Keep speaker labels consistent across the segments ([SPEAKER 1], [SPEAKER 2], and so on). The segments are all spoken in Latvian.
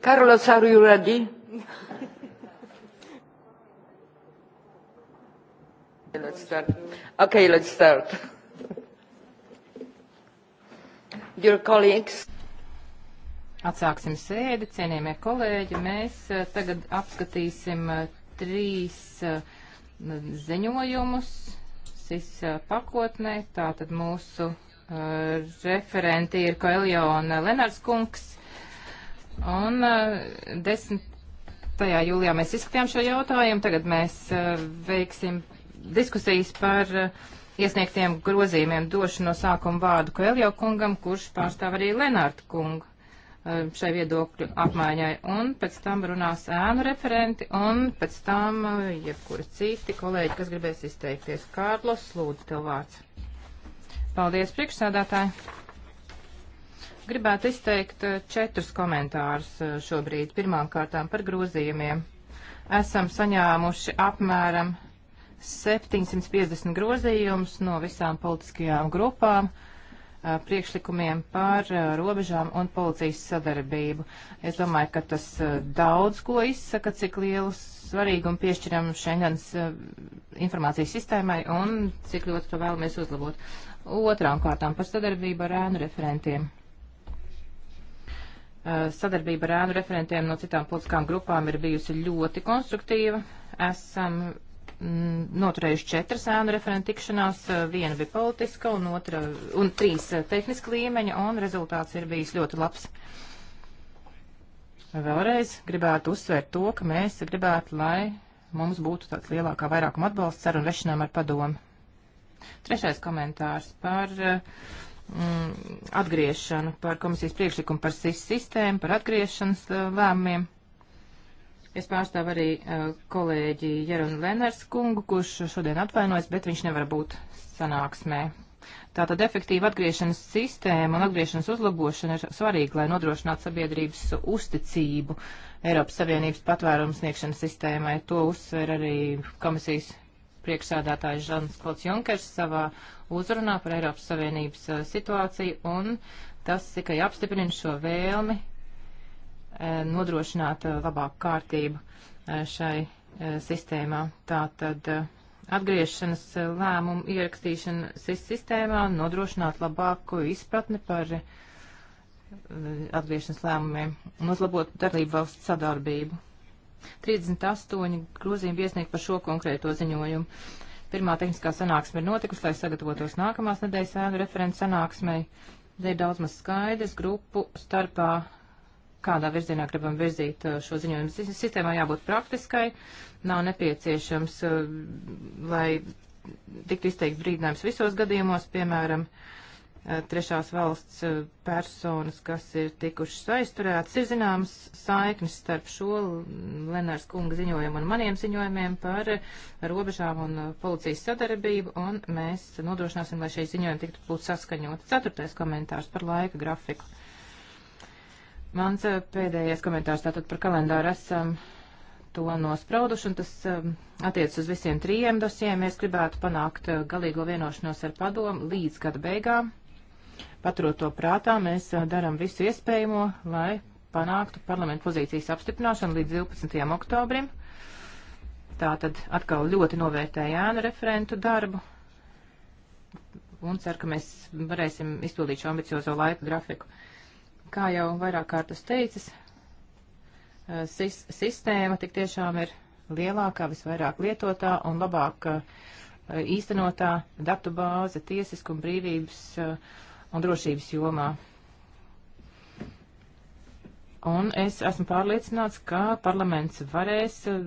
[SPEAKER 1] Carlos, are you ready? let's start. Okay, let's start. Dear colleagues.
[SPEAKER 2] Atsāksim sēdi, cienījamie kolēģi. Mēs eh, tagad apskatīsim eh, trīs eh, ziņojumus SIS pakotnē. Tātad mūsu referenti ir Koeljo un Lenars Kungs Un 10. Eh, jūlijā mēs izskatījām šo jautājumu, tagad mēs eh, veiksim diskusijas par eh, iesniegtiem grozījumiem. Došu no sākuma vārdu Koeljo kungam, kurš pārstāv arī Lenārdu kungu šai viedokļu apmaiņai, un pēc tam runās ēnu referenti, un pēc tam jebkuri citi kolēģi, kas gribēs izteikties. Kārlos, lūdzu, tev vārds. Paldies, priekšsādātāji! Gribētu izteikt eh, četrus komentārus eh, šobrīd. Pirmām kārtām par grozījumiem. Esam saņēmuši apmēram 750 grozījumus no visām politiskajām grupām eh, priekšlikumiem par robežām un policijas sadarbību. Es domāju, ka tas daudz ko izsaka, cik lielu svarīgumu piešķiram Schengens informācijas sistēmai un cik ļoti to vēlamies uzlabot. Otrām kārtām par sadarbību ar ēnu referentiem. Uh, sadarbība ar ēnu referentiem no citām politiskām grupām ir bijusi ļoti konstruktīva. Esam mm, noturējuši četras ēnu referentu tikšanās, uh, viena bija politiska un, otra, un trīs uh, tehniska līmeņa, un rezultāts ir bijis ļoti labs. Vēlreiz gribētu uzsvērt to, ka mēs gribētu, lai mums būtu tāds lielākā vairākuma atbalsts sarunu vešanām ar padomu. Trešais komentārs par uh, mm, atgriešanu, par komisijas priekšlikumu par SIS sistēmu, par atgriešanas uh, lēmumiem. Es pārstāvu arī uh, kolēģi Jeronu Leners kungu, kurš šodien atvainojas, bet viņš nevar būt sanāksmē. Tātad efektīva atgriešanas sistēma un atgriešanas uzlabošana ir svarīga, lai nodrošinātu sabiedrības uzticību Eiropas Savienības patvērums sniegšanas sistēmai. To uzsver arī komisijas priekšsādātājs Žans Klots Junkers savā uzrunā par Eiropas Savienības eh, situāciju, un tas tikai apstiprina šo vēlmi eh, nodrošināt eh, labāku kārtību šai sistēmā. Tātad atgriešanas lēmumu ierakstīšana SIS sistēmā nodrošināt labāku izpratni par atgriešanas lēmumiem un uzlabot darbību valsts sadarbību. 38 grozījumi iesniegt par šo konkrēto ziņojumu. Pirmā tehniskā sanāksme ir notikusi, lai sagatavotos nākamās nedēļas ēnu referents sanāksmei. Te ir daudz maz skaidrs grupu starpā, kādā virzienā gribam virzīt uh, šo ziņojumu. Sistēmā jābūt praktiskai, nav nepieciešams, uh, lai tiktu izteikt brīdinājums visos gadījumos, piemēram, uh, Eh, trešās valsts eh, personas, kas ir tikušas aizturētas, ir zināmas saiknes starp šo Lenārs kunga ziņojumu un maniem ziņojumiem par eh, robežām un policijas sadarbību, un mēs nodrošināsim, lai šie ziņojumi tiktu būtu saskaņot. Ceturtais komentārs par laika grafiku. Mans pēdējais komentārs tātad par kalendāru esam to nosprauduši, un tas um, attiec uz visiem trījiem dosiem. Mēs gribētu panākt uh, galīgo vienošanos ar padomu līdz gada beigām. Paturot to prātā, mēs darām visu iespējamo, lai panāktu parlamentu pozīcijas apstiprināšanu līdz 12. oktobrim. Tā tad atkal ļoti novērtēja ēnu referentu darbu un ceru, ka mēs varēsim izpildīt šo ambiciozo laika grafiku. Kā jau vairāk kārtas teicis, sis sistēma tik tiešām ir lielākā, visvairāk lietotā un labāk īstenotā datu bāze tiesiskuma brīvības uh, un drošības jomā. Un es esmu pārliecināts, ka parlaments varēs eh,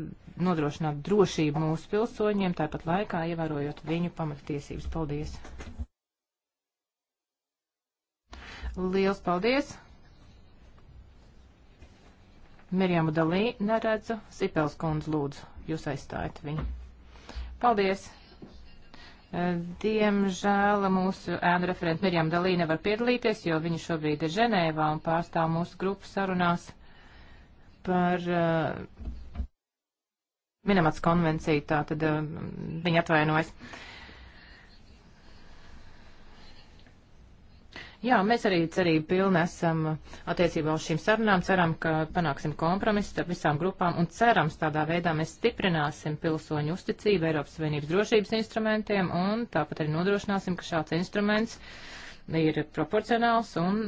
[SPEAKER 2] nodrošināt drošību mūsu pilsoņiem, tāpat laikā ievērojot viņu pamatiesības. Paldies! Liels paldies! Mirjamu Dalī neredzu, Sipels kundz lūdzu, jūs aizstājat viņu. Paldies! Diemžēl mūsu ēnu referenta Mirjam Dalī nevar piedalīties, jo viņa šobrīd ir Ženēvā un pārstāv mūsu grupu sarunās par uh, Minamats konvenciju, tā tad uh, viņa atvainojas. Uh, Jā, mēs arī cerību pilni esam attiecībā uz šīm sarunām. Ceram, ka panāksim kompromisu starp visām grupām un cerams tādā veidā mēs stiprināsim pilsoņu uzticību Eiropas Savienības drošības instrumentiem un tāpat arī nodrošināsim, ka šāds instruments ir proporcionāls un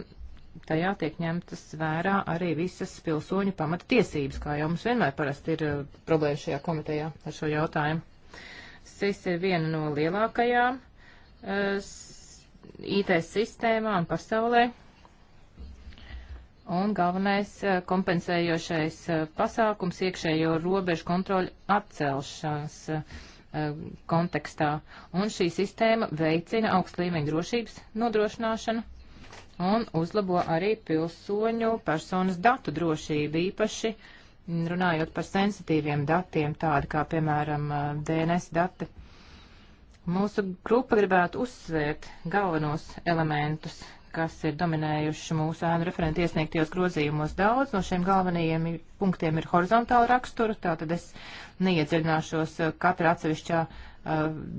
[SPEAKER 2] tajā tiek ņemtas vērā arī visas pilsoņu pamata tiesības, kā jau mums vienmēr parasti ir eh, problēma šajā komitejā ar šo jautājumu. SIS ir viena no lielākajām eh, IT sistēmā un pasaulē. Un galvenais eh, kompensējošais eh, pasākums iekšējo robežu kontroļu atcelšanas eh, kontekstā. Un šī sistēma veicina augstu līmeņu drošības nodrošināšanu un uzlabo arī pilsoņu personas datu drošību īpaši, runājot par sensitīviem datiem, tādi kā, piemēram, DNS dati. Mūsu grupa gribētu uzsvērt galvenos elementus, kas ir dominējuši mūsu ēnu referentu iesniegtajos grozījumos. Daudz no šiem galvenajiem punktiem ir horizontāla rakstura, tātad es neiedziļināšos uh, katra atsevišķā uh,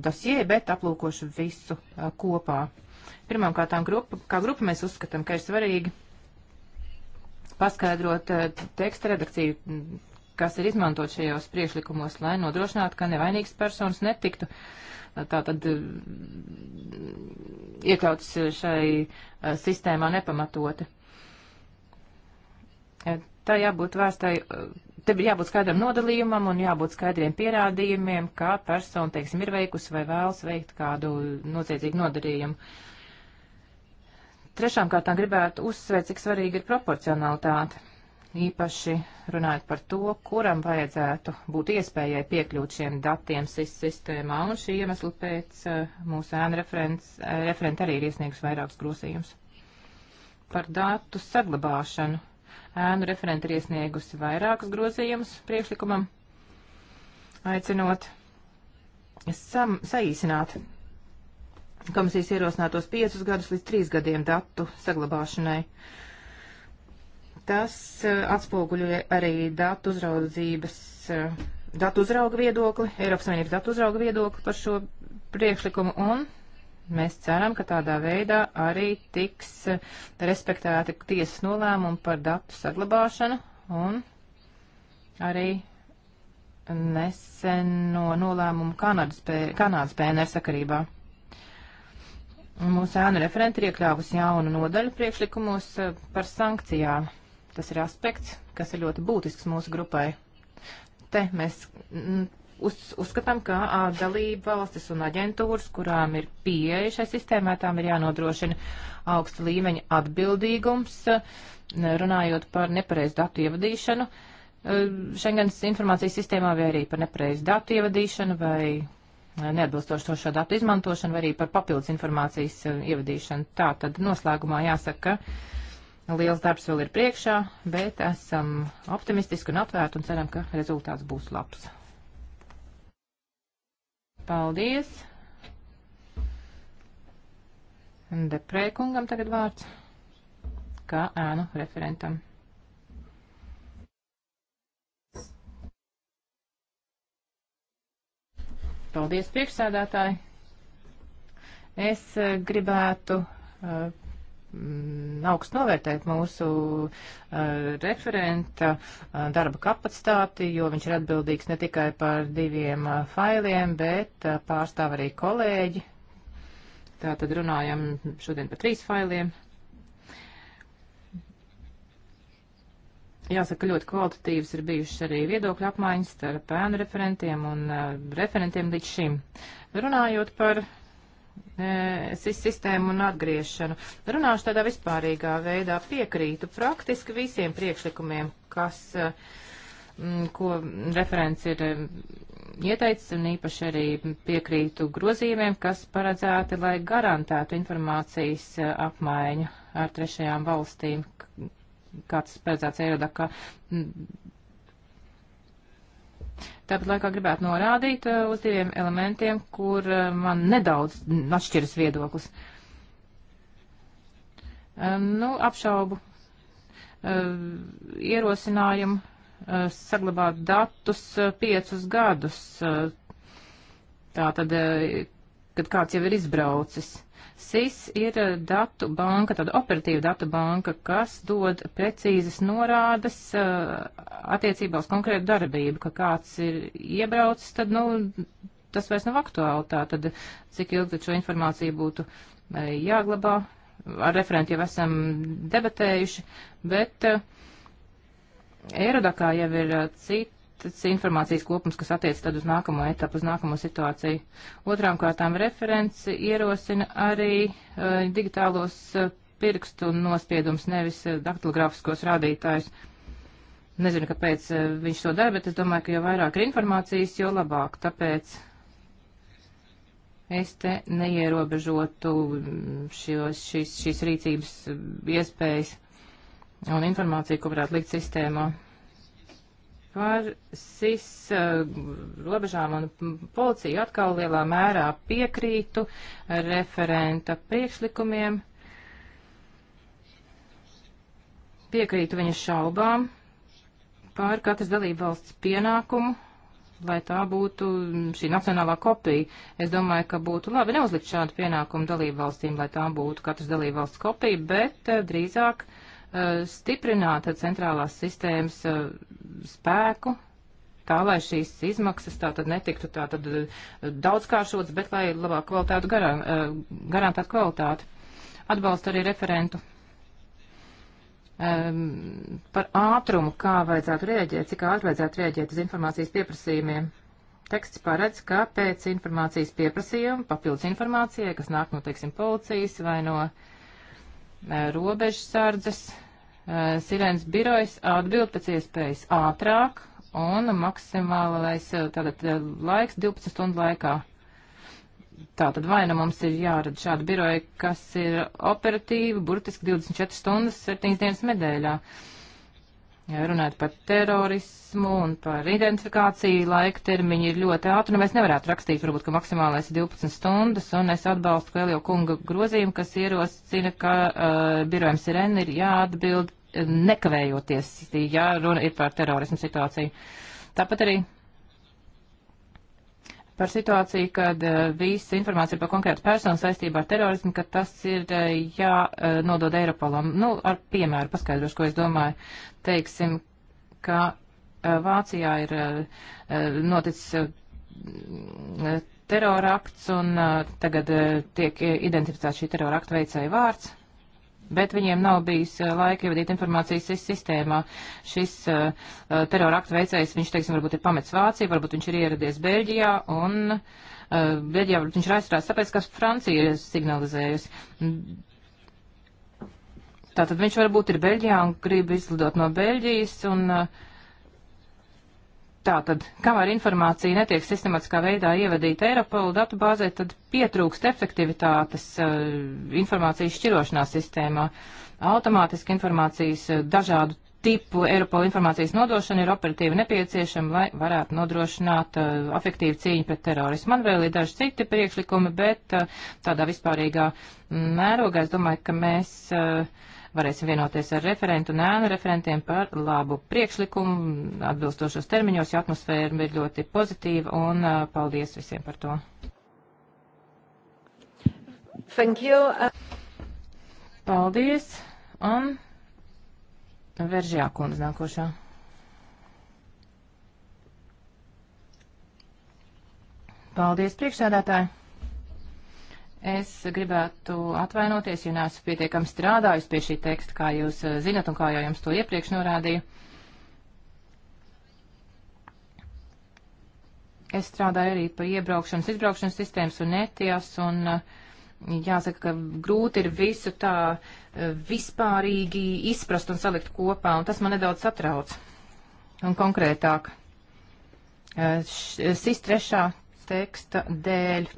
[SPEAKER 2] dosie, bet aplūkošu visu uh, kopā. Pirmkārt, grupa, kā grupa mēs uzskatām, ka ir svarīgi paskaidrot uh, teksta redakciju, kas ir izmantot šajos priekšlikumos, lai nodrošinātu, ka nevainīgas personas netiktu uh, tātad eh, iekļauts šai eh, sistēmā nepamatoti. Eh, tā jābūt vērstai, te ir jābūt skaidram nodalījumam un jābūt skaidriem pierādījumiem, kā persona, teiksim, ir veikusi vai vēlas veikt kādu noziedzīgu nodarījumu. Trešām kārtām gribētu uzsvērt, cik svarīga ir proporcionalitāte īpaši runājot par to, kuram vajadzētu būt iespējai piekļūt šiem datiem SIS sistēmā, un šī iemesla pēc eh, mūsu ēna referenta eh, arī ir iesniegus vairākus grozījumus. Par datu saglabāšanu ēnu referenta ir iesniegusi vairākus grozījumus priekšlikumam, aicinot sam, saīsināt komisijas ierosinātos piecus gadus līdz trīs gadiem datu saglabāšanai. Uh, Tas eh, atspoguļoja arī datu uzraudzības, eh, datu uzrauga viedokli, Eiropas Savienības datu uzrauga viedokli par šo priekšlikumu un mēs ceram, ka tādā veidā arī tiks eh, respektēti tiesas nolēmumi par datu saglabāšanu un arī neseno nolēmumu Kanādas, Kanādas PNR sakarībā. Mūsu ēnu referenti ir iekļāvusi jaunu nodaļu priekšlikumos par sankcijām. Tas ir aspekts, kas ir ļoti būtisks mūsu grupai. Te mēs mm, uz, uzskatām, ka a, dalība valstis un aģentūras, kurām ir pieeja šai sistēmai, tām ir jānodrošina augsta līmeņa atbildīgums, a, runājot par nepareizu datu ievadīšanu. Šengens informācijas sistēmā vai arī par nepareizu datu ievadīšanu vai neatbilstošo šo datu izmantošanu vai arī par papildus informācijas ievadīšanu. Tā tad noslēgumā jāsaka, ka Liels darbs vēl ir priekšā, bet esam optimistiski un atvērti un ceram, ka rezultāts būs labs. Paldies! Deprē kungam tagad vārds, kā ēnu referentam. Paldies, priekšsēdētāji! Es eh, gribētu uh, Mm, augstu novērtēt mūsu uh, referenta uh, darba kapacitāti, jo viņš ir atbildīgs ne tikai par diviem uh, failiem, bet uh, pārstāv arī kolēģi. Tā tad runājam šodien par trīs failiem. Jāsaka, ļoti kvalitatīvas ir bijušas arī viedokļu apmaiņas starp ēnu referentiem un uh, referentiem līdz šim. Runājot par uh, E, SIS sistēmu un atgriešanu. Runāšu tādā vispārīgā veidā. Piekrītu praktiski visiem priekšlikumiem, kas, e, ko referents ir e, ieteicis, un īpaši arī piekrītu grozījumiem, kas paredzēti, lai garantētu informācijas apmaiņu ar trešajām valstīm, kā tas paredzēts Eirodakā Tāpat laikā gribētu norādīt uh, uz diviem elementiem, kur uh, man nedaudz atšķiras viedoklis. Um, nu, apšaubu uh, ierosinājumu saglabāt datus piecus gadus. Tā tad kad kāds jau ir izbraucis. SIS ir eh, datu banka, tāda operatīva datu banka, kas dod precīzas norādes uh, attiecībā uz konkrētu darbību, ka kāds ir iebraucis, tad, nu, tas vairs nav aktuāli tā, tad cik ilgi šo informāciju būtu uh, jāglabā. Ar referentu jau esam debatējuši, bet uh, Eirodakā jau ir cita tas informācijas kopums, kas attiec tad uz nākamo etapu, uz nākamo situāciju. Otrām kārtām referenci ierosina arī uh, digitālos uh, pirkstu nospiedums, nevis uh, daktilografiskos rādītājus. Nezinu, kāpēc uh, viņš to dara, bet es domāju, ka jo vairāk ir informācijas, jo labāk. Tāpēc es te neierobežotu mm, šos, šīs, šīs rīcības iespējas un informāciju, ko varētu likt sistēmā. Par SIS uh, robežām un policiju atkal lielā mērā piekrītu referenta priekšlikumiem. Piekrītu viņa šaubām par katras dalību valsts pienākumu lai tā būtu šī nacionālā kopija. Es domāju, ka būtu labi neuzlikt šādu pienākumu dalību valstīm, lai tā būtu katras dalību valsts kopija, bet uh, drīzāk uh, Uh, stiprināt centrālās sistēmas uh, spēku, tā lai šīs izmaksas tātad netiktu tātad uh, daudzkāršotas, bet lai labāk kvalitātu garan, garantētu kvalitāti. Atbalstu arī referentu um, par ātrumu, kā vajadzētu rēģēt, cik ātri vajadzētu rēģēt uz informācijas pieprasījumiem. Teksts paredz, ka pēc informācijas pieprasījuma papildus informācijai, kas nāk no, teiksim, policijas vai no uh, robežsardzes, uh, Eh, sirēnas birojas atbild pēc iespējas ātrāk un maksimālais eh, tātad eh, laiks 12 stundu laikā. Tātad vai nu mums ir jārada šāda biroja, kas ir operatīva, burtiski 24 stundas, 7 dienas nedēļā. Uh, runāt par terorismu un par identifikāciju, laika termiņi ir ļoti ātri, un nu, mēs nevarētu rakstīt, varbūt, ka maksimālais ir 12 stundas, un es atbalstu Kvēlio kunga grozījumu, kas ierosina, ka uh, birojums Sirena ir jāatbild uh, nekavējoties, ja runa ir par terorismu situāciju. Tāpat arī par situāciju, kad eh, visa informācija par konkrētu personu saistībā ar terorismu, ka tas ir eh, jānodod eh, Eiropolam. Nu, ar piemēru paskaidrošu, ko es domāju. Teiksim, ka Vācijā ir noticis terorakts un tagad tiek identificēts šī terorakta veicēja vārds bet viņiem nav bijis eh, laika ievadīt informācijas sistēmā. Šis uh, eh, eh, terora aktu veicējs, viņš, teiksim, varbūt ir pamets Vāciju, varbūt viņš ir ieradies Beļģijā un uh, Beļģijā varbūt viņš ir aizstrādājis, tāpēc, ka Francija ir signalizējusi. Tātad viņš varbūt ir Beļģijā un grib izlidot no Beļģijas un uh, Tātad, kamēr informācija netiek sistematiskā veidā ievadīta Eiropola datubāzē, tad pietrūkst efektivitātes uh, informācijas šķirošanā sistēmā. Automātiski informācijas uh, dažādu tipu Eiropola informācijas nodošana ir operatīvi nepieciešama, lai varētu nodrošināt uh, efektīvu cīņu pret terorismu. Man vēl ir daži citi priekšlikumi, bet tādā vispārīgā mērogā es domāju, ka mēs. Uh, varēsim vienoties ar referentu un ēnu referentiem par labu priekšlikumu atbilstošos termiņos, jo atmosfēra ir ļoti pozitīva un uh, paldies visiem par to. Thank you. Paldies. Un Veržjā kundze nākošā. Paldies priekšsēdētāji. Es gribētu atvainoties, jo neesmu pietiekami strādājusi pie šī teksta, kā jūs eh, zinat un kā jau jums to iepriekš norādīju. Es strādāju arī par iebraukšanas, izbraukšanas sistēmas un etijas, un eh, jāsaka, ka grūti ir visu tā eh, vispārīgi izprast un salikt kopā, un tas man nedaudz satrauc. Un konkrētāk, SIS trešā teksta dēļ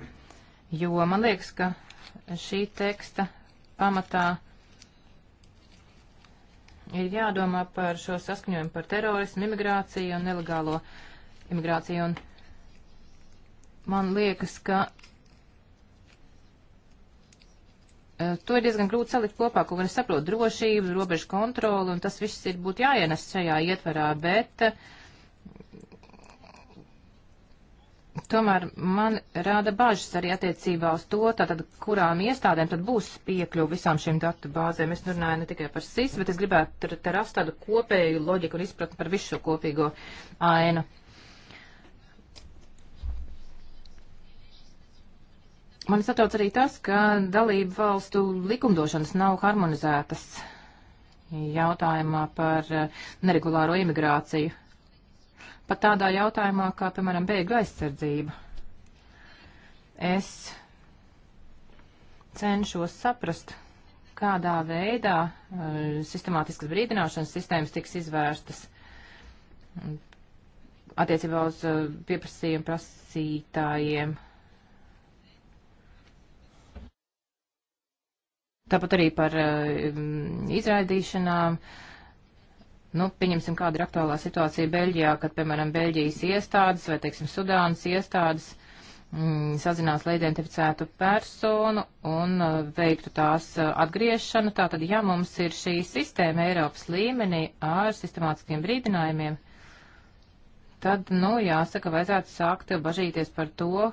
[SPEAKER 2] jo man liekas, ka šī teksta pamatā ir jādomā par šo saskaņojumu par terorismu, imigrāciju un nelegālo imigrāciju. Un man liekas, ka e, to ir diezgan grūti salikt kopā, ko var saprot drošību, robežu kontroli, un tas viss ir būtu jāienes šajā ietverā, bet uh, Tomēr man rāda bažas arī attiecībā uz to, tātad, kurām iestādēm tad būs piekļuva visām šīm datu bāzēm. Es runāju ne tikai par SIS, bet es gribētu te rast tādu kopēju loģiku un izpratni par visu šo kopīgo ainu. Man satrauc arī tas, ka dalību valstu likumdošanas nav harmonizētas jautājumā par eh, neregulāro imigrāciju pat tādā jautājumā, kā, piemēram, bēgļu aizsardzība. Es cenšos saprast, kādā veidā uh, sistemātiskas brīdināšanas sistēmas tiks izvērstas attiecībā uz uh, pieprasījumu prasītājiem. Tāpat arī par uh, izraidīšanām. Uh, Nu, pieņemsim, kāda ir aktuālā situācija Beļģijā, kad, piemēram, Beļģijas iestādes vai, teiksim, Sudānas iestādes mm, sazinās, lai identificētu personu un uh, veiktu tās uh, atgriešanu. Tātad, ja mums ir šī sistēma Eiropas līmenī ar sistemātiskiem brīdinājumiem, tad, nu, jāsaka, vajadzētu sākt bažīties par to,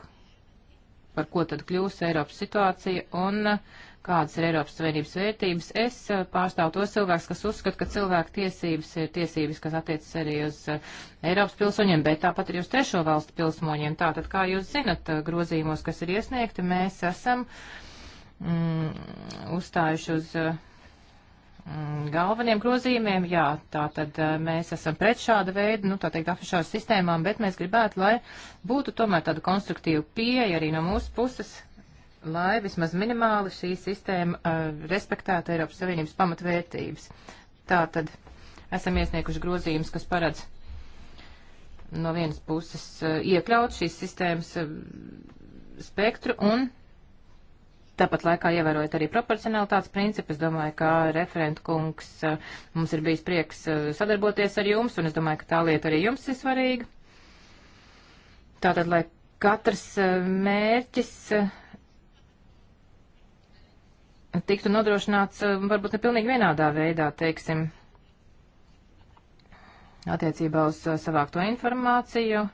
[SPEAKER 2] par ko tad kļūs Eiropas situācija un uh, kādas ir Eiropas Savienības vērtības. Es eh, pārstāvu tos cilvēkus, kas uzskata, ka cilvēku tiesības ir tiesības, kas attiecas arī uz eh, Eiropas pilsoņiem, bet tāpat arī uz trešo valstu pilsoņiem. Tātad, kā jūs zinat, eh, grozījumos, kas ir iesniegti, mēs esam mm, uzstājuši uz. Mm, galveniem grozījumiem, jā, tā tad mēs esam pret šāda veida, nu, tā teikt, afišāžu sistēmām, bet mēs gribētu, lai būtu tomēr tāda konstruktīva pieeja arī no mūsu puses, lai vismaz minimāli šī sistēma uh, respektētu Eiropas Savienības pamatvērtības. Tātad esam iesnieguši grozījumus, kas paredz no vienas puses uh, iekļaut šīs sistēmas uh, spektru un tāpat laikā ievērojot arī proporcionalitātes principu. Es domāju, ka referent kungs uh, mums ir bijis prieks uh, sadarboties ar jums, un es domāju, ka tā lieta arī jums ir svarīga. Tātad, lai katrs uh, mērķis tiktu nodrošināts eh, varbūt ne pilnīgi vienādā veidā, teiksim, attiecībā uz eh, savākto informāciju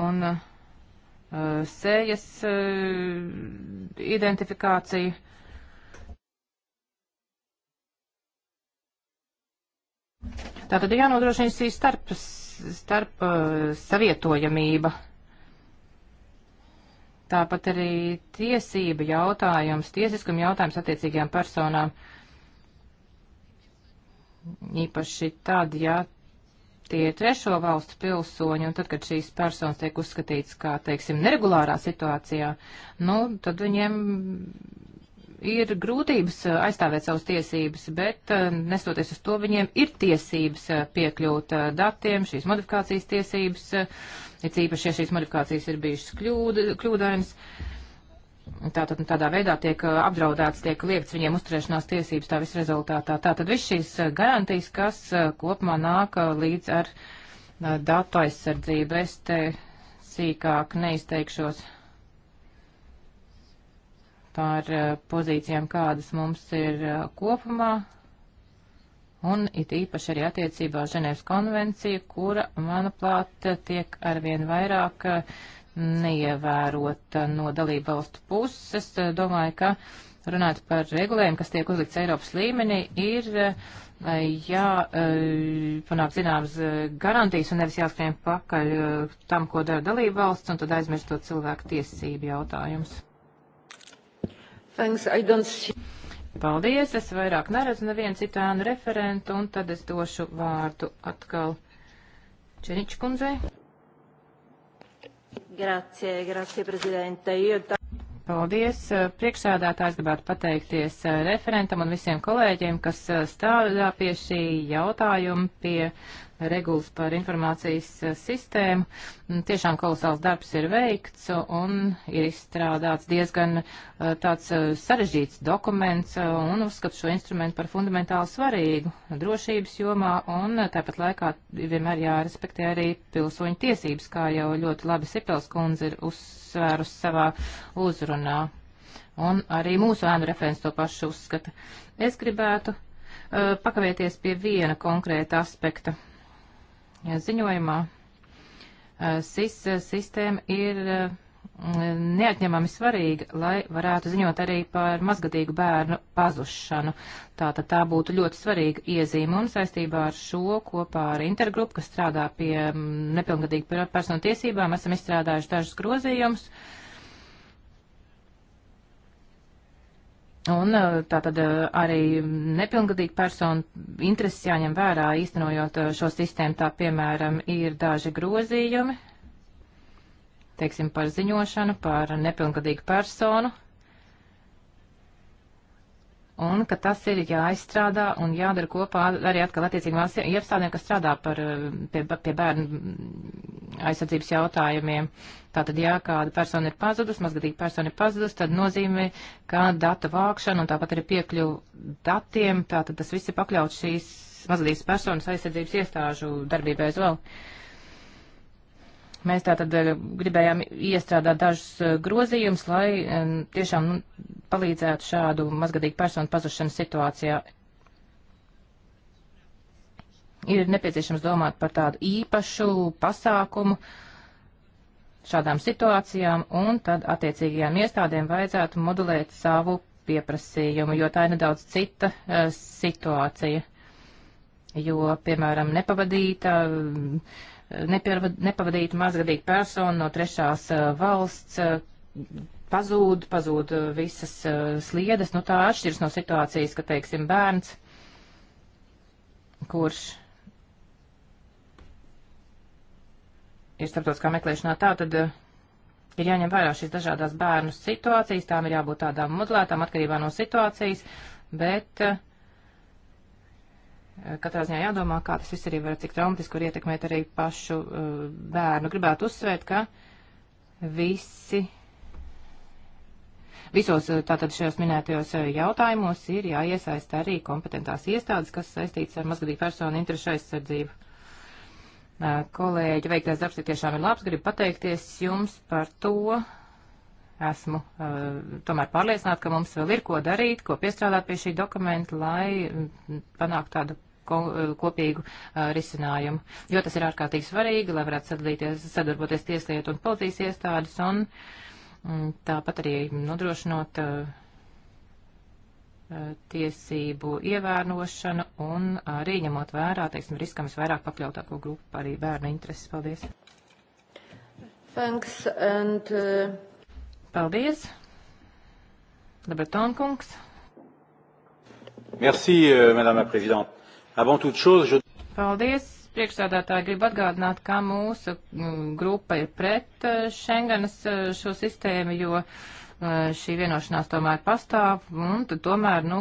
[SPEAKER 2] un uh, sējas uh, identifikāciju. Tātad ir jānodrošina šī starp, starp uh, savietojamība. Tāpat arī tiesība jautājums, tiesiskuma jautājums attiecīgajām personām, īpaši tad, ja tie ir trešo valstu pilsoņi, un tad, kad šīs personas tiek uzskatītas kā, teiksim, neregulārā situācijā, nu, tad viņiem ir grūtības eh, aizstāvēt savas tiesības, bet eh, nestoties uz to, viņiem ir tiesības eh, piekļūt datiem, šīs modifikācijas tiesības, ir cīpaši, ja šīs modifikācijas ir bijušas kļūd, kļūdainas. Tātad nu, tādā veidā tiek apdraudēts, tiek liekts viņiem uzturēšanās tiesības tā visu rezultātā. Tātad viss šīs garantijas, kas kopumā nāk līdz ar datu aizsardzību, es te sīkāk neizteikšos par eh, pozīcijām, kādas mums ir eh, kopumā, un it īpaši arī attiecībā uz Ženēvas konvenciju, kura, manuprāt, tiek arvien vairāk eh, neievērota no dalību valstu puses. Domāju, ka runāt par regulējumu, kas tiek uzlikts Eiropas līmenī, ir jāpanāk zināmas garantijas un nevis jāskrien pakaļ tam, ko dara dalību valsts, un tad aizmirst to cilvēku tiesību jautājumus. Thanks, I don't see. Paldies, es vairāk neredzu nevienu citu ēnu referentu, un tad es došu vārdu atkal Čeniņš kundzei. Grazie, grazie, prezidente. Paldies. Eh, Priekšsādātājs gribētu pateikties eh, referentam un visiem kolēģiem, kas eh, strādā pie šī jautājuma, pie regulas par informācijas eh, sistēmu. Mm, tiešām kolosāls darbs ir veikts un ir izstrādāts diezgan eh, tāds eh, sarežģīts dokuments un uzskatu šo instrumentu par fundamentāli svarīgu drošības jomā un tāpat laikā vienmēr jārespektē arī pilsoņu tiesības, kā jau ļoti labi Sipels kundze ir uzsvērus savā uzrunā. Un arī mūsu ēnu referents to pašu uzskata. Es gribētu uh, pakavēties pie viena konkrēta aspekta ziņojumā. SIS sistēma ir neatņemami svarīga, lai varētu ziņot arī par mazgadīgu bērnu pazušanu. Tātad tā būtu ļoti svarīga iezīme un saistībā ar šo kopā ar intergrupu, kas strādā pie mm, nepilngadīgu personu tiesībām, esam izstrādājuši dažus grozījumus. Uh, Un eh, tātad eh, arī nepilngadīgi personu intereses jāņem vērā, īstenojot eh, šo sistēmu. Tā, piemēram, ir daži grozījumi, teiksim, par ziņošanu, par nepilngadīgu personu un ka tas ir jāizstrādā un jādara kopā arī atkal attiecīgās iestādēm, kas strādā par, eh, pie, pie bērnu aizsardzības jautājumiem. Tātad, ja kāda persona ir pazudus, mazgadīga persona ir pazudus, tad nozīmē, ka datu vākšana un tāpat arī piekļuvu datiem, tātad tas viss ir pakļauts šīs mazgadīgas personas aizsardzības iestāžu darbībai vēl. Well. Mēs tātad eh, gribējām iestrādāt dažus eh, grozījumus, lai eh, tiešām nu, palīdzētu šādu mazgadīgu personu pazušanas situācijā. Ir nepieciešams domāt par tādu īpašu pasākumu šādām situācijām, un tad attiecīgajām iestādēm vajadzētu modulēt savu pieprasījumu, jo tā ir nedaudz cita uh, situācija. Jo, piemēram, nepavadīta. Uh, nepavadīta mazgadīga persona no trešās eh, valsts eh, pazūd, pazūd eh, visas sliedas. Nu, tā atšķiras no situācijas, ka, teiksim, bērns, kurš ir starptautiskā meklēšanā tā, tad ir jāņem vērā šīs dažādās bērnu situācijas, tām ir jābūt tādām modulētām atkarībā no situācijas, bet uh, Eh, katrā ziņā jādomā, kā tas viss arī var cik traumatiski var ietekmēt arī pašu uh, bērnu. Gribētu uzsvērt, ka visi, visos eh, tātad šajos minētajos jautājumos ir jāiesaista arī kompetentās iestādes, kas saistīts ar mazgadīgu personu interešu aizsardzību. Uh, kolēģi, veiktais darbs tiešām ir labs, gribu pateikties jums par to. Esmu uh, tomēr pārliecināta, ka mums vēl ir ko darīt, ko piestrādāt pie šī dokumenta, lai mm, panāktu tādu ko, kopīgu uh, risinājumu, jo tas ir ārkārtīgi svarīgi, lai varētu sadarboties tieslietu un policijas iestādes un mm, tāpat arī nodrošinot uh, tiesību ievērošanu un arī ņemot vērā, teiksim, riskam visvairāk pakļautāko grupu, arī bērnu intereses. Paldies! Thanks and... Uh... Paldies! Leberton kungs! Merci, uh, madame la présidente. Paldies! Priekšsādātāji grib atgādināt, kā mūsu mm, grupa ir pret eh, Schengenas eh, šo sistēmu, jo eh, šī vienošanās tomēr pastāv, un tad tomēr, nu,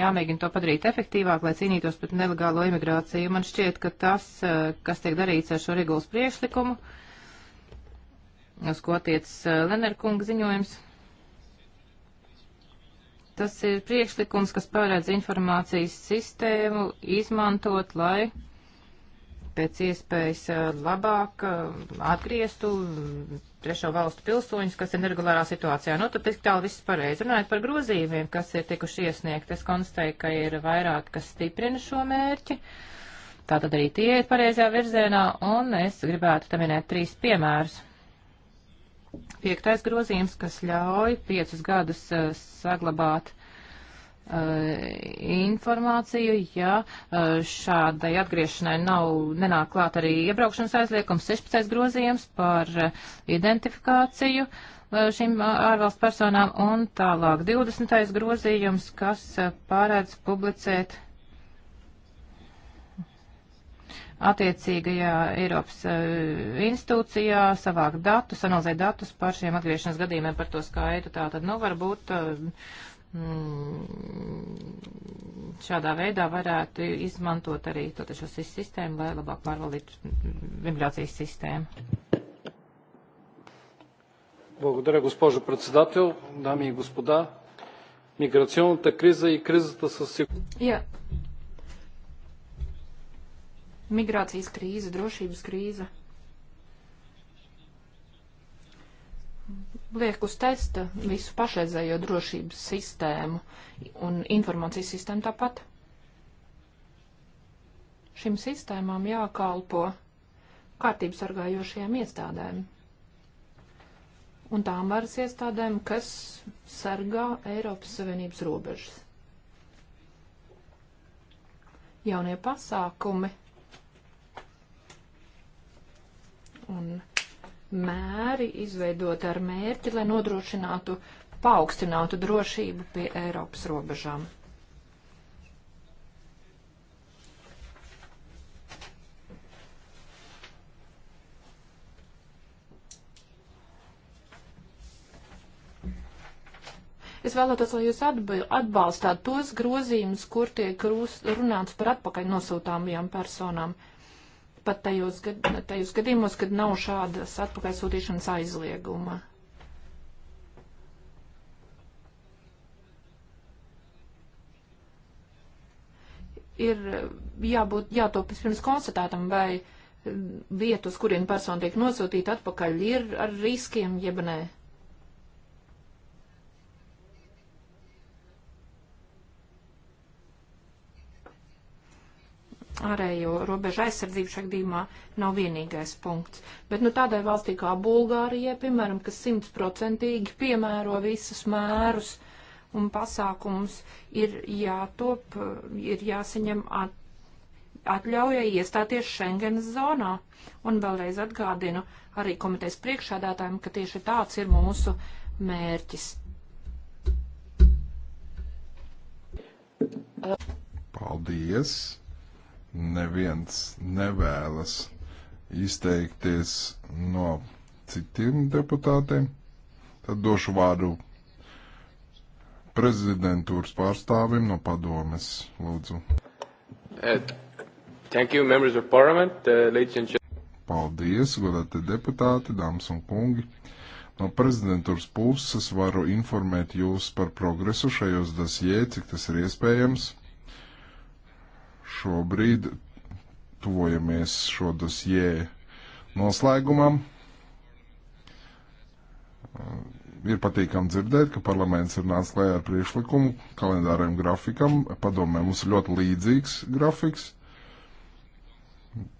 [SPEAKER 2] jāmēģina to padarīt efektīvāk, lai cīnītos pret nelegālo imigrāciju. Man šķiet, ka tas, kas tiek darīts ar šo regulas priešlikumu, uz ko tiec Lenerkunga ziņojums, Tas ir priekšlikums, kas paredz informācijas sistēmu izmantot, lai pēc iespējas eh, labāk eh, atgrieztu trešo valstu pilsoņus, kas ir neregulārā situācijā. Nu, tad tālu viss pareizi. Runājot par grozījumiem, kas ir tikuši iesniegti, es konstatēju, ka ir vairāk, kas stiprina šo mērķi. Tātad arī tie ir pareizajā virzienā, un es gribētu tam minēt trīs piemērus. Piektais grozījums, kas ļauj piecus gadus uh, saglabāt uh, informāciju, ja uh, šādai atgriešanai nav, nenāk klāt arī iebraukšanas aizliekums, 16. grozījums par identifikāciju šīm ārvalstu personām un tālāk 20. grozījums, kas pārēdz publicēt attiecīgajā Eiropas eh, institūcijā, savākt datus, analizēt datus par šiem atgriešanas gadījumiem, par to skaitu. Tā tad, nu, varbūt eh, mm, šādā veidā varētu izmantot arī šo sistēmu, lai labāk pārvaldītu mm, migrācijas sistēmu. Благодаря, госпожо председател, дами и господа. Миграционната
[SPEAKER 3] криза и кризата със сигурност.
[SPEAKER 1] Yeah migrācijas krīze, drošības krīze. Liek uz testa visu pašreizējo drošības sistēmu un informācijas sistēmu tāpat. Šim sistēmām jākalpo kārtības sargājošajām iestādēm un tām varas iestādēm, kas sargā Eiropas Savienības robežas. Jaunie pasākumi un mēri izveidot ar mērķi, lai nodrošinātu, paaugstinātu drošību pie Eiropas robežām. Es vēlētos, lai jūs atbalstāt tos grozījumus, kur tiek runāts par atpakaļ nosūtāmajām personām. Uh, pat tajos, gad, tajos gadījumos, kad nav šādas atpakaļsūtīšanas aizlieguma. Ir jābūt, jātop pirms konstatētam, vai vietu, uz kurien persona tiek nosūtīta atpakaļ, ir ar riskiem, jeb nē. Ne. ārējo robežu aizsardzību šajā gadījumā nav vienīgais punkts. Bet nu, tādai valstī kā Bulgārijai, piemēram, kas simtprocentīgi piemēro visus mērus un pasākumus, ir jātop, ir jāsaņem at, atļauja iestāties Schengenas zonā. Un vēlreiz atgādinu arī komitejas priekšādātājiem, ka tieši tāds ir mūsu mērķis.
[SPEAKER 3] Paldies! neviens nevēlas izteikties no citiem deputātiem, tad došu vārdu prezidentūras pārstāvim no padomes, lūdzu. Uh, thank you, members
[SPEAKER 1] of parliament, uh, ladies and gentlemen.
[SPEAKER 3] Paldies, godātie deputāti, dāmas un kungi. No prezidentūras puses varu informēt jūs par progresu šajos dosjē, cik tas ir iespējams Šobrīd tuvojamies šo dosjē noslēgumam. Uh, ir patīkami dzirdēt, ka parlaments ir nācis klajā ar priekšlikumu kalendāriem grafikam. Padomē, mums ir ļoti līdzīgs grafiks.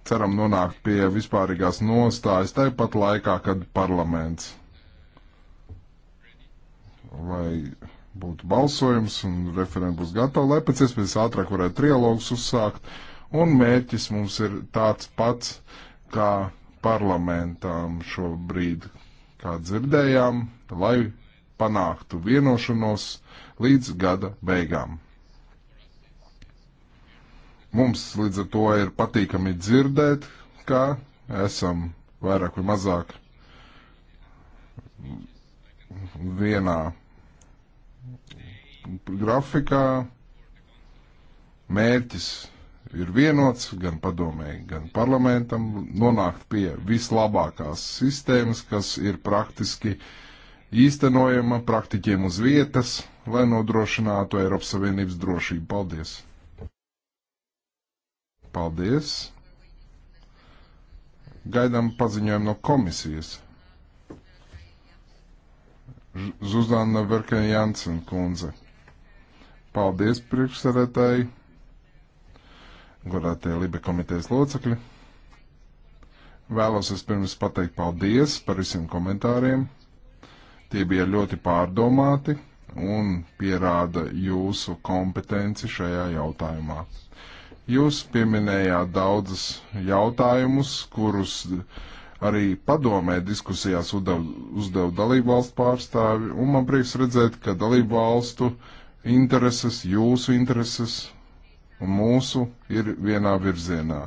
[SPEAKER 3] Ceram nonākt pie vispārīgās nostājas tāpat laikā, kad parlaments. Lai būtu balsojums un referenti būs gatavi, lai pēc iespējas ātrāk varētu trialogus uzsākt. Un mērķis mums ir tāds pats, kā parlamentām šobrīd, kā dzirdējām, lai panāktu vienošanos līdz gada beigām. Mums līdz ar to ir patīkami dzirdēt, ka esam vairāk vai mazāk vienā grafikā mērķis ir vienots gan padomēji, gan parlamentam nonākt pie vislabākās sistēmas, kas ir praktiski īstenojama praktiķiem uz vietas, lai nodrošinātu Eiropas Savienības drošību. Paldies! Paldies! Gaidām paziņojumu no komisijas. Zuzana Verkena Jansen kundze. Paldies priekšsarētāji, godātie Libe komitejas locekļi. Vēlos es pirms pateikt paldies par visiem komentāriem. Tie bija ļoti pārdomāti un pierāda jūsu kompetenci šajā jautājumā. Jūs pieminējāt daudzas jautājumus, kurus uh, arī padomē diskusijās uzdev, uzdev dalību valstu pārstāvi, un man prieks redzēt, ka dalību valstu intereses, jūsu intereses un mūsu ir vienā virzienā.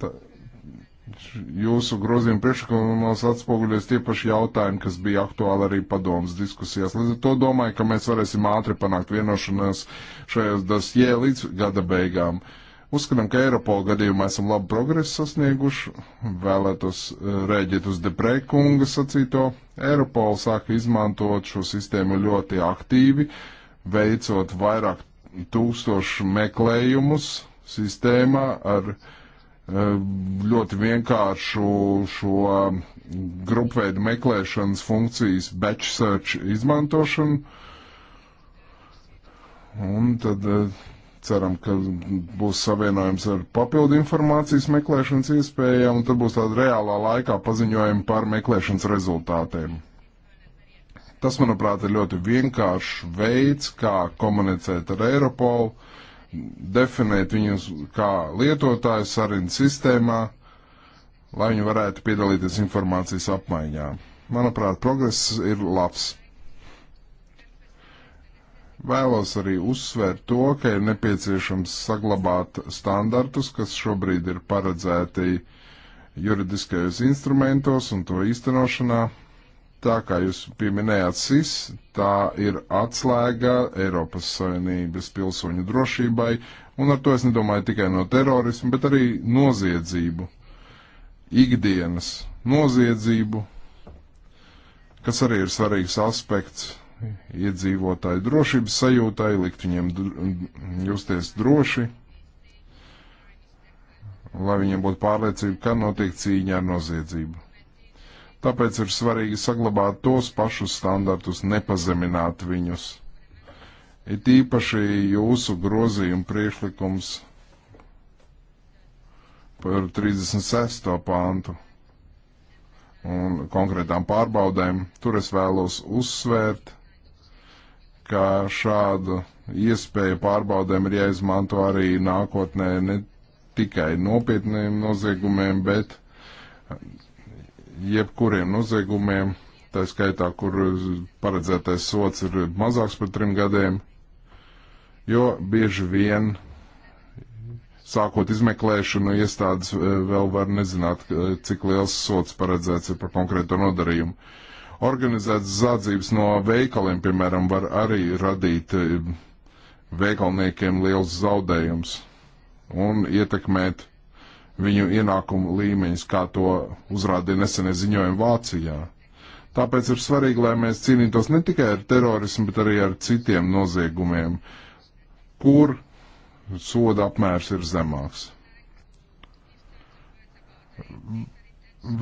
[SPEAKER 3] Ta, jūsu grozījuma priekšlikumos atspoguļojas tie paši jautājumi, kas bija aktuāli arī padomas diskusijās. Līdz ar to domāju, ka mēs varēsim ātri panākt vienošanos šajos dasjē līdz gada beigām. Uh, Uzskatām, ka Eiropola gadījumā esam labu progresu sasnieguši, vēlētos eh, rēģēt uz Deprē kunga sacīto. Eiropola sāka izmantot šo sistēmu ļoti aktīvi, veicot vairāk tūkstošu meklējumus sistēmā ar eh, ļoti vienkāršu šo grupveidu meklēšanas funkcijas batch search izmantošanu. Un tad uh, Ceram, ka būs savienojums ar papildu informācijas meklēšanas iespējām, un tad būs tāda reālā laikā paziņojumi par meklēšanas rezultātiem. Tas, manuprāt, ir ļoti vienkāršs veids, kā komunicēt ar Eiropolu, definēt viņus kā lietotājus sarunu sistēmā, lai viņi varētu piedalīties informācijas apmaiņā. Manuprāt, progress ir labs. Vēlos arī uzsvērt to, ka ir nepieciešams saglabāt standartus, kas šobrīd ir paredzēti juridiskajos instrumentos un to īstenošanā. Tā kā jūs pieminējāt SIS, tā ir atslēga Eiropas Savienības pilsoņu drošībai, un ar to es nedomāju tikai no terorismu, bet arī noziedzību, ikdienas noziedzību, kas arī ir svarīgs aspekts iedzīvotāju drošības sajūtai, likt viņiem justies droši, lai viņiem būtu pārliecība, ka notiek cīņa ar noziedzību. Tāpēc ir svarīgi saglabāt tos pašus standartus, nepazemināt viņus. It īpaši jūsu grozījuma priekšlikums par 36. pāntu un konkrētām pārbaudēm, tur es vēlos uzsvērt, ka šāda iespēja pārbaudēm ir jāizmanto arī nākotnē ne tikai nopietniem noziegumiem, bet jebkuriem noziegumiem, tā skaitā, kur paredzētais sots ir mazāks par trim gadiem, jo bieži vien sākot izmeklēšanu, iestādes e, vēl var nezināt, e, cik liels sots paredzēts ir par konkrēto nodarījumu. Organizēts zādzības no veikaliem, piemēram, var arī radīt eh, veikalniekiem liels zaudējums un ietekmēt viņu ienākumu līmeņus, kā to uzrādīja nesenie ziņojumi Vācijā. Tāpēc ir svarīgi, lai mēs cīnītos ne tikai ar terorismu, bet arī ar citiem noziegumiem, kur soda apmērs ir zemāks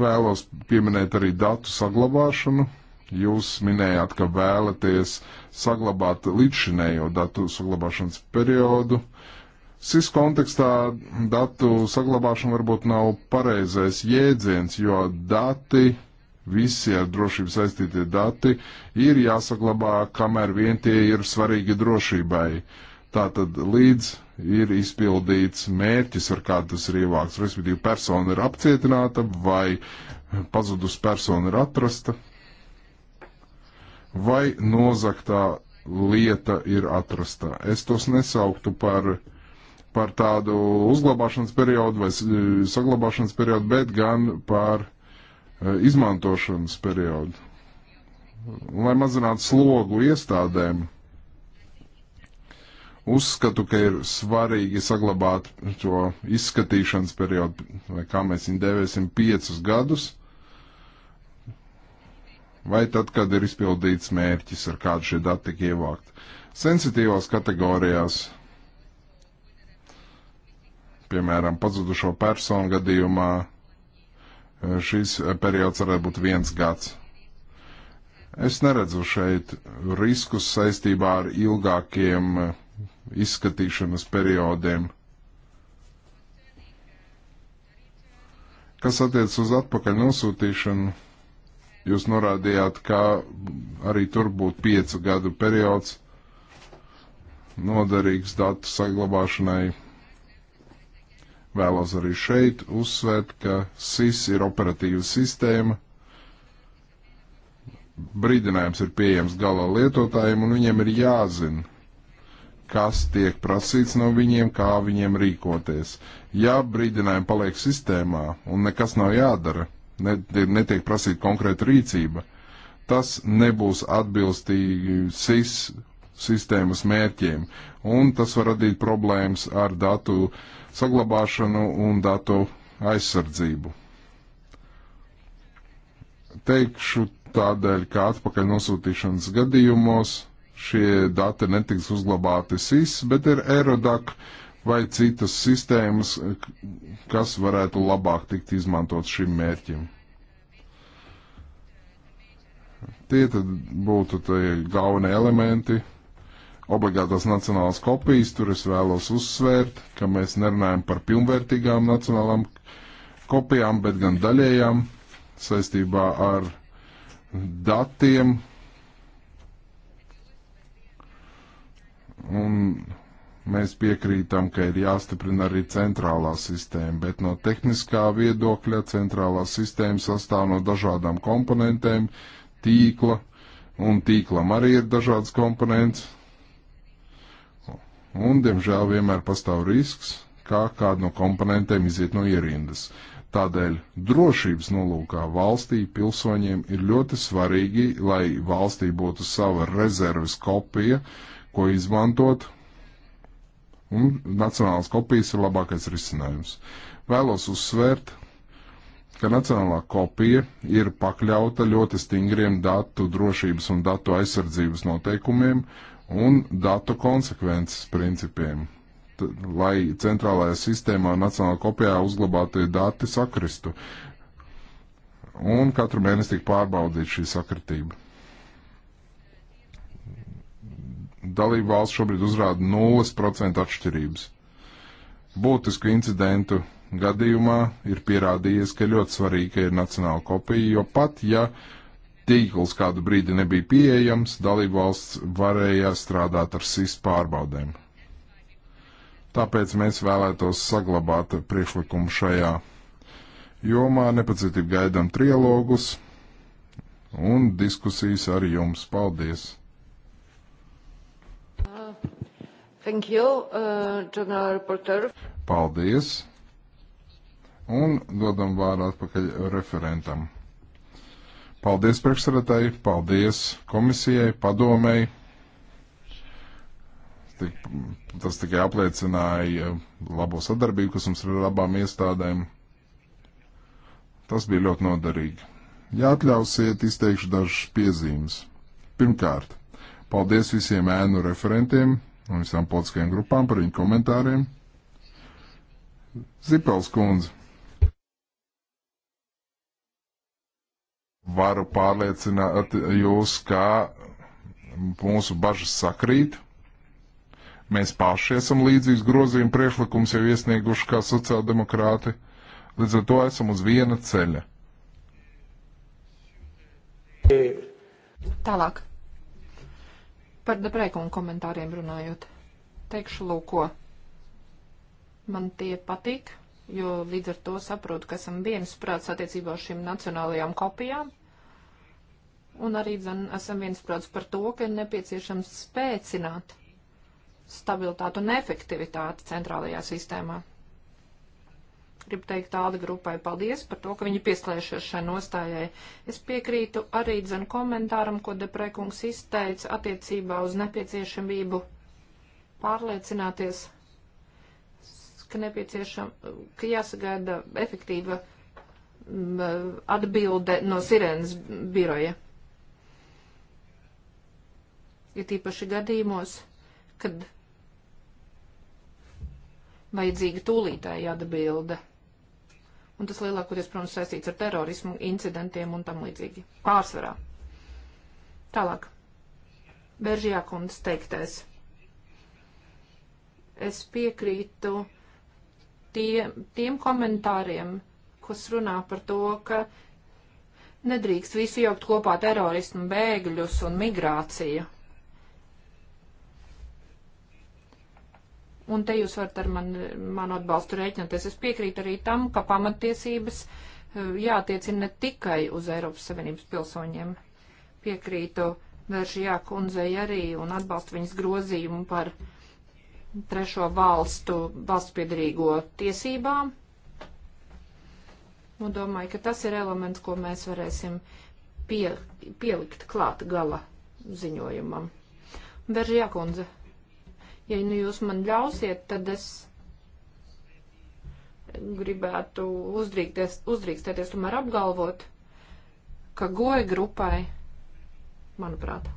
[SPEAKER 3] Vēlos pieminēt arī datu saglabāšanu. Jūs minējāt, ka vēlaties saglabāt līdzšinējo datu saglabāšanas periodu. SIS kontekstā datu saglabāšana varbūt nav pareizais jēdziens, jo dati, visi ar drošību saistītie dati, ir jāsaglabā, kamēr vien tie ir svarīgi drošībai. Uh, Tātad līdz ir izpildīts mērķis, ar kādu tas ir ievākts, respektīvi persona ir apcietināta vai pazudus persona ir atrasta vai nozaktā lieta ir atrasta. Es tos nesauktu par, par tādu uzglabāšanas periodu vai saglabāšanas periodu, bet gan par e, izmantošanas periodu. Lai mazinātu slogu iestādēm, Uzskatu, ka ir svarīgi saglabāt to izskatīšanas periodu, vai kā mēs viņu dēvēsim, piecus gadus, vai tad, kad ir izpildīts mērķis, ar kādu šie dati tiek ievākt. Sensitīvās kategorijās, piemēram, pazudušo personu gadījumā, šis periods varētu būt viens gads. Es neredzu šeit riskus saistībā ar ilgākiem izskatīšanas periodiem. Kas attiec uz atpakaļ nosūtīšanu, jūs norādījāt, ka arī tur būtu piecu gadu periods noderīgs datu saglabāšanai. Vēlos arī šeit uzsvērt, ka SIS ir operatīva sistēma. Brīdinājums ir pieejams galā lietotājiem, un viņiem ir jāzina, kas tiek prasīts no viņiem, kā viņiem rīkoties. Ja brīdinājumi paliek sistēmā un nekas nav jādara, netiek prasīta konkrēta rīcība, tas nebūs atbilstīgi SIS sistēmas mērķiem, un tas var radīt problēmas ar datu saglabāšanu un datu aizsardzību. Teikšu tādēļ, ka atpakaļ nosūtīšanas gadījumos šie dati netiks uzglabāti SIS, bet ir Aerodak vai citas sistēmas, kas varētu labāk tikt izmantot šim mērķim. Tie tad būtu tie galvenie elementi. Obligātās nacionālās kopijas, tur es vēlos uzsvērt, ka mēs nerunājam par pilnvērtīgām nacionālām kopijām, bet gan daļējām saistībā ar datiem, Un mēs piekrītam, ka ir jāstiprina arī centrālā sistēma, bet no tehniskā viedokļa centrālā sistēma sastāv no dažādām komponentēm, tīkla, un tīklam arī ir dažādas komponents. Un, diemžēl, vienmēr pastāv risks, kā kāda no komponentiem iziet no ierindas. Tādēļ drošības nolūkā valstī pilsoņiem ir ļoti svarīgi, lai valstī būtu sava rezerves kopija, ko izmantot, un nacionālās kopijas ir labākais risinājums. Vēlos uzsvērt, ka nacionālā kopija ir pakļauta ļoti stingriem datu drošības un datu aizsardzības noteikumiem un datu konsekvences principiem, lai centrālajā sistēmā nacionālā kopijā uzglabātie dati sakristu. Un katru mēnesi tiek pārbaudīta šī sakritība. dalību valsts šobrīd uzrāda 0% atšķirības. Būtisku incidentu gadījumā ir pierādījies, ka ļoti svarīgi, ka ir nacionāla kopija, jo pat ja tīkls kādu brīdi nebija pieejams, dalību valsts varēja strādāt ar SIS pārbaudēm. Tāpēc mēs vēlētos saglabāt priekšlikumu šajā jomā, nepacietīgi gaidām trilogus un diskusijas ar jums. Paldies!
[SPEAKER 1] Thank you, uh, General Reporter.
[SPEAKER 3] Paldies. Un dodam vārdu atpakaļ referentam. Paldies priekšsēdētāji, paldies komisijai, padomēji. Tik, tas tikai apliecināja labo sadarbību, kas mums ir ar abām iestādēm. Tas bija ļoti noderīgi. Ja atļausiet, izteikšu dažas piezīmes. Pirmkārt, paldies visiem ēnu referentiem, un visām politiskajām grupām par viņu komentāriem. Zipels kundze. Varu pārliecināt jūs, ka mūsu bažas sakrīt. Mēs paši esam līdzīgs grozījuma priekšlikums jau iesnieguši kā sociāldemokrāti. Līdz ar to esam uz viena ceļa.
[SPEAKER 1] Tālāk Par deprēkumu komentāriem runājot, teikšu lūko. Man tie patīk, jo līdz ar to saprotu, ka esam viens prāts attiecībā uz šīm nacionālajām kopijām. Un arī zan, esam viens prāts par to, ka ir nepieciešams spēcināt stabilitātu un efektivitāti centrālajā sistēmā. Gribu teikt tāda grupai paldies par to, ka viņi pieslēšas šai nostājai. Es piekrītu arī dzen komentāram, ko deprekungs izteica attiecībā uz nepieciešamību pārliecināties, ka nepieciešam, ka jāsagaida efektīva mm, atbilde no sirēnas biroja. Ir ja tīpaši gadījumos, kad vajadzīga tūlītējā atbilde. Un tas lielākoties, protams, saistīts ar terorismu incidentiem un tam līdzīgi. Pārsvarā. Tālāk. Beržijā kundas teiktais. Es piekrītu tie, tiem komentāriem, kas runā par to, ka nedrīkst visu jaukt kopā terorismu, bēgļus un migrāciju. Un te jūs varat ar man, manu atbalstu rēķināties. Es piekrītu arī tam, ka pamatiesības eh, jātiecina ne tikai uz Eiropas Savienības pilsoņiem. Piekrītu Veržijā kundzei arī un atbalstu viņas grozījumu par trešo valstu valsts piedarīgo tiesībām. Un domāju, ka tas ir elements, ko mēs varēsim pie, pielikt klāt gala ziņojumam. Veržijā kundze. Ja nu jūs man ļausiet, tad es gribētu uzdrīkstēties tomēr apgalvot, ka goja grupai, manuprāt,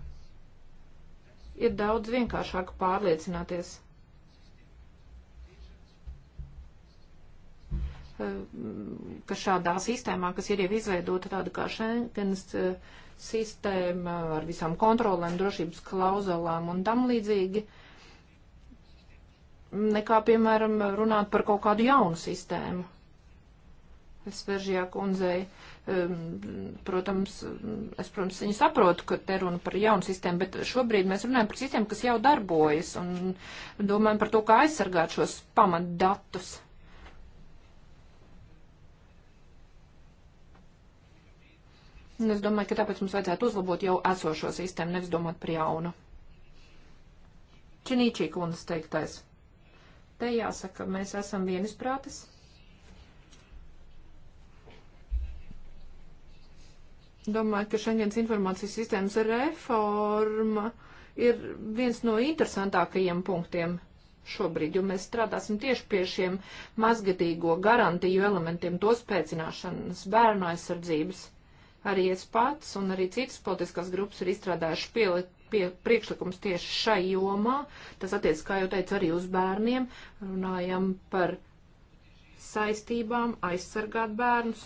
[SPEAKER 1] ir daudz vienkāršāk pārliecināties. ka šādā sistēmā, kas ir jau izveidota tāda kā Schengens e, sistēma ar visām kontrolēm, drošības klauzulām un tam līdzīgi, uh, nekā, piemēram, runāt par kaut kādu jaunu sistēmu. Es veržījā kundzei, um, protams, es, protams, viņu saprotu, ka te runa par jaunu sistēmu, bet šobrīd mēs runājam par sistēmu, kas jau darbojas un domājam par to, kā aizsargāt šos pamatdatus. Un es domāju, ka tāpēc mums vajadzētu uzlabot jau esošo sistēmu, nevis domāt par jaunu. Činīčī kundas teiktais. Te jāsaka, mēs esam vienisprātis. Domāju, ka Šengens informācijas sistēmas reforma ir viens no interesantākajiem punktiem šobrīd, jo mēs strādāsim tieši pie šiem mazgadīgo garantiju elementiem, to spēcināšanas, bērnu aizsardzības. Arī es pats un arī citas politiskās grupas ir izstrādājuši pielikt pie, priekšlikums tieši šai jomā. Tas attiec, kā jau teicu, arī uz bērniem. Runājam par saistībām aizsargāt bērnus.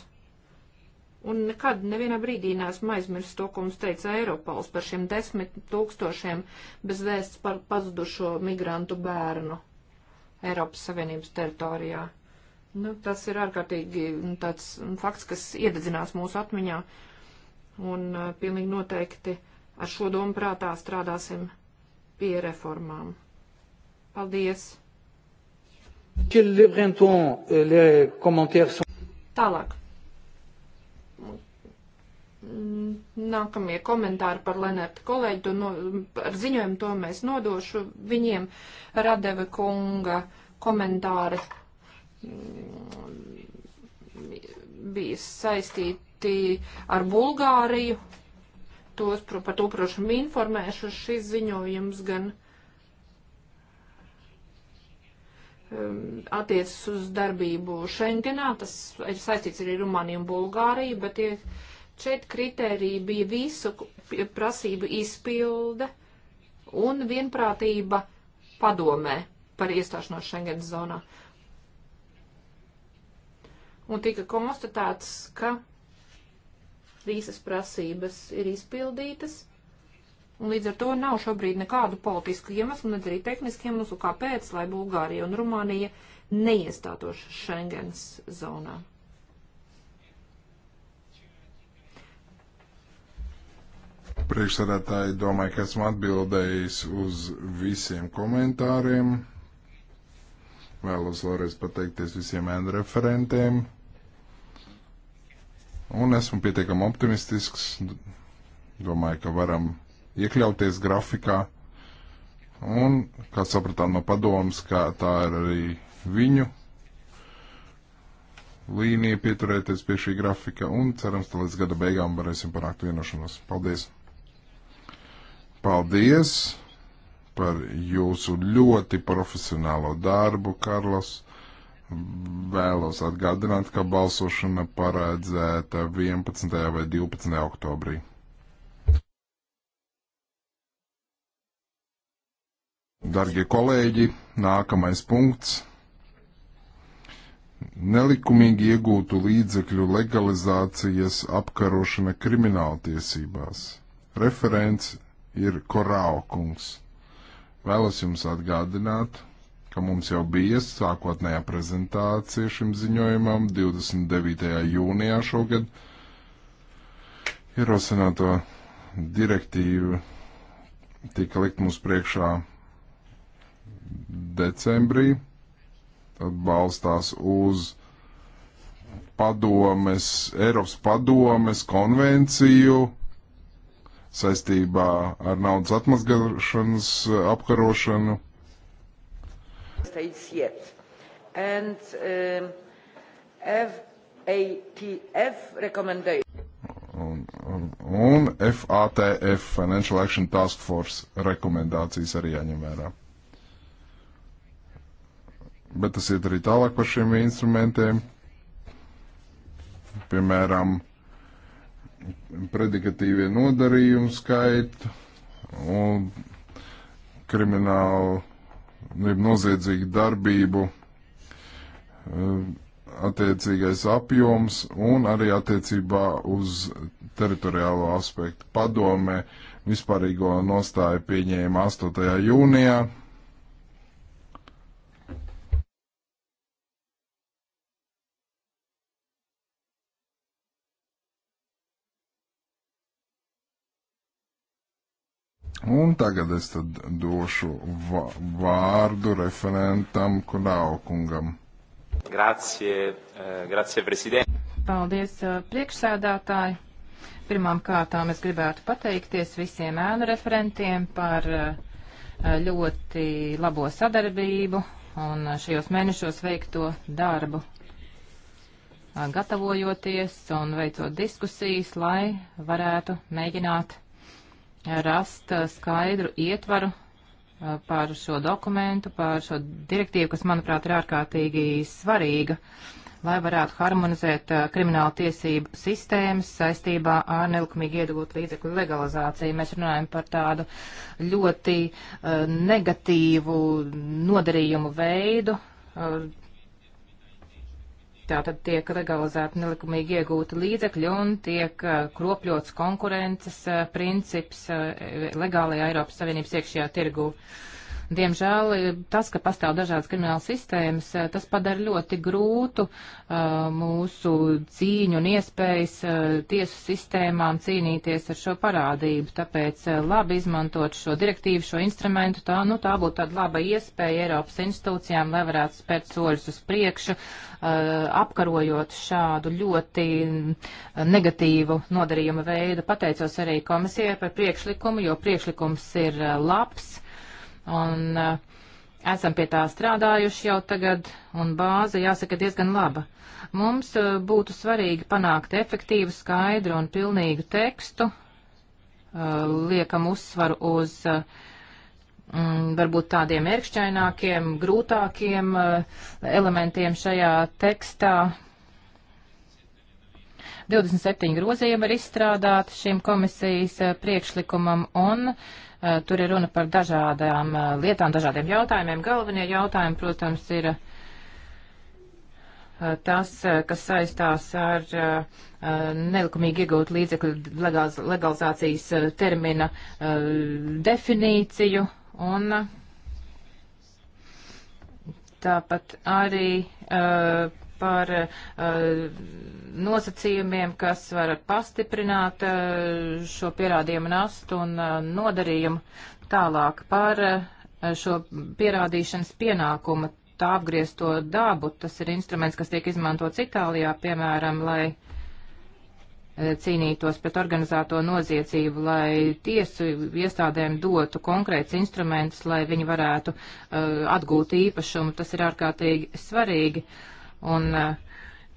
[SPEAKER 1] Un nekad, nevienā brīdī neesmu aizmirsis to, ko mums teica Eiropals par šiem desmit tūkstošiem bezvēsts par pazudušo migrantu bērnu Eiropas Savienības teritorijā. Nu, tas ir ārkārtīgi tāds fakts, kas iededzinās mūsu atmiņā. Un uh, pilnīgi noteikti uh, ar šo domu prātā strādāsim pie reformām. Paldies! Euh, Tālāk. Nākamie komentāri par Lenertu kolēģi, to no, ar ziņojumu to mēs nodošu viņiem Radeve kunga komentāri mm, bija saistīti ar Bulgāriju tos, par to, protams, informēšu šis ziņojums gan um, attiecas uz darbību Schengenā, tas ir saistīts arī Rumāniju un Bulgāriju, bet tie šeit kritērija bija visu prasību izpilde un vienprātība padomē par iestāšanos Schengen zonā. Un tika konstatēts, ka visas prasības ir izpildītas. Un līdz ar to nav šobrīd nekādu politisku iemeslu, nedz arī tehnisku iemeslu, kāpēc, lai Bulgārija un Rumānija neiestātos Schengens zonā.
[SPEAKER 3] Priekšsēdētāji, domāju, ka esmu atbildējis uz visiem komentāriem. Vēlos vēlreiz pateikties visiem referentiem un esmu pietiekami optimistisks. Domāju, ka varam iekļauties grafikā. Un, kā sapratām no padomas, ka tā ir arī viņu līnija pieturēties pie šī grafika un cerams, ka līdz gada beigām varēsim panākt vienošanos. Paldies! Paldies par jūsu ļoti profesionālo darbu, Karlos! vēlos atgādināt, ka balsošana paredzēta 11. vai 12. oktobrī. Dargie kolēģi, nākamais punkts. Nelikumīgi iegūtu līdzekļu legalizācijas apkarošana krimināltiesībās. Referents ir Korāo kungs. Vēlos jums atgādināt, ka mums jau bija sākotnējā prezentācija šim ziņojumam 29. jūnijā šogad ierosināto direktīvu tika likt mums priekšā decembrī, tad balstās uz padomes, Eiropas padomes konvenciju saistībā ar naudas atmazgāšanas apkarošanu
[SPEAKER 2] states yet. And um, FATF recommendation.
[SPEAKER 3] Un, un, un FATF, Financial Action Task Force rekomendācijas arī jāņem vērā. Bet tas iet arī tālāk par šiem instrumentiem. Piemēram, predikatīvie nodarījumi skaitu un kriminālu noziedzīgu darbību eh, attiecīgais apjoms un arī attiecībā uz teritoriālo aspektu. Padome vispārīgo nostāju pieņēma 8. jūnijā Un tagad es tad došu vārdu referentam Kudaukungam. Grazie,
[SPEAKER 2] eh, grazie, prezident. Paldies, eh, priekšsēdātāji. Pirmām kārtām es gribētu pateikties visiem ēnu referentiem par eh, ļoti labo sadarbību un šajos mēnešos veikto darbu, gatavojoties un veicot diskusijas, lai varētu mēģināt rast eh, skaidru ietvaru eh, par šo dokumentu, par šo direktīvu, kas, manuprāt, ir ārkārtīgi svarīga, lai varētu harmonizēt eh, kriminālu tiesību sistēmas saistībā ar nelikumīgi iedegūt līdzekļu legalizāciju. Mēs runājam par tādu ļoti negatīvu nodarījumu veidu, Tātad tiek legalizēta nelikumīgi iegūta līdzekļi un tiek kropļots konkurences princips e, legālajā Eiropas Savienības iekšējā tirgu. Uh, Diemžēl eh, tas, ka pastāv dažādas krimināla sistēmas, eh, tas padara ļoti grūtu eh, mūsu cīņu un iespējas tiesu sistēmām cīnīties ar šo parādību. Tāpēc labi izmantot šo direktīvu, šo instrumentu, tā, nu, tā būtu tāda laba iespēja Eiropas institūcijām, lai varētu spērt soļus uz priekšu, apkarojot šādu ļoti negatīvu nodarījumu veidu. Pateicos arī komisijai par priekšlikumu, jo priekšlikums ir labs. Un uh, esam pie tā strādājuši jau tagad, un bāze, jāsaka, diezgan laba. Mums uh, būtu svarīgi panākt efektīvu, skaidru un pilnīgu tekstu, uh, liekam uzsvaru uz mm, varbūt tādiem ērkšķainākiem, grūtākiem elementiem šajā tekstā. 27 grozījumi ir izstrādāti šim komisijas priekšlikumam, un Eh, tur ir runa par dažādām eh, lietām, dažādiem jautājumiem. Galvenie jautājumi, protams, ir eh, tas, kas saistās ar nelikumīgi iegūt līdzekļu legalizācijas termina definīciju un tāpat arī par eh, nosacījumiem, kas var pastiprināt eh, šo pierādījumu nastu un eh, nodarījumu tālāk par šo pierādīšanas pienākumu, tā apgriezto dabu. Tas ir instruments, kas tiek izmantots Itālijā, piemēram, lai cīnītos pret organizēto noziedzību, lai tiesu iestādēm dotu konkrēts instruments, lai viņi varētu uh, atgūt īpašumu. Tas ir ārkārtīgi svarīgi. Uh, Un uh,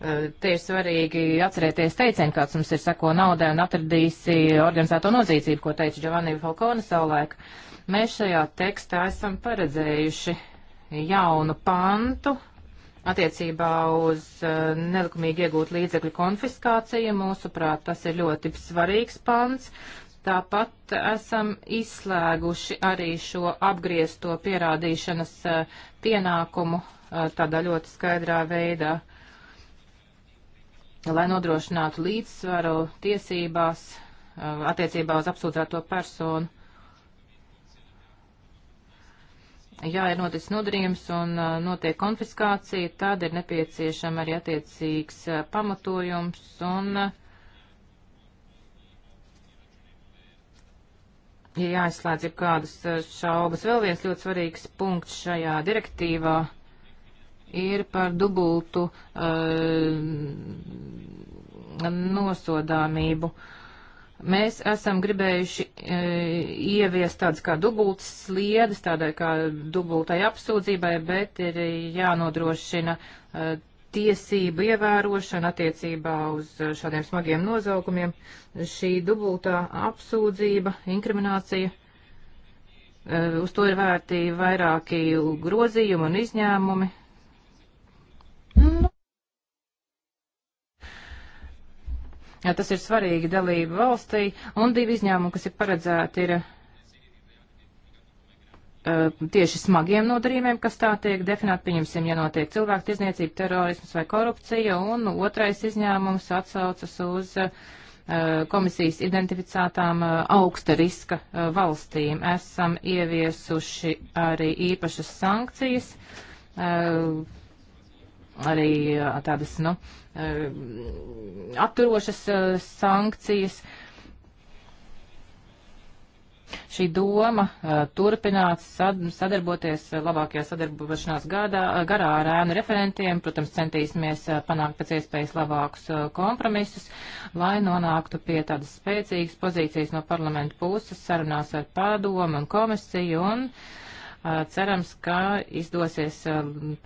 [SPEAKER 2] eh, eh, te ir svarīgi atcerēties teicienu, kāds mums ir sako naudai un atradīsi eh, organizēto nozīcību, ko teica Giovanni Falkone savulaik. Mēs šajā tekstā esam paredzējuši jaunu pantu attiecībā uz uh, nelikumīgi iegūt līdzekļu konfiskāciju. Mūsuprāt, tas ir ļoti svarīgs pants. Tāpat esam izslēguši arī šo apgriezto pierādīšanas uh, pienākumu tādā ļoti skaidrā veidā, lai nodrošinātu līdzsvaru tiesībās attiecībā uz apsūdzēto personu. Jā, ir noticis nodarījums un notiek konfiskācija, tad ir nepieciešama arī attiecīgs pamatojums un ir jāizslēdz ir kādas šaubas. Vēl viens ļoti svarīgs punkts šajā direktīvā ir par dubultu uh, nosodāmību. Mēs esam gribējuši e, uh, ieviest tādas kā dubultas sliedas, tādai kā dubultai apsūdzībai, bet ir jānodrošina e, uh, tiesību ievērošana attiecībā uz eh, šādiem smagiem nozaukumiem. Šī dubultā apsūdzība, inkriminācija eh, Uz to ir vērti vairāki grozījumi un izņēmumi, Jā, tas ir svarīgi dalība valstī, un divi izņēmumi, kas ir paredzēti, ir uh, tieši smagiem nodarījumiem, kas tā tiek definēti, pieņemsim, ja notiek cilvēku tiesniecība, terorisms vai korupcija, un otrais izņēmums atsaucas uz uh, komisijas identificētām augsta riska valstīm. Esam ieviesuši arī īpašas sankcijas, arī tādas, nu, atturošas sankcijas. Šī doma turpināt sadarboties labākajā sadarbošanās gadā, garā ar ēnu referentiem, protams, centīsimies panākt pēc iespējas labākus kompromisus, lai nonāktu pie tādas spēcīgas pozīcijas no parlamenta puses sarunās ar padomu un komisiju un uh, cerams, ka izdosies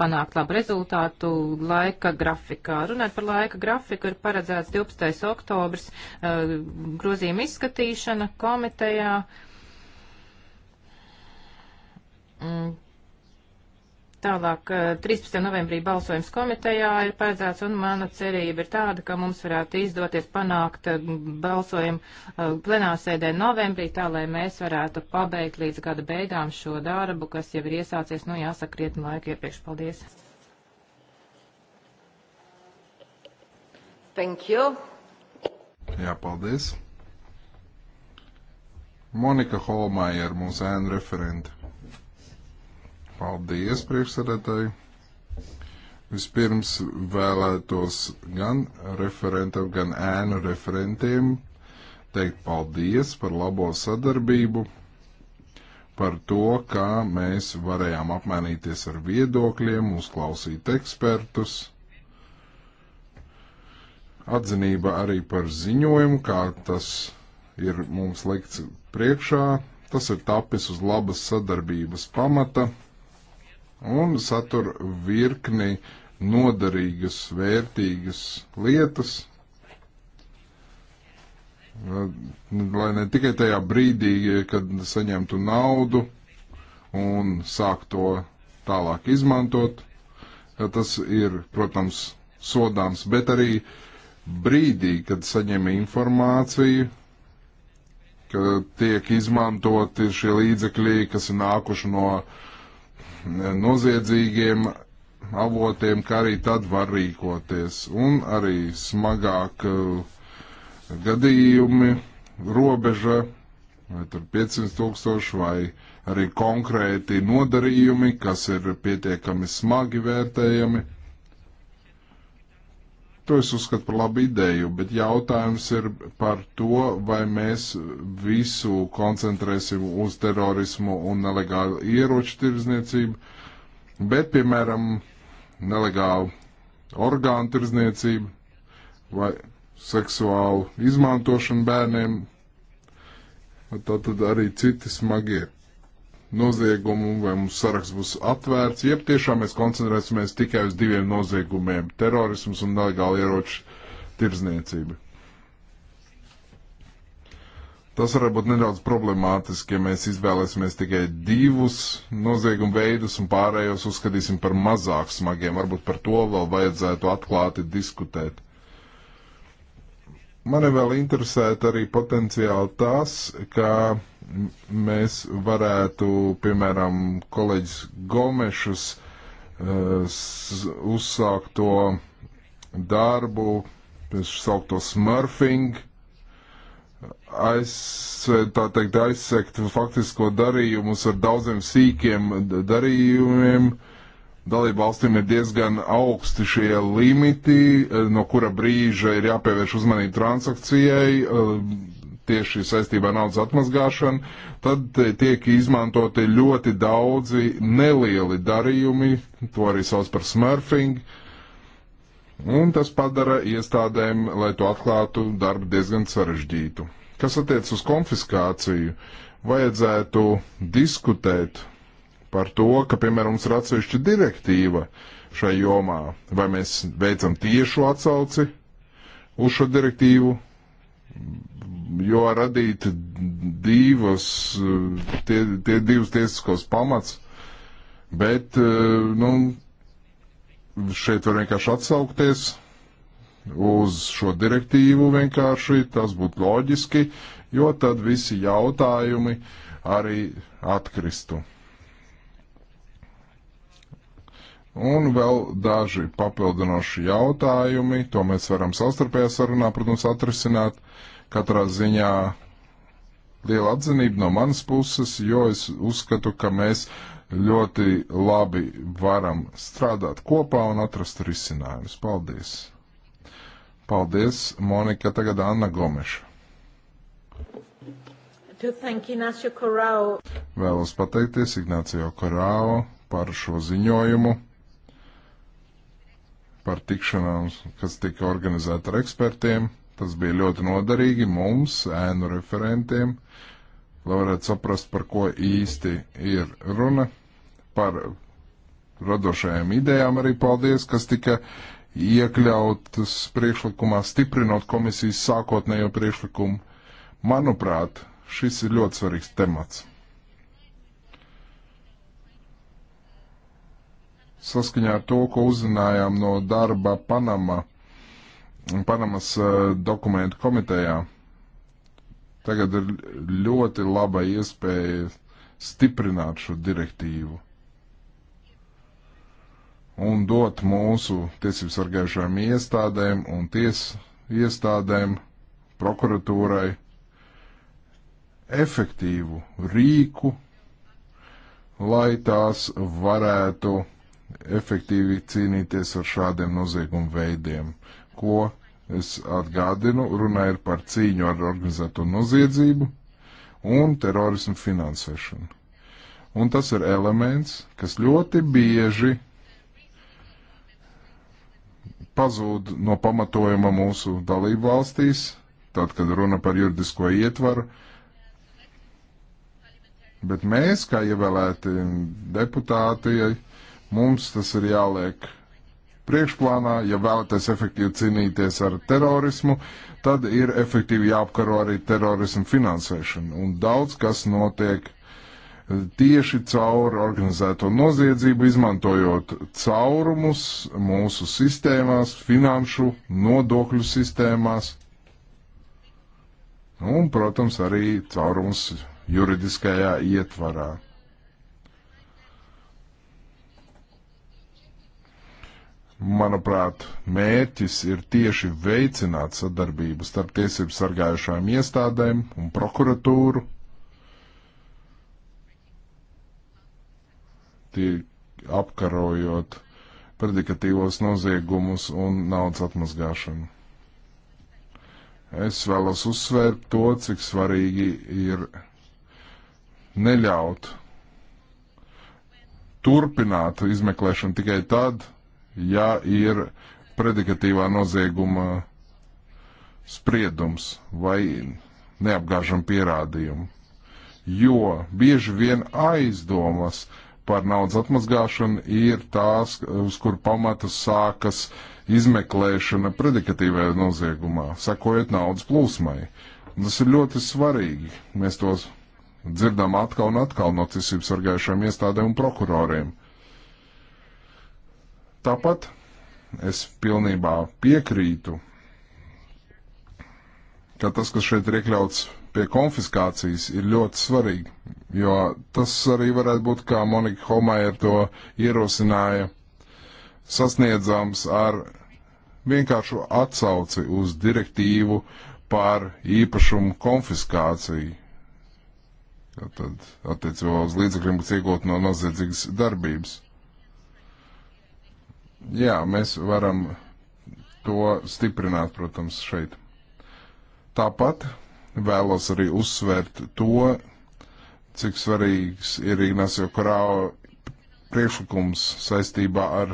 [SPEAKER 2] panākt labu rezultātu laika grafikā. Runāt par laika grafiku ir paredzēts 12. oktobrs grozījuma izskatīšana komitejā. Mm. Tālāk 13. Eh, novembrī balsojums komitejā ir paredzēts, un mana cerība ir tāda, ka mums varētu izdoties panākt eh, balsojumu eh, plenārsēdē novembrī, tā lai mēs varētu pabeigt līdz gada beigām šo darbu, kas jau ir iesācies, nu jāsaka, krietni laika iepriekš. Paldies! Thank you.
[SPEAKER 3] Jā, paldies. Monika Holmāja ir mūsu ēnu referente. Paldies, priekšsēdētāji! Vispirms vēlētos gan referentam, gan ēnu referentiem teikt paldies par labo sadarbību, par to, kā mēs varējām apmainīties ar viedokļiem, uzklausīt ekspertus atzinība arī par ziņojumu, kā tas ir mums likts priekšā. Tas ir tapis uz labas sadarbības pamata un satur virkni noderīgas, vērtīgas lietas, lai ne tikai tajā brīdī, kad saņemtu naudu un sāk to tālāk izmantot, tas ir, protams, sodāms, bet arī brīdī, kad saņem informāciju, ka tiek izmantoti šie līdzekļi, kas ir nākuši no uh, noziedzīgiem avotiem, kā arī tad var rīkoties. Un arī smagāk eh, gadījumi, robeža, vai tur 500 tūkstoši, vai arī konkrēti nodarījumi, kas ir pietiekami smagi vērtējami. To es uzskatu par labu ideju, bet jautājums ir par to, vai mēs visu koncentrēsim uz terorismu un nelegālu ieroču tirzniecību, bet, piemēram, nelegālu orgānu tirzniecību vai seksuālu izmantošanu bērniem. Tātad arī citi smagie noziegumu, vai mums saraksts būs atvērts, jeb tiešām mēs koncentrēsimies tikai uz diviem noziegumiem - terorisms un nelegāla ieroču tirzniecība. Tas var būt nedaudz problemātiski, ja mēs izvēlēsimies tikai divus noziegumu veidus un pārējos uzskatīsim par mazāk smagiem. Varbūt par to vēl vajadzētu atklāti diskutēt. Mani vēl interesētu arī potenciāli tas, ka mēs varētu, piemēram, kolēģis Gomešus uh, uzsākt to darbu, es sauktu to smurfing, aiz, tā teikt, aizsekt faktisko darījumus ar daudziem sīkiem darījumiem. Dalību valstīm ir diezgan augsti šie limiti, no kura brīža ir jāpievērš uzmanība transakcijai, uh, tieši saistībā ar naudas atmazgāšanu, tad tiek izmantoti ļoti daudzi nelieli darījumi, to arī sauc par smurfing, un tas padara iestādēm, lai to atklātu, darbu diezgan sarežģītu. Kas attiec uz konfiskāciju, vajadzētu diskutēt par to, ka, piemēram, mums ir atsevišķa direktīva šai jomā, vai mēs veicam tiešu atsauci uz šo direktīvu, jo radīt divas, tie, tie divas tiesiskos pamats, bet, eh, nu, šeit var vienkārši atsaukties uz šo direktīvu vienkārši, tas būtu loģiski, jo tad visi jautājumi arī atkristu. Un vēl daži papildinoši jautājumi, to mēs varam savstarpējā sarunā, protams, atrisināt. Katrā ziņā liela atzinība no manas puses, jo es uzskatu, ka mēs ļoti labi varam strādāt kopā un atrast risinājumus. Paldies! Paldies, Monika, tagad Anna Gomeša. Vēlos pateikties Ignācijā Korāo par šo ziņojumu par tikšanām, kas tika organizēta ar ekspertiem. Tas bija ļoti noderīgi mums, ēnu referentiem, lai varētu saprast, par ko īsti ir runa. Par radošajām idejām arī paldies, kas tika iekļautas priekšlikumā, stiprinot komisijas sākotnējo priekšlikumu. Manuprāt, šis ir ļoti svarīgs temats. saskaņā ar to, ko uzzinājām no darba Panama, Panamas eh, dokumentu komitejā. Tagad ir ļoti laba iespēja stiprināt šo direktīvu un dot mūsu tiesību sargājušajām iestādēm un tiesu iestādēm, prokuratūrai efektīvu rīku, lai tās varētu efektīvi cīnīties ar šādiem noziegumu veidiem, ko es atgādinu, runā ir par cīņu ar organizēto noziedzību un terorismu finansēšanu. Un tas ir elements, kas ļoti bieži pazūd no pamatojuma mūsu dalību valstīs, tad, kad runa par juridisko ietvaru, Bet mēs, kā ievēlēti deputāti, Mums tas ir jāliek priekšplānā, ja vēlaties efektīvi cīnīties ar terorismu, tad ir efektīvi jāapkaro arī terorismu finansēšanu. Un daudz kas notiek tieši caur organizēto noziedzību, izmantojot caurumus mūsu sistēmās, finanšu, nodokļu sistēmās un, protams, arī caurums juridiskajā ietvarā. Manuprāt, mērķis ir tieši veicināt sadarbību starp tiesību sargājušām iestādēm un prokuratūru. Tie apkarojot predikatīvos noziegumus un naudas atmazgāšanu. Es vēlos uzsvērt to, cik svarīgi ir neļaut turpināt izmeklēšanu tikai tad, ja ir predikatīvā nozieguma spriedums vai neapgāžam pierādījumu. Jo bieži vien aizdomas par naudas atmazgāšanu ir tās, uz kur pamatas sākas izmeklēšana predikatīvajā noziegumā, sakojot naudas plūsmai. Un tas ir ļoti svarīgi. Mēs tos dzirdam atkal un atkal no tiesību sargājušām iestādēm un prokuroriem. Tāpat es pilnībā piekrītu, ka tas, kas šeit ir iekļauts pie konfiskācijas, ir ļoti svarīgi, jo tas arī varētu būt, kā Monika Homēra to ierosināja, sasniedzams ar vienkāršu atsauci uz direktīvu par īpašumu konfiskāciju. Tad attiecībā uz līdzekļiem, kas iegūti no noziedzīgas darbības. Jā, mēs varam to stiprināt, protams, šeit. Tāpat vēlos arī uzsvērt to, cik svarīgs ir Ignacio Korāo priekšlikums saistībā ar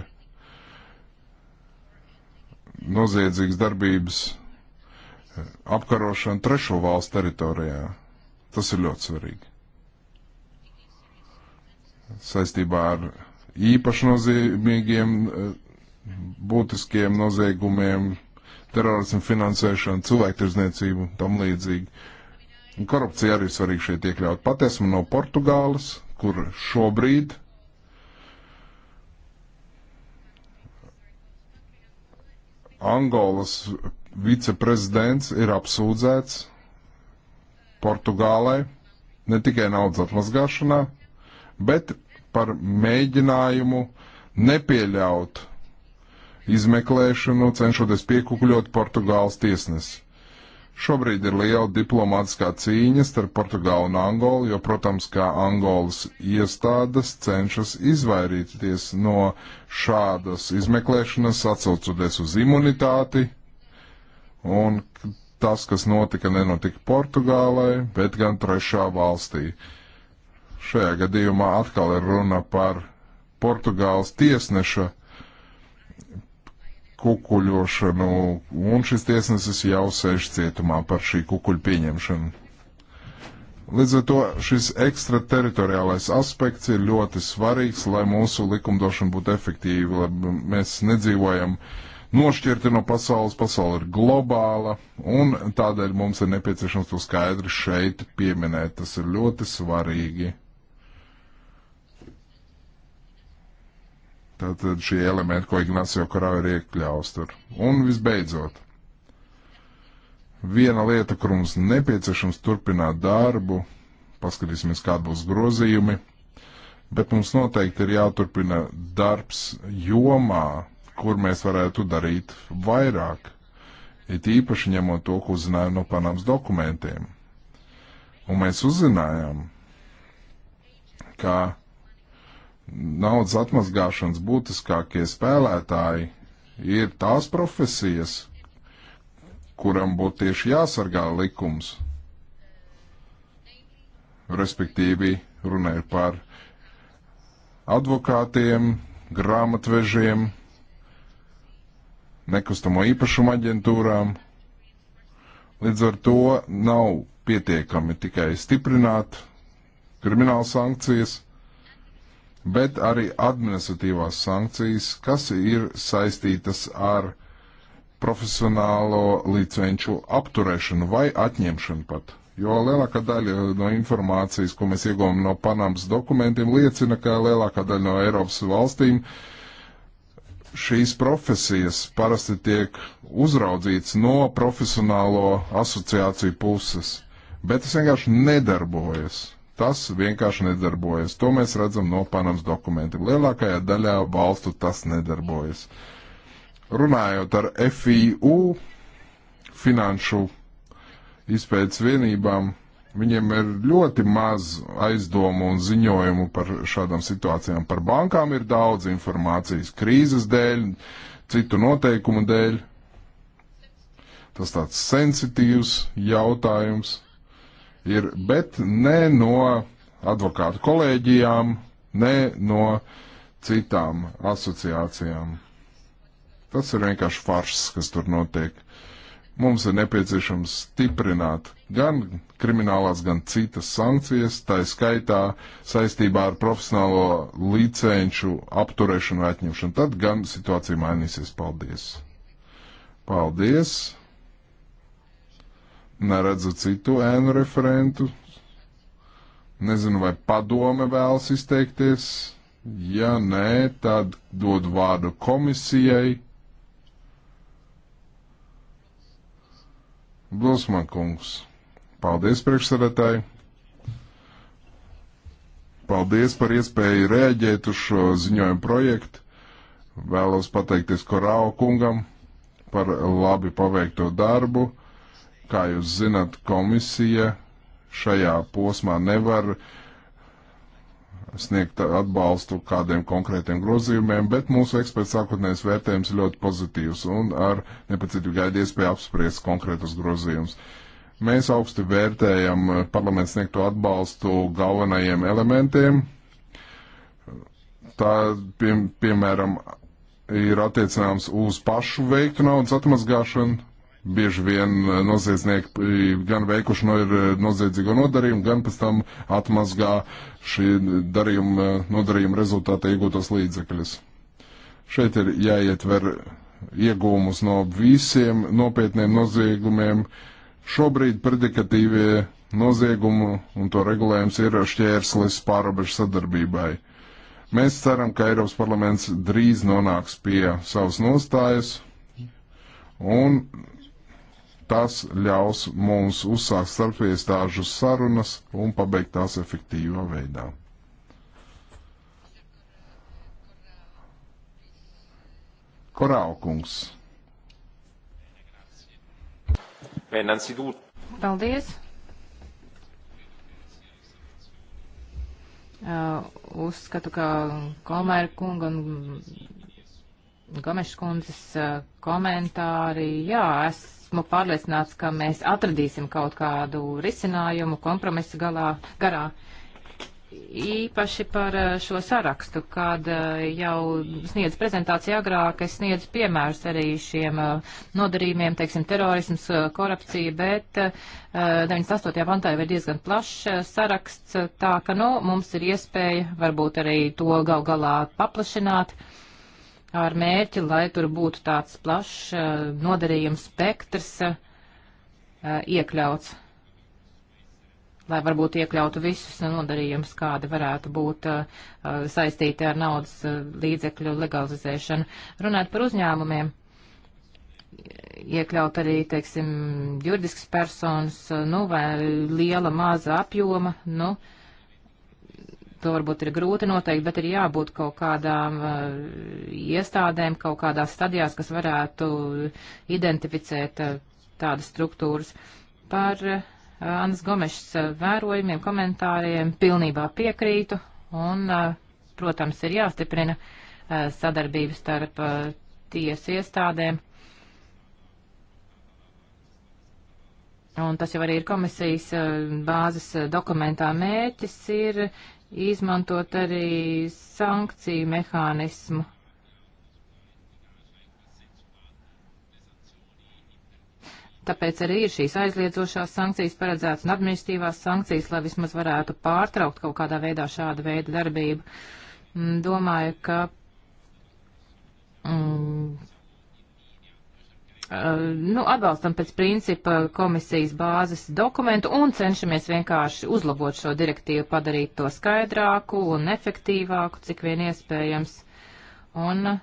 [SPEAKER 3] noziedzīgas darbības apkarošanu trešo valstu teritorijā. Tas ir ļoti svarīgi. Saistībā ar īpaši nozīmīgiem eh, būtiskiem noziegumiem, terorismu finansēšanu, cilvēktirdzniecību, tam līdzīgi. Korupcija arī svarīgi šeit iekļaut. Pat esmu no Portugāles, kur šobrīd Angolas viceprezidents ir apsūdzēts Portugālē ne tikai naudas atmazgāšanā, bet par mēģinājumu nepieļaut izmeklēšanu, cenšoties piekukļot Portugāles tiesnesi. Šobrīd ir liela diplomātiskā cīņa starp Portugālu un Angolu, jo, protams, kā Angolas iestādes cenšas izvairīties no šādas izmeklēšanas, atsaucoties uz imunitāti, un tas, kas notika, nenotika Portugālai, bet gan trešā valstī. Uh, Šajā gadījumā atkal ir runa par Portugāles tiesneša kukuļošanu, un šis tiesnesis jau sēž cietumā par šī kukuļu pieņemšanu. Līdz ar to šis ekstrateritoriālais aspekts ir ļoti svarīgs, lai mūsu likumdošana būtu efektīva, lai mēs nedzīvojam nošķirti no pasaules, pasaule ir globāla, un tādēļ mums ir nepieciešams to skaidri šeit pieminēt. Tas ir ļoti svarīgi. Tātad šie elementi, ko Ignācijā Korau ir iekļaus tur. Un visbeidzot, viena lieta, kur mums nepieciešams turpināt darbu, paskatīsimies, kāda būs grozījumi, bet mums noteikti ir jāturpina darbs jomā, kur mēs varētu darīt vairāk, it īpaši ņemot to, ko uzzinājām no Panamas dokumentiem. Un mēs uzzinājām, ka naudas atmazgāšanas būtiskākie spēlētāji ir tās profesijas, kuram būtu tieši jāsargā likums. Respektīvi, runāju par advokātiem, grāmatvežiem, nekustamo īpašumu aģentūrām. Līdz ar to nav pietiekami tikai stiprināt kriminālu sankcijas, bet arī administratīvās sankcijas, kas ir saistītas ar profesionālo licenču apturēšanu vai atņemšanu pat. Jo lielākā daļa no informācijas, ko mēs iegūmam no Panamas dokumentiem, liecina, ka lielākā daļa no Eiropas valstīm šīs profesijas parasti tiek uzraudzīts no profesionālo asociāciju puses, bet tas vienkārši nedarbojas. Tas vienkārši nedarbojas. To mēs redzam no Panamas dokumentiem. Lielākajā daļā valstu tas nedarbojas. Runājot ar FIU, finanšu izpētes vienībām, viņiem ir ļoti maz aizdomu un ziņojumu par šādām situācijām. Par bankām ir daudz informācijas krīzes dēļ, citu noteikumu dēļ. Tas tāds sensitīvs jautājums ir, bet ne no advokātu kolēģijām, ne no citām asociācijām. Tas ir vienkārši farss, kas tur notiek. Mums ir nepieciešams stiprināt gan kriminālās, gan citas sankcijas, tā skaitā saistībā ar profesionālo licenču apturēšanu vai atņemšanu. Tad gan situācija mainīsies. Paldies! Paldies! Neredzu citu ēnu referentu. Nezinu, vai padome vēlas izteikties. Ja nē, tad dod vārdu komisijai. Blosman kungs. Paldies, priekšsēdētāji. Paldies par iespēju rēģēt uz šo ziņojumu projektu. Vēlos pateikties Korāo kungam par labi paveikto darbu Kā jūs zināt, komisija šajā posmā nevar sniegt atbalstu kādiem konkrētiem grozījumiem, bet mūsu eksperts sākotnējais vērtējums ļoti pozitīvs un ar nepacietību gaida iespēju apspriest konkrētus grozījumus. Mēs augsti vērtējam parlaments sniegto atbalstu galvenajiem elementiem. Tā, pie, piemēram, ir attiecināms uz pašu veiktu naudas atmazgāšanu, bieži vien eh, noziedznieki eh, gan veikuši no ir eh, noziedzīgo nodarījumu, gan pēc tam atmazgā šī darījuma, nodarījuma rezultātā iegūtos līdzekļus. Šeit ir jāietver iegūmus no visiem nopietniem noziegumiem. Šobrīd predikatīvie noziegumu un to regulējums ir šķērslis pārobežu sadarbībai. Mēs ceram, ka Eiropas parlaments drīz nonāks pie savas nostājas un Tas ļaus mums uzsākt starpiestāžu sarunas un pabeigt tās efektīvā veidā. Korālkungs.
[SPEAKER 2] Paldies. Uh, uzskatu, ka Kolmēra kunga un Gomešas kundzes komentāri. Jā, esmu pārliecināts, ka mēs atradīsim kaut kādu risinājumu kompromisu galā, garā. Īpaši par šo sarakstu, kad jau sniedz prezentāciju agrāk, es sniedzu piemērus arī šiem nodarījumiem, teiksim, terorisms, korupcija, bet 98. pantā jau ir diezgan plašs saraksts, tā ka, nu, mums ir iespēja varbūt arī to gal galā paplašināt. Uh, ar mērķi, lai tur būtu tāds plašs eh, nodarījums spektrs eh, iekļauts, lai varbūt iekļautu visus nodarījumus, kādi varētu būt eh, saistīti ar naudas līdzekļu legalizēšanu. Runāt par uzņēmumiem, iekļaut arī, teiksim, juridiskas personas, nu, vai liela, maza apjoma, nu, uh, to varbūt ir grūti noteikt, bet ir jābūt kaut kādām eh, iestādēm, kaut kādās stadijās, kas varētu identificēt eh, tādas struktūras. Par eh, Annas Gomešas vērojumiem, komentāriem pilnībā piekrītu un, protams, ir jāstiprina sadarbības starp tiesu iestādēm. Un tas jau arī ir komisijas bāzes dokumentā mērķis ir izmantot arī sankciju mehānismu. Tāpēc arī ir šīs aizliedzošās sankcijas paredzētas un administratīvās sankcijas, lai vismaz varētu pārtraukt kaut kādā veidā šādu veidu darbību. Mm, domāju, ka mm, Eh, nu, atbalstam pēc principa komisijas bāzes dokumentu un cenšamies vienkārši uzlabot šo direktīvu, padarīt to skaidrāku un efektīvāku, cik vien iespējams. Un eh,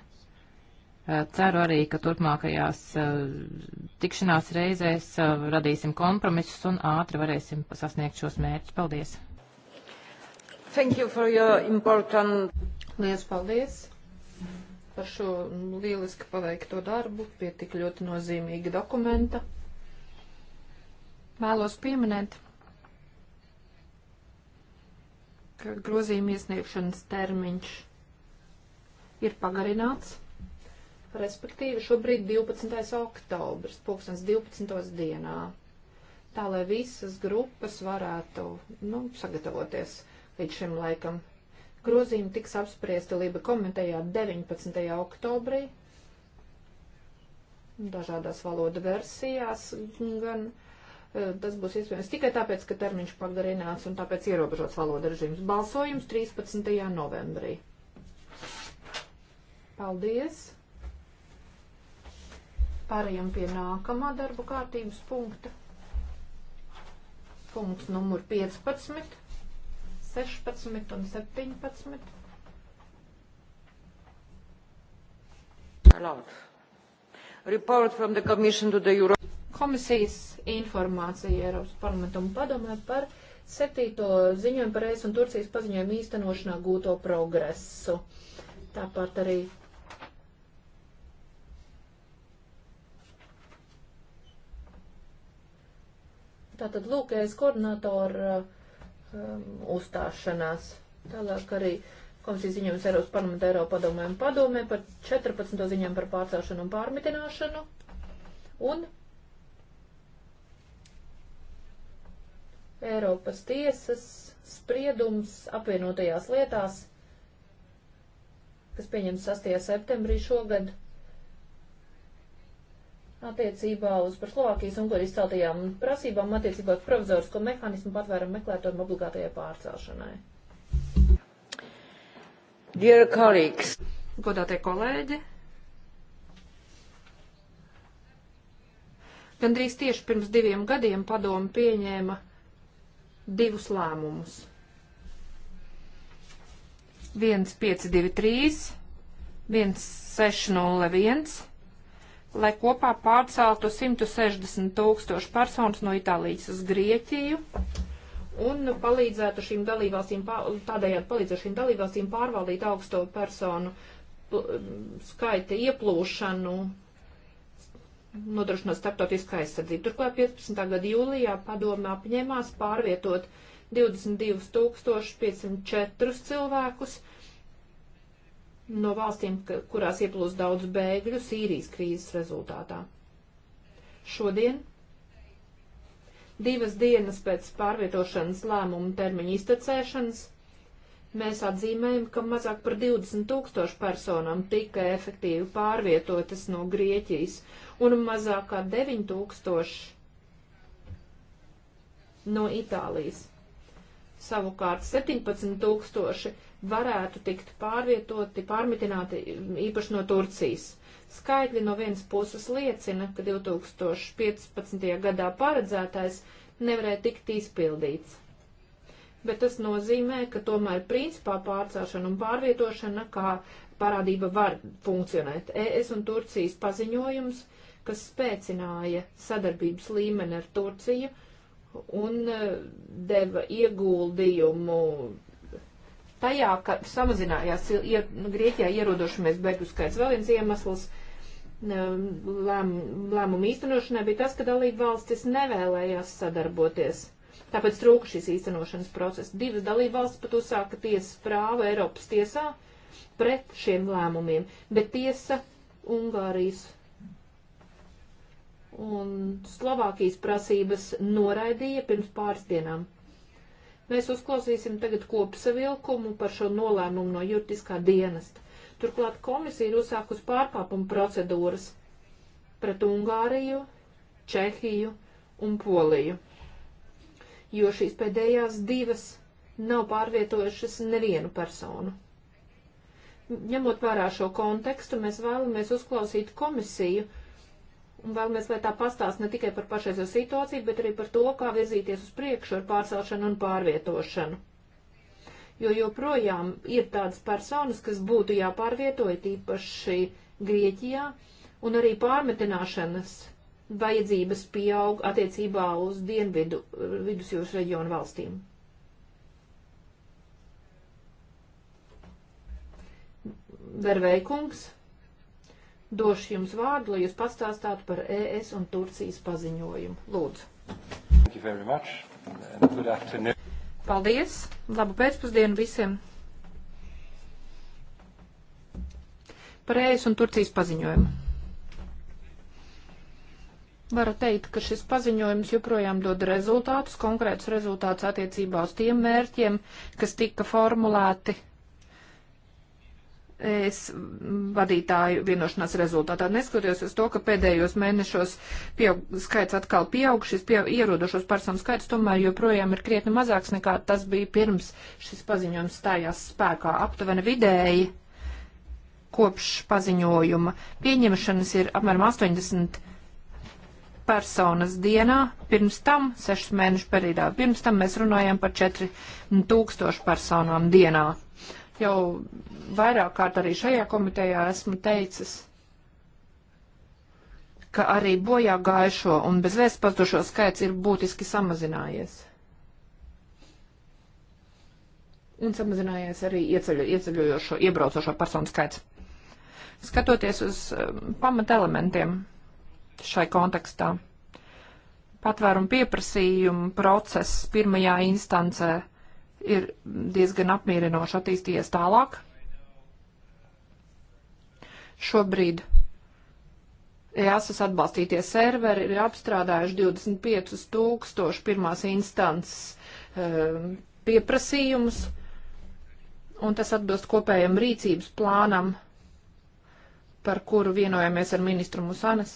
[SPEAKER 2] ceru arī, ka turpmākajās eh, tikšanās reizēs radīsim kompromisus un ātri varēsim sasniegt šos mērķus. Paldies!
[SPEAKER 1] Thank you for your important... Liels paldies! par šo lieliski paveikto darbu pie tik ļoti nozīmīga dokumenta. Vēlos pieminēt, ka grozījuma iesniegšanas termiņš ir pagarināts, respektīvi šobrīd 12. oktobrs, pulkstens 12. dienā, tā lai visas grupas varētu, nu, sagatavoties līdz šim laikam Grozījumi tiks apspriesti Lība komitejā 19. oktobrī, dažādās valodu versijās gan. Eh, tas būs iespējams tikai tāpēc, ka termiņš pagarināts un tāpēc ierobežots valoda režīms. Balsojums 13. novembrī. Paldies! Pārējām pie nākamā darba kārtības punkta. Punkts numur 15 16 un 17. Allowed. Report from the Commission to the Euro komisijas informācija Eiropas parlamentam padomē par septīto ziņojumu par ES un Turcijas paziņojumu īstenošanā gūto progresu. Tāpat arī Tātad lūk, es koordinātoru um, uzstāšanās. Tālāk arī komisijas ziņojums Eiropas parlamenta Eiropa padomē un padomē par 14. ziņām par pārcelšanu un pārmitināšanu. Un Eiropas tiesas spriedums apvienotajās lietās, kas pieņems 6. septembrī šogad attiecībā uz par Slovākijas un Ungārijas celtajām prasībām attiecībā uz provizorisko mehānismu patvērumu meklētājiem obligātajai pārcelšanai. Dear colleagues, godātie kolēģi, gandrīz tieši pirms diviem gadiem padomu pieņēma divus lēmumus. 1523, 1601 lai kopā pārceltu 160 tūkstošu personas no Itālijas uz Grieķiju un palīdzētu šīm dalībvalstīm, tādējādi palīdzētu šīm dalībvalstīm pārvaldīt augsto personu skaita ieplūšanu, nodrošinot starptautisku aizsardzību. Turklāt 15. gada jūlijā padomē apņēmās pārvietot 22 504 cilvēkus no valstīm, kurās ieplūst daudz bēgļu Sīrijas krīzes rezultātā. Šodien, divas dienas pēc pārvietošanas lēmuma termiņa iztecēšanas, mēs atzīmējam, ka mazāk par 20 tūkstošu personām tika efektīvi pārvietotas no Grieķijas un mazāk kā 9 tūkstoši no Itālijas. Savukārt 17 tūkstoši varētu tikt pārvietoti, pārmitināti īpaši no Turcijas. Skaitļi no vienas puses liecina, ka 2015. gadā paredzētais nevarēja tikt izpildīts. Bet tas nozīmē, ka tomēr principā pārcēšana un pārvietošana kā parādība var funkcionēt. ES un Turcijas paziņojums, kas spēcināja sadarbības līmeni ar Turciju un e, deva ieguldījumu tajā, ka samazinājās ier, nu, Grieķijā ierodošamies bēgļu skaits. Vēl viens iemesls um, lēm, lēmumu īstenošanai bija tas, ka dalība valstis nevēlējās sadarboties. Tāpēc trūka šis īstenošanas process. Divas dalība valsts pat uzsāka tiesas prāvu Eiropas tiesā pret šiem lēmumiem, bet tiesa Ungārijas un Slovākijas prasības noraidīja pirms pāris dienām. Mēs uzklausīsim tagad kopsavilkumu par šo nolēmumu no juridiskā dienesta. Turklāt komisija ir uzsākusi pārkāpumu procedūras pret Ungāriju, Čehiju un Poliju, jo šīs pēdējās divas nav pārvietojušas nevienu personu. Ņemot vērā šo kontekstu, mēs vēlamies uzklausīt komisiju un vēlamies, lai tā pastāst ne tikai par pašreizo situāciju, bet arī par to, kā virzīties uz priekšu ar pārcelšanu un pārvietošanu. Jo joprojām ir tādas personas, kas būtu jāpārvieto, tīpaši Grieķijā, un arī pārmetināšanas vajadzības pieaug attiecībā uz dienvidu eh, vidusjūras reģionu valstīm. Verveikungs došu jums vārdu, lai jūs pastāstātu par ES un Turcijas paziņojumu. Lūdzu.
[SPEAKER 2] Thank you very much. Good afternoon.
[SPEAKER 1] Paldies. Labu pēcpusdienu visiem. Par ES un Turcijas paziņojumu. Varu teikt, ka šis paziņojums joprojām dod rezultātus, konkrētus rezultātus attiecībā uz tiem mērķiem, kas tika formulēti es vadītāju vienošanās rezultātā. Neskatoties uz to, ka pēdējos mēnešos pieaug, skaits atkal pieaug, šis pie, ierodošos personu skaits tomēr joprojām ir krietni mazāks nekā tas bija pirms šis paziņojums stājās spēkā. Aptuveni vidēji kopš paziņojuma pieņemšanas ir apmēram 80 personas dienā, pirms tam, sešu mēnešu periodā, pirms tam mēs runājam par 4000 personām dienā. Jau vairāk kārt arī šajā komitejā esmu teicis, ka arī bojā gājušo un bezvēsts pazudušo skaits ir būtiski samazinājies. Un samazinājies arī ieceļo, ieceļojošo, iebraucošo personu skaits. Skatoties uz um, pamata elementiem šai kontekstā, patvērumu pieprasījumu process pirmajā instancē ir diezgan apmierinoši attīstījies tālāk. Šobrīd EASAS atbalstītie serveri ir apstrādājuši 25 tūkstoši pirmās instances um, pieprasījumus, un tas atbilst kopējam rīcības plānam, par kuru vienojamies ar ministru Musanas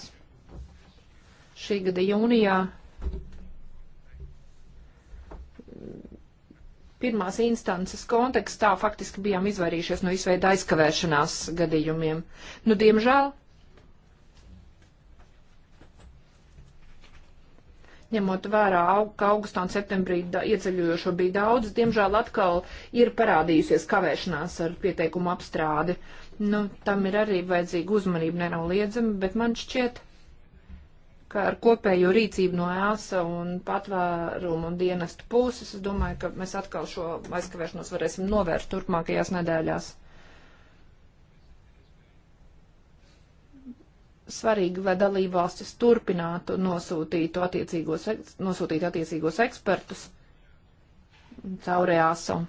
[SPEAKER 1] šī gada jūnijā pirmās instances kontekstā faktiski bijām izvairījušies no izveida aizkavēšanās gadījumiem. Nu, diemžēl, ņemot vērā, ka augustā un septembrī ieceļojošo bija daudz, diemžēl atkal ir parādījusies kavēšanās ar pieteikumu apstrādi. Nu, tam ir arī vajadzīga uzmanība nenoliedzama, bet man šķiet, kā ar kopējo rīcību no EASA un patvērumu un dienestu puses, es domāju, ka mēs atkal šo aizkavēšanos varēsim novērst turpmākajās nedēļās. Svarīgi, lai dalībvalstis turpinātu nosūtītu attiecīgos, nosūtīt attiecīgos ekspertus caur EASA.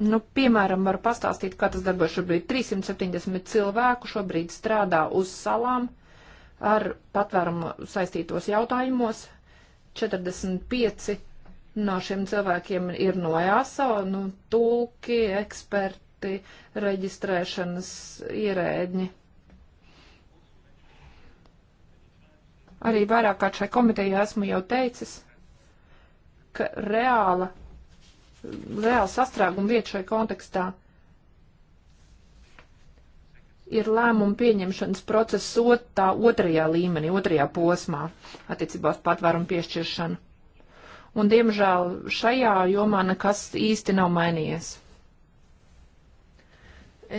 [SPEAKER 1] Nu, piemēram, var pastāstīt, kā tas darbojas šobrīd. 370 cilvēku šobrīd strādā uz salām ar patvērumu saistītos jautājumos. 45 no šiem cilvēkiem ir no ASO, nu, tulki, eksperti, reģistrēšanas ierēdņi. Arī vairāk kā šai komitejai esmu jau teicis, ka reāla reāli sastrēguma vieta šai kontekstā ir lēmumu pieņemšanas process otrā, otrajā līmenī, otrajā posmā attiecībā uz patvērumu piešķiršanu. Un, diemžēl, šajā jomā nekas īsti nav mainījies.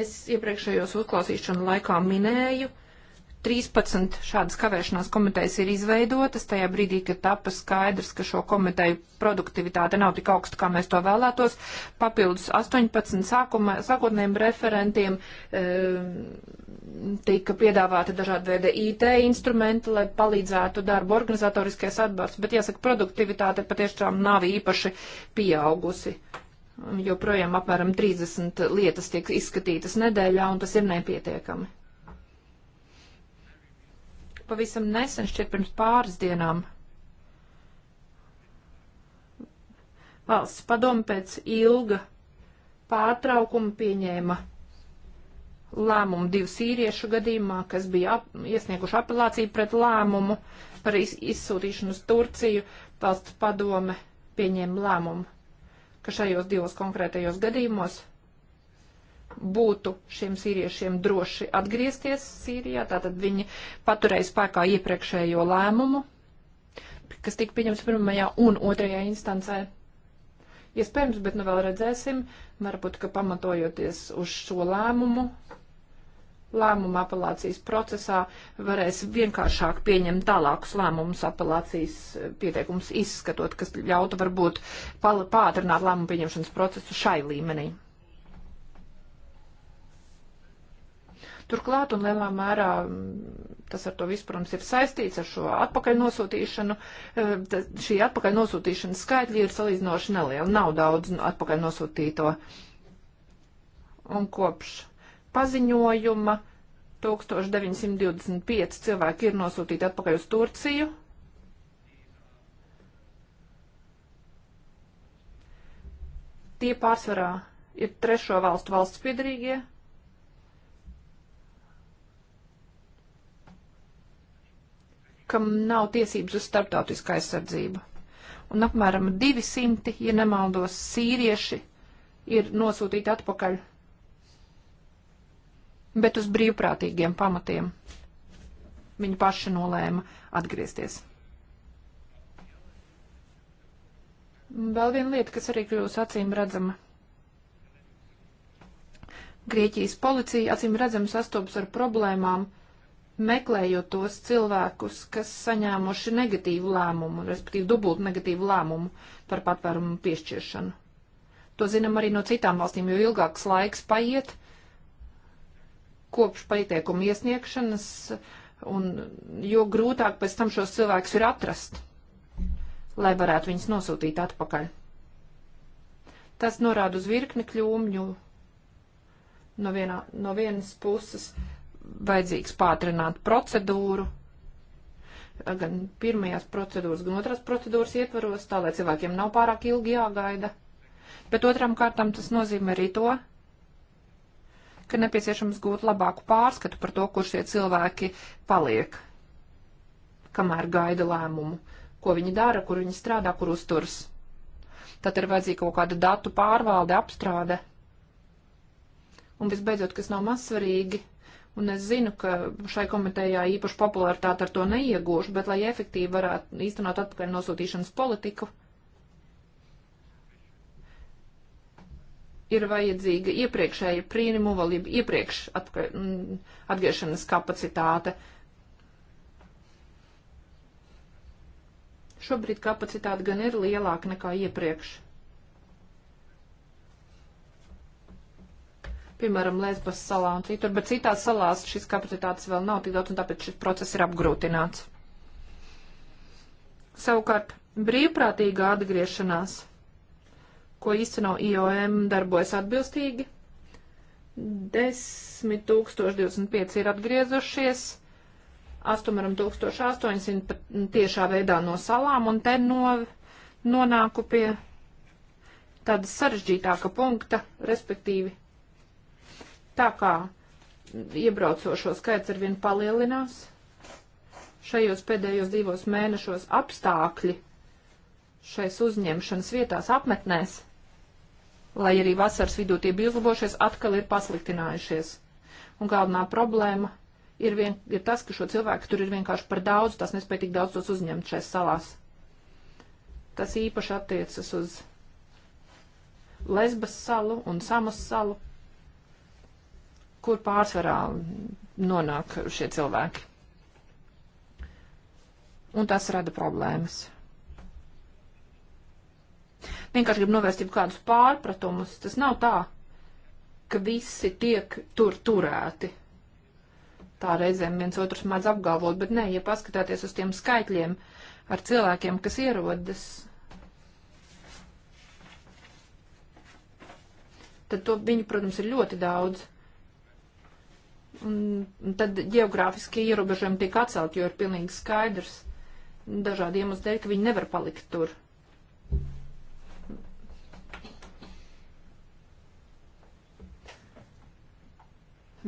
[SPEAKER 1] Es iepriekšējos uzklausīšanu laikā minēju, 13 šādas kavēšanās komitejas ir izveidotas, tajā brīdī, kad tapa skaidrs, ka šo komiteju produktivitāte nav tik augsta, kā mēs to vēlētos, papildus 18 sākuma, sākotnējiem referentiem e, tika piedāvāti dažādi veidi IT instrumenti, lai palīdzētu darbu organizatoriskais atbalsts, bet jāsaka, produktivitāte patiešām nav īpaši pieaugusi joprojām apmēram 30 lietas tiek izskatītas nedēļā, un tas ir nepietiekami pavisam nesen, šķiet pirms pāris dienām. Valsts padoma pēc ilga pārtraukuma pieņēma lēmumu divu sīriešu gadījumā, kas bija ap, iesnieguši apelāciju pret lēmumu par iz, izsūtīšanu uz Turciju. Valsts padome pieņēma lēmumu, ka šajos divos konkrētajos gadījumos būtu šiem sīriešiem droši atgriezties Sīrijā, tātad viņi paturēja spēkā iepriekšējo lēmumu, kas tika pieņemts pirmajā un otrajā instancē. Iespējams, ja bet nu vēl redzēsim, varbūt, ka pamatojoties uz šo lēmumu, lēmumu apelācijas procesā varēs vienkāršāk pieņemt tālākus lēmumus apelācijas pieteikums izskatot, kas ļautu varbūt pātrināt lēmumu pieņemšanas procesu šai līmenī. Turklāt un lielā mērā mm, tas ar to visu, protams, ir saistīts ar šo atpakaļnosūtīšanu. Eh, šī atpakaļnosūtīšanas skaitļi ir salīdzinoši neliela. Nav daudz atpakaļnosūtīto. Un kopš paziņojuma 1925 cilvēki ir nosūtīti atpakaļ uz Turciju. Tie pārsvarā ir trešo valstu valsts piedarīgie, kam nav tiesības uz starptautisku aizsardzību. Un apmēram 200, ja nemaldos, sīrieši ir nosūtīti atpakaļ, bet uz brīvprātīgiem pamatiem. Viņi paši nolēma atgriezties. Vēl viena lieta, kas arī kļūst acīm redzama. Grieķijas policija acīm redzami sastopas ar problēmām meklējot tos cilvēkus, kas saņēmuši negatīvu lēmumu, respektīvi dubult negatīvu lēmumu par patvērumu piešķiršanu. To zinām arī no citām valstīm, jo ilgāks laiks paiet kopš pieteikuma iesniegšanas, un jo grūtāk pēc tam šos cilvēkus ir atrast, lai varētu viņus nosūtīt atpakaļ. Tas norāda uz virkni kļūmju no, vienā, no vienas puses vajadzīgs pātrināt procedūru, gan pirmajās procedūras, gan otrās procedūras ietvaros, tā lai cilvēkiem nav pārāk ilgi jāgaida. Bet otram kārtam tas nozīmē arī to, ka nepieciešams gūt labāku pārskatu par to, kur šie cilvēki paliek, kamēr gaida lēmumu, ko viņi dara, kur viņi strādā, kur uzturs. Tad ir vajadzīga kaut kāda datu pārvalde, apstrāde. Un visbeidzot, kas nav maz svarīgi, Un es zinu, ka šai komitejā īpaši popularitāti ar to neiegūšu, bet lai efektīvi varētu īstenot atpakaļ nosūtīšanas politiku, ir vajadzīga iepriekšēja prīnimuvalība, iepriekš atpakaļ, mm, atgriešanas kapacitāte. Šobrīd kapacitāte gan ir lielāka nekā iepriekš. piemēram, Lesbas salā un citur, bet citās salās šis kapacitātes vēl nav tik daudz, un tāpēc šis process ir apgrūtināts. Savukārt, brīvprātīgā atgriešanās, ko īsteno IOM, darbojas atbilstīgi. 10 025 ir atgriezušies, 8800 tiešā veidā no salām, un te no, nonāku pie tāda sarežģītāka punkta, respektīvi Tā kā iebraucošo skaits arvien palielinās, šajos pēdējos divos mēnešos apstākļi šais uzņemšanas vietās apmetnēs, lai arī vasaras vidū tie bija uzlabojušies, atkal ir pasliktinājušies. Un galvenā problēma ir, vien, ir tas, ka šo cilvēku tur ir vienkārši par daudz, tas nespēja tik daudz tos uzņemt šais salās. Tas īpaši attiecas uz Lesbas salu un Samas salu kur pārsvarā nonāk šie cilvēki. Un tas rada problēmas. Vienkārši gribu novērst jau kādus pārpratumus. Tas nav tā, ka visi tiek tur turēti. Tā reizēm viens otrs mēdz apgalvot, bet nē, ja paskatāties uz tiem skaitļiem ar cilvēkiem, kas ierodas, tad to viņi, protams, ir ļoti daudz. Un tad geogrāfiskie ierobežojumi tiek atcelti, jo ir pilnīgi skaidrs dažādi iemesli dēļ, ka viņi nevar palikt tur.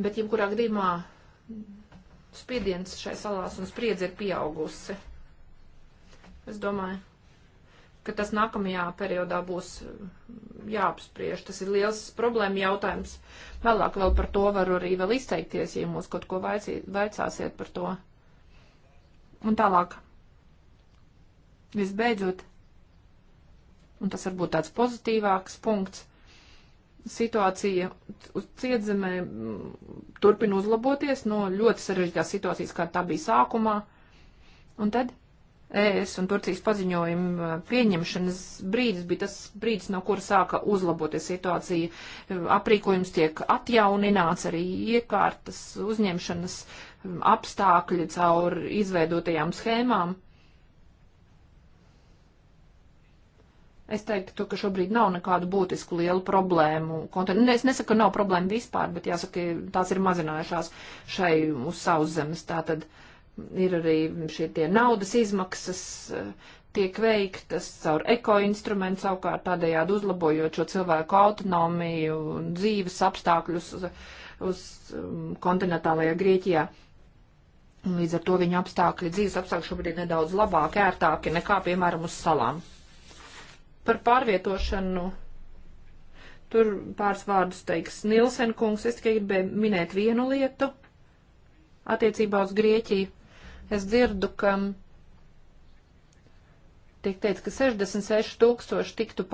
[SPEAKER 1] Bet, jebkurā gadījumā, spiediens šai salās un spriedze ir pieaugusi. Es domāju, ka tas nākamajā periodā būs mm, jāapspriež. Tas ir liels problēma jautājums. Vēlāk vēl par to varu arī vēl izteikties, ja mūs kaut ko vaicī, vaicāsiet par to. Un tālāk. Visbeidzot, un tas varbūt tāds pozitīvāks punkts, situācija uz cietzemē mm, turpina uzlaboties no ļoti sarežģītās situācijas, kā tā bija sākumā. Un tad ES un Turcijas paziņojuma uh, pieņemšanas brīdis bija tas brīdis, no kura sāka uzlaboties situācija. Uh, aprīkojums tiek atjaunināts, arī iekārtas uzņemšanas um, apstākļi caur izveidotajām schēmām. Es teiktu, ka šobrīd nav nekādu būtisku lielu problēmu. Nu, es nesaku, ka nav problēma vispār, bet jāsaka, tās ir mazinājušās šai uz savas zemes. Tātad. Uh, ir arī šie tie naudas izmaksas eh, tiek veiktas caur ekoinstrumentu, savukārt tādējādi uzlabojot šo cilvēku autonomiju un dzīves apstākļus uz, uz um, kontinentālajā Grieķijā. Un līdz ar to viņa apstākļi, dzīves apstākļi šobrīd ir nedaudz labāk, ērtāki nekā, piemēram, uz salām. Par pārvietošanu tur pāris vārdus teiks Nilsen kungs. Es tikai gribēju minēt vienu lietu attiecībā uz Grieķiju. Es dzirdu, ka tiek teikt, ka 66 tūkstoši tiktu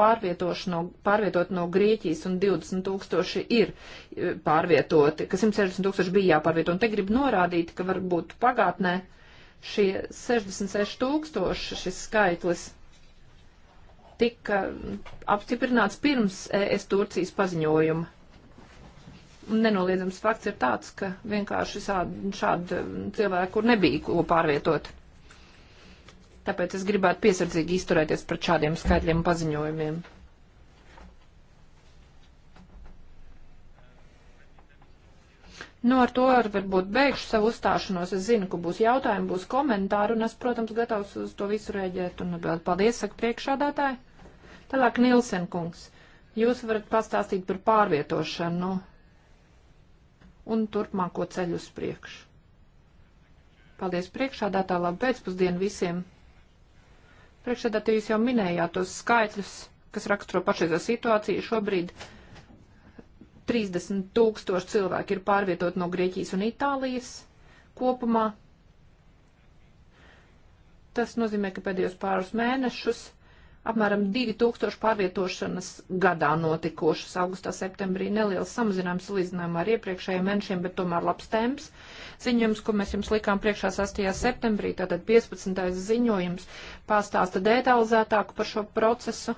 [SPEAKER 1] no, pārvietot no Grieķijas un 20 tūkstoši ir e, pārvietoti, ka 160 tūkstoši bija jāpārvieto. Un te grib norādīt, ka varbūt pagātnē šie 66 tūkstoši, šis skaitlis, tika apstiprināts pirms ES Turcijas paziņojuma. Nenoliedzams fakts ir tāds, ka vienkārši šādu um, cilvēku nebija ko pārvietot. Tāpēc es gribētu piesardzīgi izturēties pret šādiem skaitļiem paziņojumiem. Nu, ar to ar varbūt beigšu savu uzstāšanos. Es zinu, ka būs jautājumi, būs komentāri, un es, protams, gatavs uz to visu rēģēt un atbildēt. Paldies, saka priekšādātāji. Tālāk Nilsen kungs. Jūs varat pastāstīt par pārvietošanu un turpmāko ceļu uz priekšu. Paldies priekšādātā, labu pēcpusdienu visiem! Priekšādā jūs jau minējāt tos skaitļus, kas raksturo pašreizā situāciju. Šobrīd 30 tūkstoši cilvēki ir pārvietot no Grieķijas un Itālijas kopumā. Tas nozīmē, ka pēdējos pāris mēnešus apmēram 2000 pārvietošanas gadā notikušas augustā septembrī. Neliels samazinājums salīdzinājumā ar iepriekšējiem mēnešiem, bet tomēr labs temps. Ziņojums, ko mēs jums likām priekšā 8. septembrī, tātad 15. ziņojums, pastāsta detalizētāk par šo procesu.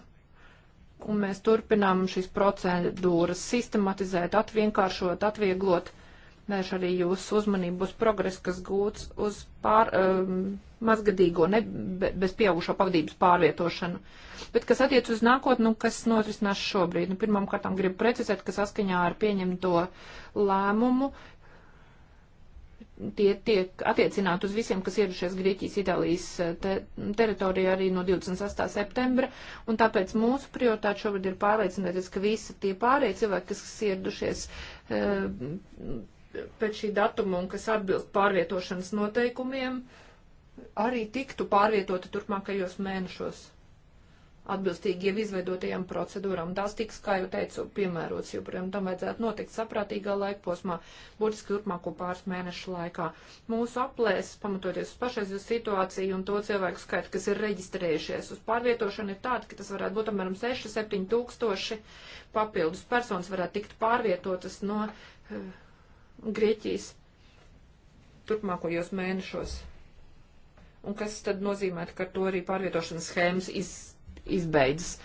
[SPEAKER 1] Un mēs turpinām šīs procedūras sistematizēt, atvienkāršot, atvieglot vērš arī jūsu uzmanību uz progresu, kas gūts uz pār, um, mazgadīgo, ne, bez pieaugušo pavadības pārvietošanu. Bet kas attiec uz nākotnu, nu, kas notrisinās šobrīd? Nu, pirmām kārtām gribu precizēt, ka saskaņā ar pieņemto lēmumu tie tiek attiecināti uz visiem, kas ieradušies Grieķijas, Itālijas eh, te, teritorijā arī no 28. septembra, un tāpēc mūsu prioritāte šobrīd ir pārliecināties, ka visi tie pārējie cilvēki, kas ieradušies, eh, pēc šī datuma un kas atbilst pārvietošanas noteikumiem, arī tiktu pārvietota turpmākajos mēnešos atbilstīgi jau izveidotajām procedūrām. Tās tiks, kā jau teicu, piemērots, jo, protams, tam vajadzētu notikt saprātīgā laikposmā, būtiski turpmāko pāris mēnešu laikā. Mūsu aplēses, pamatoties uz pašreizu situāciju un to cilvēku skaitu, kas ir reģistrējušies uz pārvietošanu, ir tāda, ka tas varētu būt apmēram 6-7 tūkstoši papildus personas varētu tikt pārvietotas no uh, Grieķijas turpmākajos mēnešos. Un kas tad nozīmē, ka ar to arī pārvietošanas schēmas iz, izbeidzas.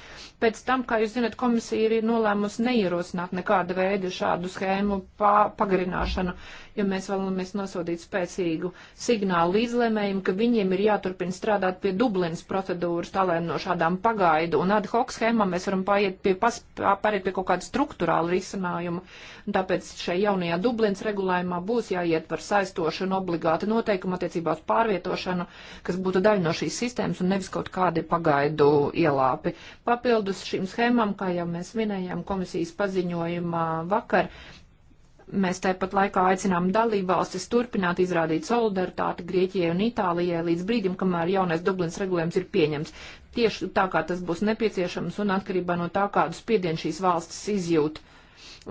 [SPEAKER 1] Pēc tam, kā jūs zinat, komisija ir nolēmusi neierosināt nekāda veida šādu schēmu pagarināšanu, jo mēs vēlamies nosodīt spēcīgu signālu līdzlēmējiem, ka viņiem ir jāturpina strādāt pie Dublinas procedūras, tā lai no šādām pagaidu un ad hoc schēmām mēs varam pāriet pie, pas, pāriet pie kaut kāda struktūrāla risinājuma. Un tāpēc šai jaunajā Dublinas regulējumā būs jāietver saistoši un obligāti noteikumi attiecībā uz pārvietošanu, kas būtu daļa no šīs sistēmas un nevis kaut kādi pagaidu ielāpi. Papildu naudas šīm schēmām, kā jau mēs minējām komisijas paziņojumā vakar. Mēs tāpat laikā aicinām dalībvalstis turpināt izrādīt solidaritāti Grieķijai un Itālijai līdz brīdim, kamēr jaunais Dublins regulējums ir pieņems. Tieši tā, kā tas būs nepieciešams un atkarībā no tā, kādu spiedienu šīs valstis izjūt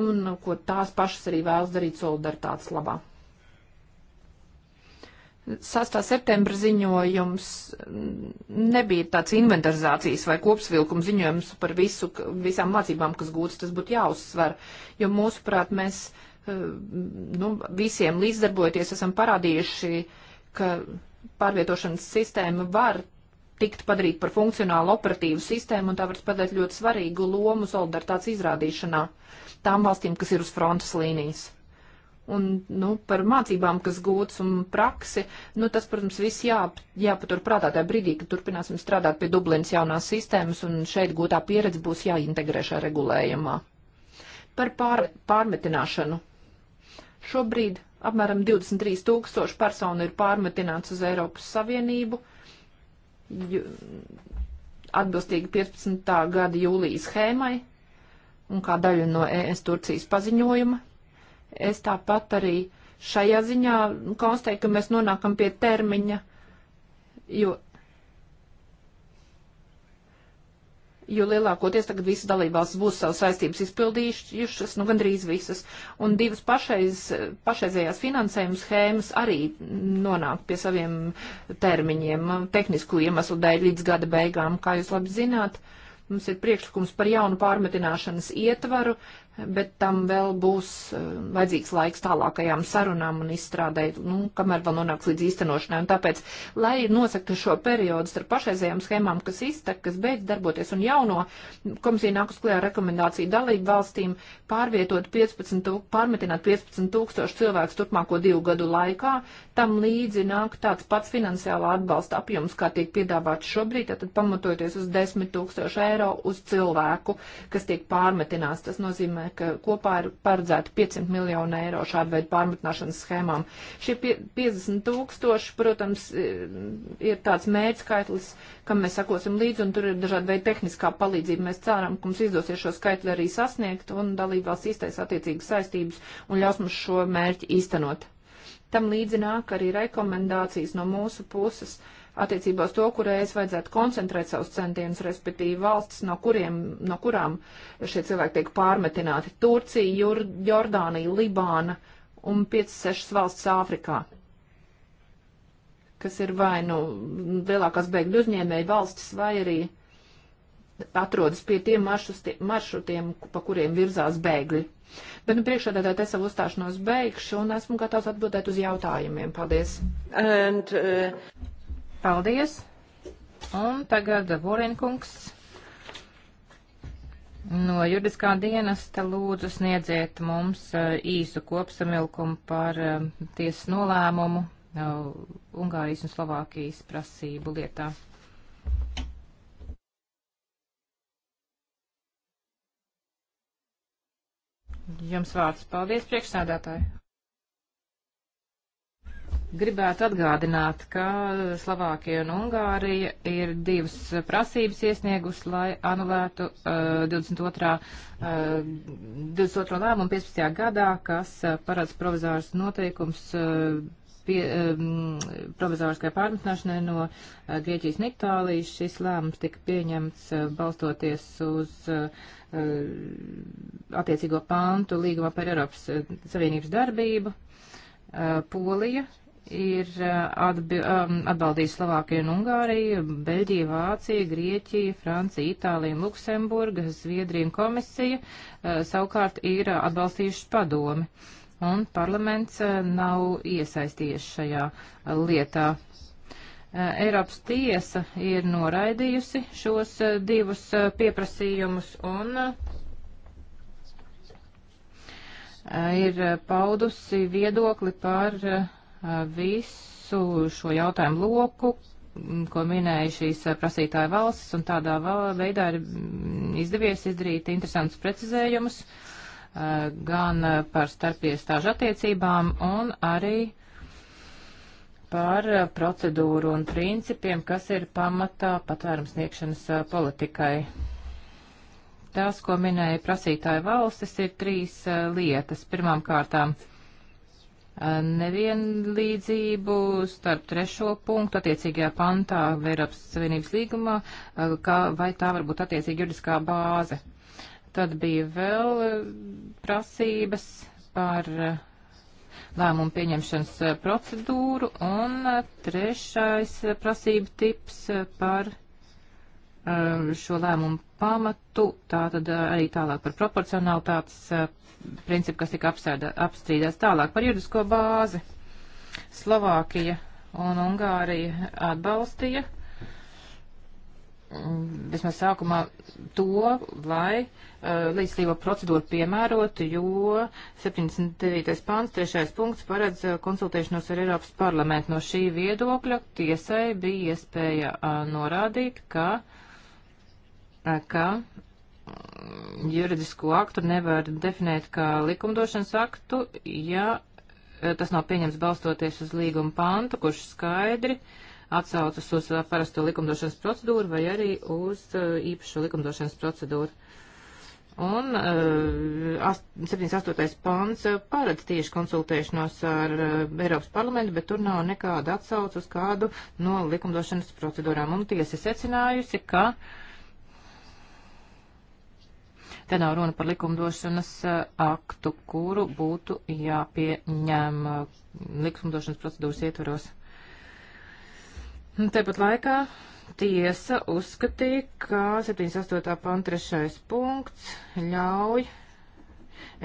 [SPEAKER 1] un ko tās pašas arī vēlas darīt solidaritātes labā. 6. septembra ziņojums mm, nebija tāds inventarizācijas vai kopsvilkuma ziņojums par visu, visām mācībām, kas gūtas, tas būtu jāuzsver, jo mūsuprāt mēs eh, nu, visiem līdzdarbojoties esam parādījuši, ka pārvietošanas sistēma var tikt padarīt par funkcionālu operatīvu sistēmu un tā var spēlēt ļoti svarīgu lomu solidaritātes izrādīšanā tām valstīm, kas ir uz frontes līnijas un nu, par mācībām, kas gūtas un praksi, nu, tas, protams, viss jā, jāpatur prātā tajā brīdī, kad turpināsim strādāt pie Dublinas jaunās sistēmas, un šeit gūtā pieredze būs jāintegrē šajā regulējumā. Par pār, pārmetināšanu. Šobrīd apmēram 23 tūkstoši personu ir pārmetināts uz Eiropas Savienību. Atbilstīgi 15. gada jūlijas schēmai un kā daļa no ES Turcijas paziņojuma Es tāpat arī šajā ziņā konstatēju, ka mēs nonākam pie termiņa, jo, jo lielākoties tagad visas dalībvalstis būs savas saistības izpildījušas, nu gandrīz visas, un divas pašreiz, pašreizējās finansējuma schēmas arī nonāk pie saviem termiņiem, tehnisku iemeslu dēļ līdz gada beigām, kā jūs labi zināt. Mums ir priekšlikums par jaunu pārmetināšanas ietvaru, bet tam vēl būs eh, vajadzīgs laiks tālākajām sarunām un izstrādai, nu, kamēr vēl nonāks līdz īstenošanai. Un tāpēc, lai nosaktu šo periodu starp pašreizējām schēmām, kas iztek, kas beidz darboties un jauno, komisija nāk uz klējā rekomendāciju dalību valstīm pārvietot 15, pārmetināt 15 tūkstošu cilvēku turpmāko divu gadu laikā tam līdzi nāk tāds pats finansiālā atbalsta apjoms, kā tiek piedāvāts šobrīd, tad pamatojoties uz 10 tūkstošu eiro uz cilvēku, kas tiek pārmetinās. Tas nozīmē, ka kopā ir paredzēta 500 miljonu eiro šādu veidu pārmetināšanas schēmām. Šie pie, 50 tūkstoši, protams, ir tāds mērķskaitlis, kam mēs sakosim līdzi, un tur ir dažādi veidi tehniskā palīdzība. Mēs ceram, ka mums izdosies šo skaitli arī sasniegt, un dalībvalsts īstais attiecīgas saistības un ļaus mums šo mērķi īstenot. Tam līdzi nāk arī rekomendācijas no mūsu puses attiecībā uz to, kurreiz vajadzētu koncentrēt savus centienus, respektīvi valstis, no, kuriem, no kurām šie cilvēki tiek pārmetināti - Turcija, Jur Jordānija, Libāna un 5-6 valsts Āfrikā kas ir vai nu lielākās bēgļu uzņēmēju valstis vai arī atrodas pie tiem maršrutiem, pa kuriem virzās bēgļi. Bet nu, priekšādātāji te savu uzstāšanos beigšu un esmu gatavs atbildēt uz jautājumiem. Paldies! And, uh... Paldies! Un tagad Vorinkungs
[SPEAKER 2] no juridiskā dienesta lūdzu sniedziet mums uh, īsu kopsamilkumu par uh, tiesas nolēmumu uh, Ungārijas un Slovākijas prasību lietā. Jums vārds. Paldies, priekšsādātāji. Gribētu atgādināt, ka Slovākija un Ungārija ir divas prasības iesniegus, lai anulētu uh, 22. Uh, 22. lēmumu 15. gadā, kas uh, parāds provizārs noteikums uh, pie, um, provizoriskai pārmetināšanai no uh, Grieķijas un Itālijas. Šis lēmums tika pieņemts uh, balstoties uz. Uh, Eh, attiecīgo pāntu līgumā par Eiropas eh, Savienības darbību. Eh, Polija ir atbi, um, atbaldījusi Slovākiju un Ungāriju, Beļģija, Vācija, Grieķija, Francija, Itālija un Luksemburga, Zviedrija un komisija savukārt ir atbalstījuši padomi. Un parlaments nav iesaistījies šajā lietā. Eh, Eiropas tiesa ir noraidījusi šos eh, divus eh, pieprasījumus un ir paudusi viedokli par visu šo jautājumu loku, mm, ko minēja šīs prasītāja valstis, un tādā veidā ir mm, izdevies izdarīt interesantus precizējumus gan par starpiestāžu attiecībām un arī uh, par eh, procedūru un principiem, kas ir pamatā patvērums sniegšanas eh, politikai. Tās, ko minēja prasītāja valstis, ir trīs eh, lietas. Pirmām kārtām nevienlīdzību starp trešo punktu attiecīgajā pantā Eiropas Savienības līgumā, kā, vai tā var būt attiecīga juridiskā bāze. Tad bija vēl prasības par lēmumu pieņemšanas eh, procedūru, un eh, trešais eh, prasība tips par šo lēmumu pamatu, tātad arī tālāk par proporcionalitātes principu, kas tika apsēdā, apstrīdēts tālāk par juridisko bāzi. Slovākija un Ungārija atbalstīja vismaz sākumā to, lai uh, līdzstīvo procedūru piemērotu, jo 79. pāns, 3. punkts paredz uh, konsultēšanos ar Eiropas parlamentu. No šī viedokļa tiesai bija iespēja uh, norādīt, ka, uh, ka mm, juridisku aktu nevar definēt kā likumdošanas aktu, ja uh, tas nav pieņems balstoties uz līguma pantu, kurš skaidri uh, atsaucas uz uh, parasto likumdošanas procedūru vai arī uz uh, īpašo likumdošanas procedūru. Un uh, 78. pants uh, paredz tieši konsultēšanos ar uh, Eiropas parlamentu, bet tur nav nekāda atsauca uz kādu no likumdošanas procedūrām. Un tiesa secinājusi, ka te nav runa par likumdošanas aktu, kuru būtu jāpieņem likumdošanas procedūras ietvaros. Nu, Tāpat laikā tiesa uzskatīja, ka 78. panta trešais punkts ļauj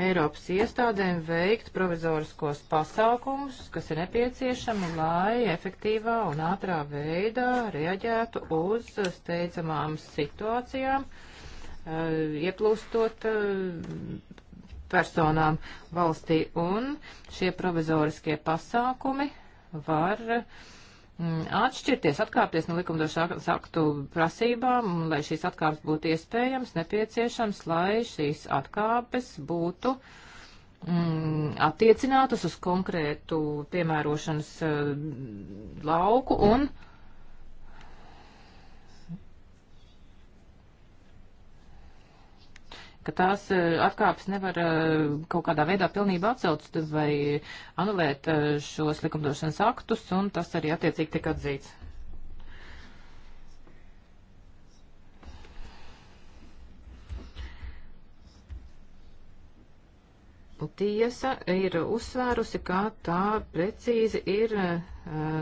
[SPEAKER 2] Eiropas iestādēm veikt provizoriskos pasākumus, kas ir nepieciešami, lai efektīvā un ātrā veidā reaģētu uz steidzamām situācijām, eh, ieplūstot eh, personām valstī. Un šie provizoriskie pasākumi var uh, Mm, atšķirties, atkāpties no likumdošanas aktu prasībām, un, lai šīs atkāpes būtu iespējams, nepieciešams, lai šīs atkāpes būtu mm, attiecinātas uz konkrētu piemērošanas uh, lauku un. Mm ka tās eh, atkāpes nevar eh, kaut kādā veidā pilnībā atcelt vai anulēt eh, šos likumdošanas aktus, un tas arī attiecīgi tika atzīts. Tiesa ir uzsvērusi, ka tā precīzi ir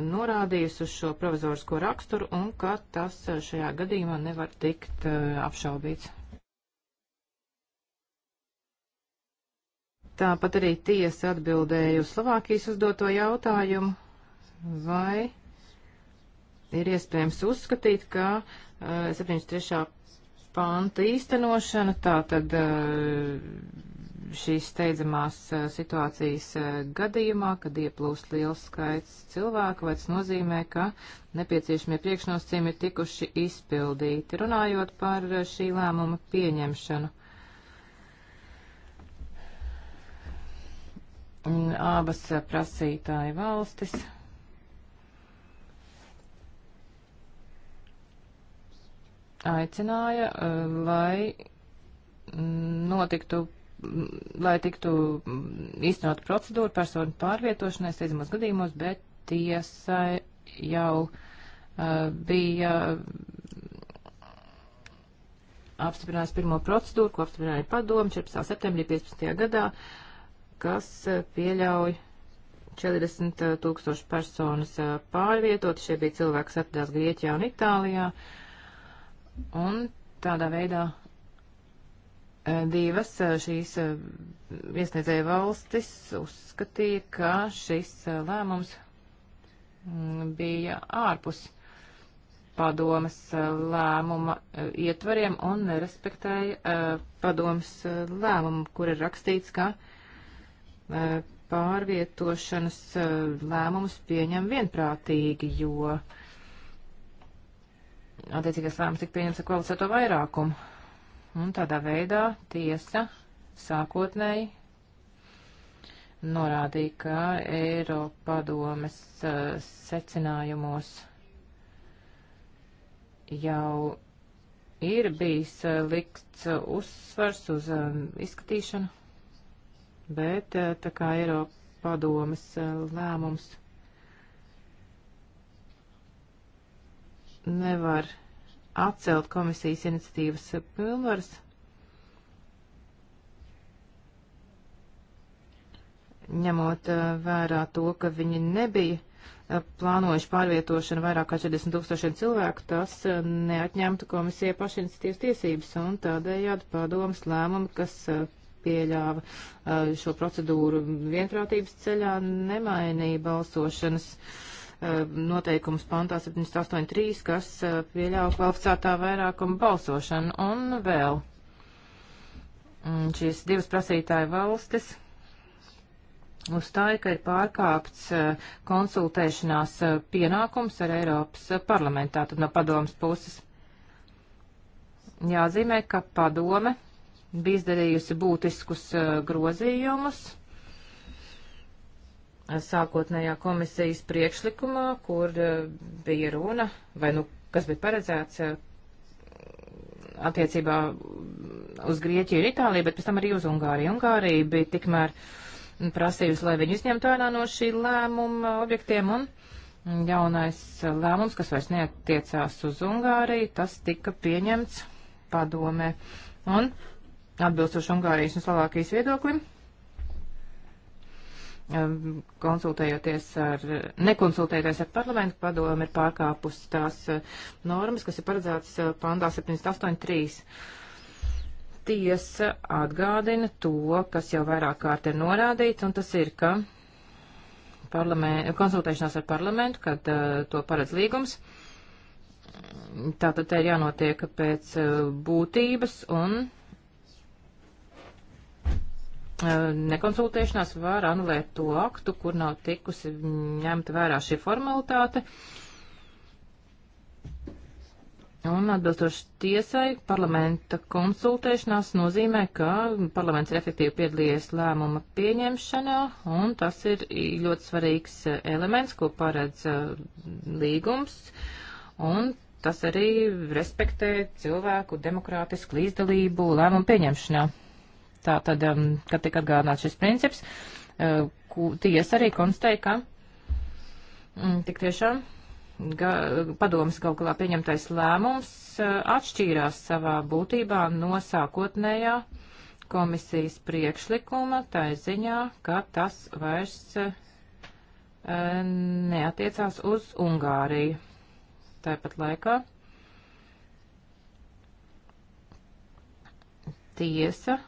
[SPEAKER 2] norādījusi uz šo provizorisko raksturu un ka tas šajā gadījumā nevar tikt apšaubīts. Tāpat arī tiesa atbildēja uz Slovākijas uzdoto jautājumu, vai ir iespējams uzskatīt, ka uh, eh, 73. panta īstenošana, tātad uh, šīs steidzamās uh, situācijas uh, gadījumā, kad ieplūst liels skaits cilvēku, vai tas nozīmē, ka nepieciešamie priekšnosacījumi ir tikuši izpildīti, runājot par uh, šī lēmuma pieņemšanu abas prasītāja valstis. Aicināja, eh, lai mm, notiktu, mm, lai tiktu mm, īstenot procedūru personu pārvietošanai steidzamos gadījumos, bet tiesa jau eh, bija apstiprinājusi pirmo procedūru, ko apstiprināja padomu 14. septembrī 15. gadā. Uh, kas eh, pieļauj 40 eh, tūkstoši personas eh, pārvietot. Šie bija cilvēki, kas atradās Grieķijā un Itālijā. Un tādā veidā divas šīs iesniedzēja valstis uzskatīja, ka šis lēmums mm, bija ārpus padomas lēmuma ietvariem un nerespektēja padomas lēmumu, kur ir rakstīts, ka uh, Eh, pārvietošanas eh, lēmumus pieņem vienprātīgi, jo attiecīgais lēmums tika pieņemts ar kvalificēto vairākumu. Un tādā veidā tiesa sākotnēji norādīja, ka Eiropadomes eh, secinājumos jau ir bijis likts uzsvars uz izskatīšanu bet eh, tā kā Eiropa padomas eh, lēmums nevar atcelt komisijas iniciatīvas pilnvaras, ņemot eh, vērā to, ka viņi nebija plānojuši pārvietošanu vairāk kā 40 tūkstošiem cilvēku, tas neatņemtu komisijai pašiniciatīvas tiesības un tādējādi padomas lēmumu, kas pieļāva eh, šo procedūru vienprātības ceļā, nemainīja balsošanas eh, noteikums pantā 783, kas eh, pieļāva kvalificētā vairākuma balsošanu. Un vēl mm, šīs divas prasītāja valstis uzstāja, ka ir pārkāpts konsultēšanās pienākums ar Eiropas parlamentā, tad no padomas puses. Jāzīmē, ka padome bija izdarījusi būtiskus eh, grozījumus sākotnējā komisijas priekšlikumā, kur eh, bija runa, vai nu kas bija paredzēts eh, attiecībā uz Grieķiju un Itāliju, bet pēc tam arī uz Ungāriju. Ungārija bija tikmēr prasījusi, lai viņu izņemtu ārā no šī lēmuma objektiem, un jaunais lēmums, kas vairs neatiecās uz Ungāriju, tas tika pieņemts padomē. Un atbilstoši Ungārijas un Slovākijas viedoklim, um, konsultējoties ar, nekonsultējoties ar parlamentu padomu, ir pārkāpus tās uh, normas, kas ir paredzētas uh, pandā 783. Tiesa atgādina to, kas jau vairāk kārt ir norādīts, un tas ir, ka konsultēšanās ar parlamentu, kad uh, to paredz līgums, tātad te ir jānotiek pēc uh, būtības un Eh, nekonsultēšanās var anulēt to aktu, kur nav tikusi ņemta vērā šī formalitāte. Un atbilstoši tiesai, parlamenta konsultēšanās nozīmē, ka parlaments ir efektīvi piedalījies lēmuma pieņemšanā, un tas ir ļoti svarīgs eh, elements, ko paredz eh, līgums, un tas arī respektē cilvēku demokrātisku līdzdalību lēmumu pieņemšanā. Tā tad, um, kad tika atgādināts šis princips, uh, tiesa arī konstatēja, ka mm, tik tiešām ga, padomas kaut kādā pieņemtais lēmums uh, atšķīrās savā būtībā no sākotnējā komisijas priekšlikuma, tā ziņā, ka tas vairs uh, neatiecās uz Ungāriju. Tāpat laikā tiesa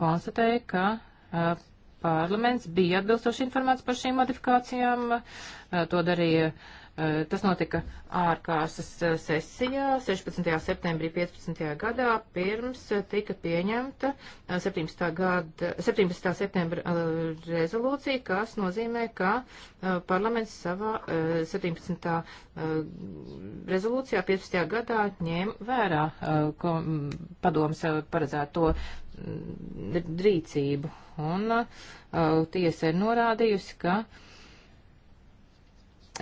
[SPEAKER 2] konstatēja, ka uh, parlaments bija atbilstoši informēts par šīm modifikācijām. Uh, to darīja Eh, tas notika ārkārtas eh, sesijā 16. septembrī 15. gadā, pirms eh, tika pieņemta 17. Gada, 17. septembra rezolūcija, kas nozīmē, ka parlaments savā 17. rezolūcijā 15. gadā ņēma vērā mm, padomas paredzēto mm, rīcību. Un tiesa ir norādījusi, ka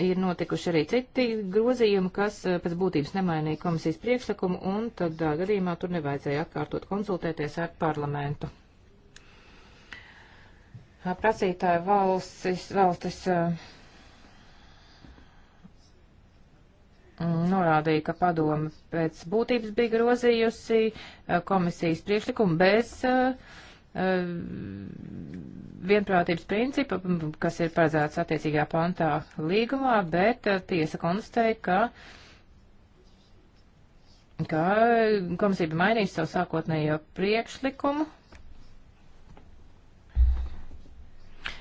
[SPEAKER 2] ir notikuši arī citi grozījumi, kas eh, pēc būtības nemainīja komisijas priekšlikumu, un tad eh, gadījumā tur nevajadzēja atkārtot konsultēties ar parlamentu. Prasītāja valstis, valstis eh, norādīja, ka padome pēc būtības bija grozījusi komisijas priekšlikumu bez uh, Eh, vienprātības principa, kas ir paredzēts attiecīgā pantā līgumā, bet eh, tiesa konstatēja, ka, ka komisija bija mainījusi savu sākotnējo priekšlikumu,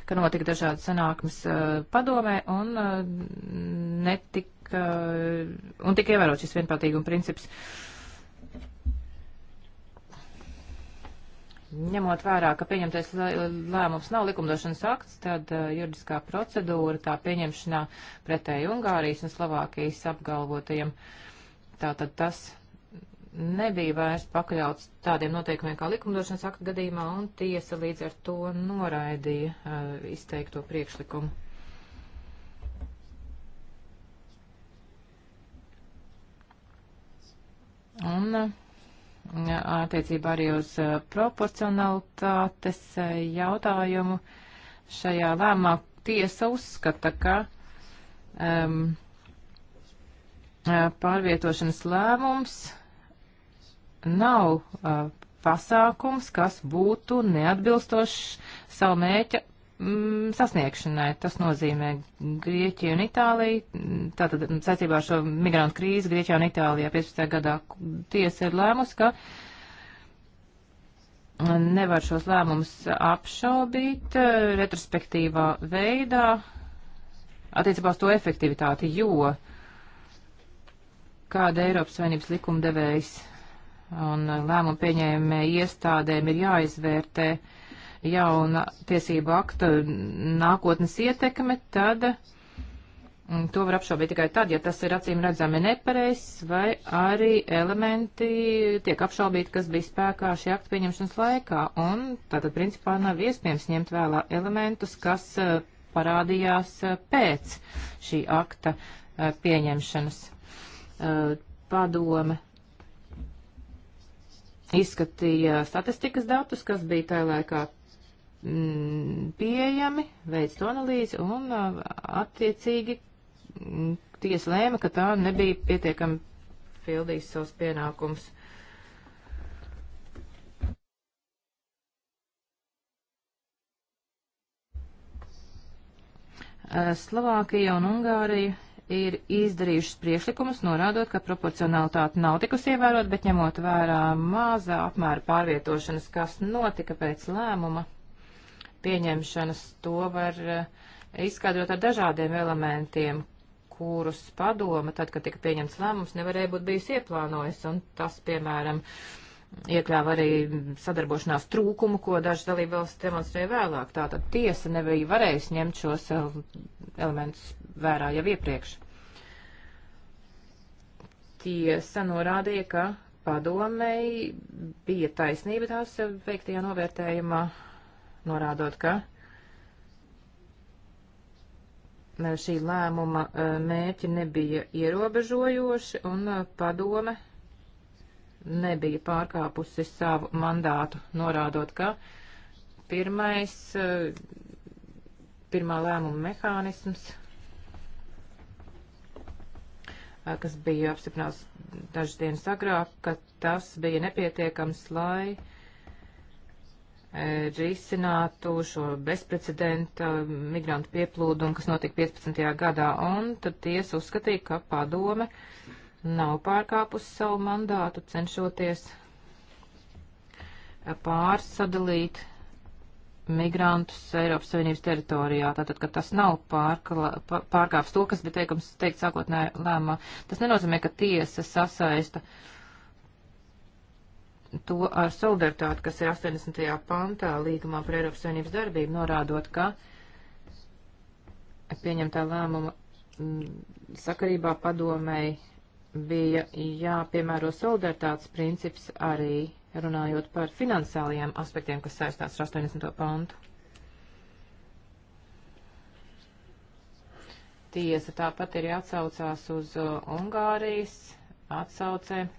[SPEAKER 2] ka notika dažādas sanāksmes eh, padomē un netika, un tika ievērot šis vienprātīguma princips. Uh, ņemot vērā, ka pieņemtais lēmums nav likumdošanas akts, tad uh, juridiskā procedūra tā pieņemšanā pretēji Ungārijas un Slovākijas apgalvotajiem. Tātad tas nebija vairs pakļauts tādiem noteikumiem kā likumdošanas akta gadījumā, un tiesa līdz ar to noraidīja uh, izteikto priekšlikumu. Un uh, attiecībā arī uz uh, proporcionalitātes uh, jautājumu. Šajā lēmā tiesa uzskata, ka um, uh, pārvietošanas lēmums nav uh, pasākums, kas būtu neatbilstošs savu mēķa mm, sasniegšanai. Tas nozīmē Grieķiju un Itāliju. Tātad mm, saistībā ar šo migrantu krīzi Grieķijā un Itālijā 15. gadā tiesa ir lēmusi, ka nevar šos lēmumus apšaubīt eh, retrospektīvā veidā attiecībā uz to efektivitāti, jo kāda Eiropas Savienības likumdevējs un lēmumu pieņēmē iestādēm ir jāizvērtē uh, jauna tiesību akta nākotnes ietekme, tad mm, to var apšaubīt tikai tad, ja tas ir acīm redzami nepareizs, vai arī elementi tiek apšaubīti, kas bija spēkā šī akta pieņemšanas laikā. Un tātad, principā, nav iespējams ņemt vēlā elementus, kas eh, parādījās eh, pēc šī akta eh, pieņemšanas padome izskatīja statistikas datus, kas bija tajā laikā Mm, pieejami, veic to analīzi un uh, attiecīgi mm, tiesa lēma, ka tā nebija pietiekami pildījis savus pienākumus. Uh, Slovākija un Ungārija ir izdarījušas priekšlikumus, norādot, ka proporcionalitāte nav tikusi ievērot, bet ņemot vērā mazā apmēra pārvietošanas, kas notika pēc lēmuma pieņemšanas, to var eh, izskaidrot ar dažādiem elementiem, kurus padoma, tad, kad tika pieņemts lēmums, nevarēja būt bijis ieplānojis, un tas, piemēram, iekļāva arī sadarbošanās trūkumu, ko daži dalībvalsts demonstrēja vēlāk. Tātad tiesa nebija varējusi ņemt šos elementus vērā jau iepriekš. Tiesa norādīja, ka padomei bija taisnība tās veiktajā novērtējumā norādot, ka e, šī lēmuma e, mērķi nebija ierobežojoši un e, padome nebija pārkāpusi savu mandātu, norādot, ka pirmais, pirmā lēmuma mehānisms, kas bija apstiprināts dažas dienas agrāk, ka tas bija nepietiekams, lai E, risinātu šo bezprecedenta migrantu pieplūdumu, kas notika 15. gadā, un tad tiesa uzskatīja, ka padome nav pārkāpusi savu mandātu, cenšoties e, pārsadalīt migrantus Eiropas Savienības teritorijā, tātad, ka tas nav pārkla, pārkāps to, kas bija teikums, teikt sākotnē lēmā. Tas nenozīmē, ka tiesa sasaista uh, to ar solidaritāti, kas ir 80. pantā līgumā par Eiropas Savienības darbību, norādot, ka pieņemtā lēmuma mm, sakarībā padomēji bija jāpiemēro solidaritātes princips arī runājot par finansiālajiem aspektiem, kas saistās ar 80. pantu. Tiesa tāpat ir jāatsaucās uz uh, Ungārijas atsaucēm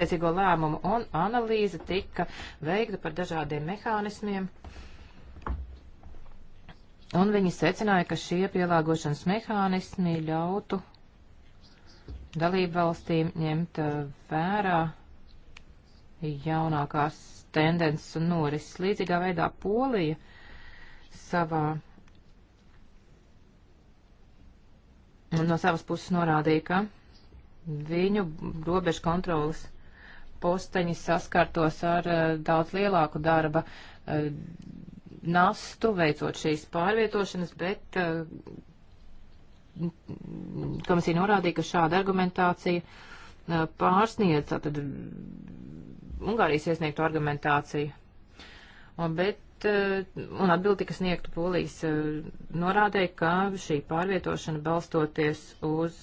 [SPEAKER 2] Tiesīgo lēmumu un analīze tika veikta par dažādiem mehānismiem, un viņi secināja, ka šie pielāgošanas mehānismi ļautu dalību valstīm ņemt uh, vērā jaunākās tendences un norises. Līdzīgā veidā Polija savā no savas puses norādīja, ka viņu robežu kontrolas posteņi saskartos ar eh, daudz lielāku darba eh, nastu, veicot šīs pārvietošanas, bet eh, komisija norādīja, ka šāda argumentācija pārsniedz tātad Ungārijas iesniegto argumentāciju. Un, bet un atbildi, kas sniegtu polijas norādēja, ka šī pārvietošana balstoties uz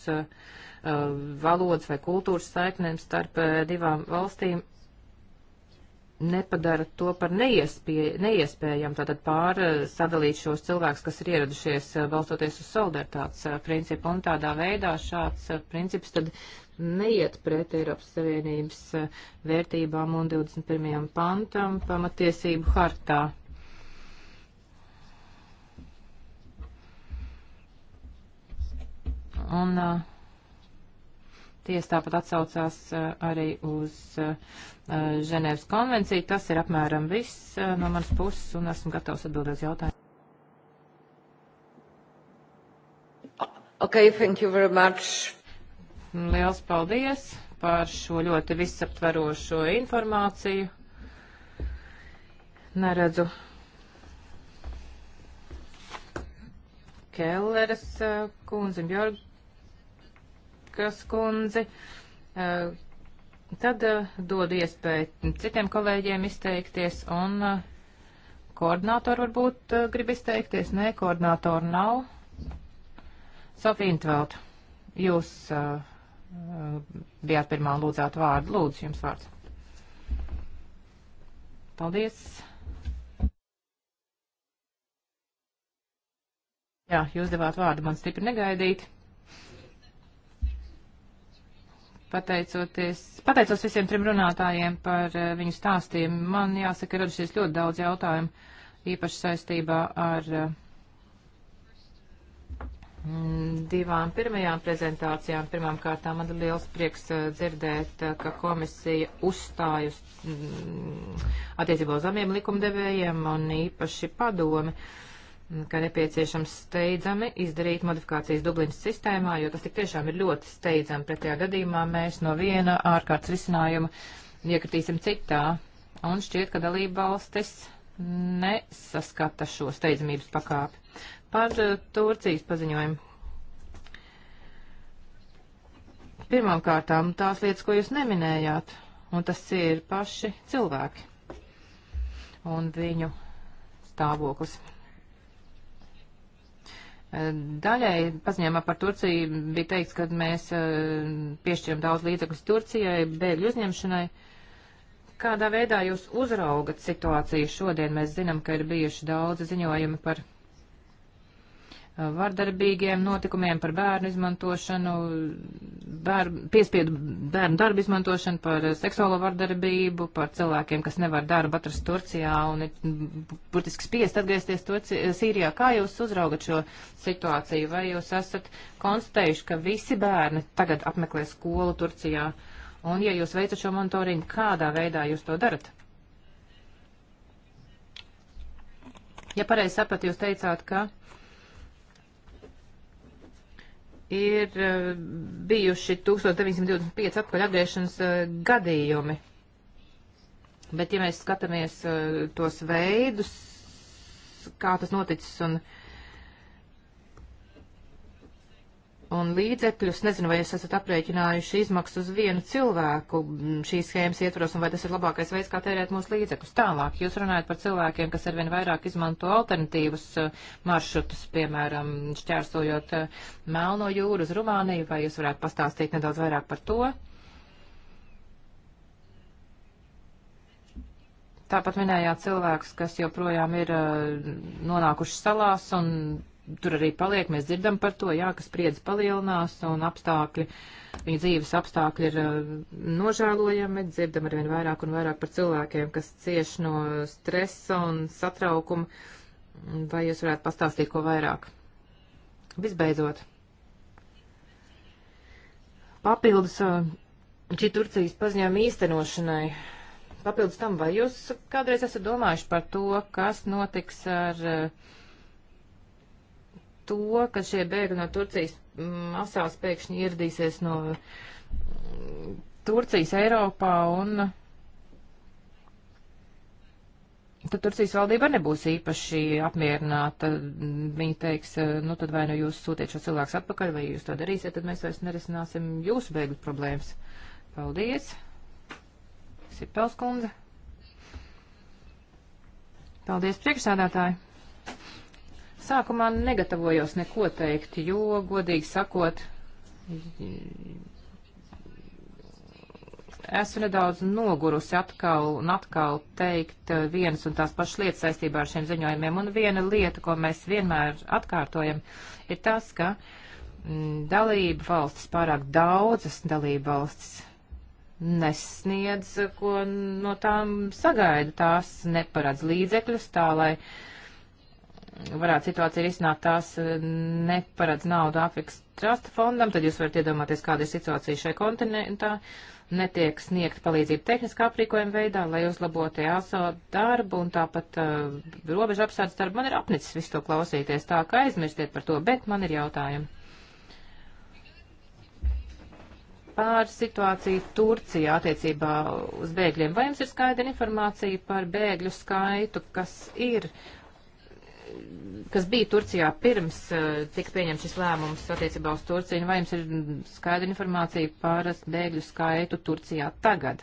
[SPEAKER 2] valodas vai kultūras saiknēm starp eh, divām valstīm nepadara to par neiespēj, neiespējam tātad pārsadalīt eh, šos cilvēkus, kas ir ieradušies eh, balstoties uz solidaritātes principu, un tādā veidā šāds princips tad neiet pret Eiropas Savienības vērtībām un 21. pantam pamatiesību hartā. Un uh, Tiesa tāpat atsaucās eh, arī uz eh, Ženēvas konvenciju. Tas ir apmēram viss eh, no manas puses, un esmu gatavs atbildēt jautājumu. Okay, thank you very much. Liels paldies par šo ļoti visaptverošo informāciju. Neredzu Kelleres kundzi un Bjorgu Veržas kundzi. Eh, tad eh, dodu iespēju citiem kolēģiem izteikties un eh, koordinātori varbūt grib izteikties. Nē, koordinātori nav. Sofija Intveld, jūs bijāt pirmā lūdzāt vārdu. Lūdzu, jums vārds. Paldies. Jā, jūs devāt vārdu man stipri negaidīt. pateicoties, pateicos visiem trim runātājiem par uh, viņu stāstiem. Man jāsaka, ir radušies ļoti daudz jautājumu, īpaši saistībā ar uh, divām pirmajām prezentācijām. Pirmām kārtām man ir liels prieks uh, dzirdēt, uh, ka komisija uzstājas mm, attiecībā uz abiem likumdevējiem un īpaši padomi. Uh, ka nepieciešams steidzami izdarīt modifikācijas Dublinas sistēmā, jo tas tik tiešām ir ļoti steidzami. Pretējā gadījumā mēs no viena ārkārtas risinājuma iekritīsim citā. Un šķiet, ka dalība valstis nesaskata šo steidzamības pakāpi. Par eh, Turcijas paziņojumu. Pirmām kārtām tās lietas, ko jūs neminējāt, un tas ir paši cilvēki un viņu stāvoklis. Daļai paziņojumā par Turciju bija teikts, ka mēs eh, piešķiram daudz līdzekļus Turcijai, bēgļu uzņemšanai. Kādā veidā jūs uzraugat situāciju šodien? Mēs zinām, ka ir bijuši daudzi ziņojumi par Uh, vardarbīgiem notikumiem, par bērnu izmantošanu, bēr, piespiedu bērnu darbu izmantošanu, par uh, seksuālo vardarbību, par cilvēkiem, kas nevar darbu atrast Turcijā un ir burtiski spiest atgriezties Turcijā, uh, Sīrijā. Kā jūs uzraugat šo situāciju? Vai jūs esat konstatējuši, ka visi bērni tagad apmeklē skolu Turcijā? Un, ja jūs veicat šo monitoriņu, kādā veidā jūs to darat? Ja pareizi sapratu, jūs teicāt, ka ir eh, bijuši 1925 atpakaļ atgriešanas eh, gadījumi. Bet, ja mēs skatāmies eh, tos veidus, kā tas noticis un uh, un līdzekļus. Nezinu, vai jūs esat aprēķinājuši izmaksas uz vienu cilvēku šīs schēmas ietvaros, un vai tas ir labākais veids, kā tērēt mūsu līdzekļus. Tālāk jūs runājat par cilvēkiem, kas arvien vairāk izmanto alternatīvus uh, maršrutus, piemēram, šķērsojot uh, Melno jūru uz Rumāniju, vai jūs varētu pastāstīt nedaudz vairāk par to? Tāpat minējāt cilvēkus, kas joprojām ir uh, nonākuši salās un tur arī paliek, mēs dzirdam par to, jā, ka spriedze palielinās un apstākļi, viņa dzīves apstākļi ir nožēlojami, dzirdam arvien vairāk un vairāk par cilvēkiem, kas cieš no stresa un satraukuma. Vai jūs varētu pastāstīt ko vairāk? Visbeidzot, papildus šī Turcijas paziņojuma īstenošanai. Papildus tam, vai jūs kādreiz esat domājuši par to, kas notiks ar uh, to, ka šie bēgļi no Turcijas masās pēkšņi ieradīsies no mm, Turcijas Eiropā un tad Turcijas valdība nebūs īpaši apmierināta. Viņi teiks, nu tad vai nu jūs sūtiet šo cilvēku atpakaļ, vai jūs to darīsiet, tad mēs vairs nerisināsim jūsu bēgļu problēmas. Paldies! Sipelskundze! Paldies, priekšsādātāji! Sākumā negatavojos neko teikt, jo, godīgi sakot, esmu nedaudz nogurusi atkal un atkal teikt eh, vienas un tās pašas lietas saistībā ar šiem ziņojumiem. Un viena lieta, ko mēs vienmēr atkārtojam, ir tas, ka mm, dalība valstis, pārāk daudzas dalība valstis nesniedz, ko no tām sagaida. Tās neparedz līdzekļus tā, lai varētu situācija risināt tās eh, neparedz naudu Afrikas trasta fondam, tad jūs varat iedomāties, kāda ir situācija šai kontinentā. Netiek sniegt palīdzību tehniskā aprīkojuma veidā, lai uzlabotu e ASO darbu un tāpat uh, robežu apsardzes darbu. Man ir apnicis visu to klausīties, tā ka aizmirstiet par to, bet man ir jautājumi. pār situāciju Turcijā attiecībā uz bēgļiem. Vai jums ir skaidra informācija par bēgļu skaitu, kas ir kas bija Turcijā pirms eh, tika pieņemts šis lēmums attiecībā uz Turciju, vai jums ir skaidra informācija par bēgļu skaitu Turcijā tagad?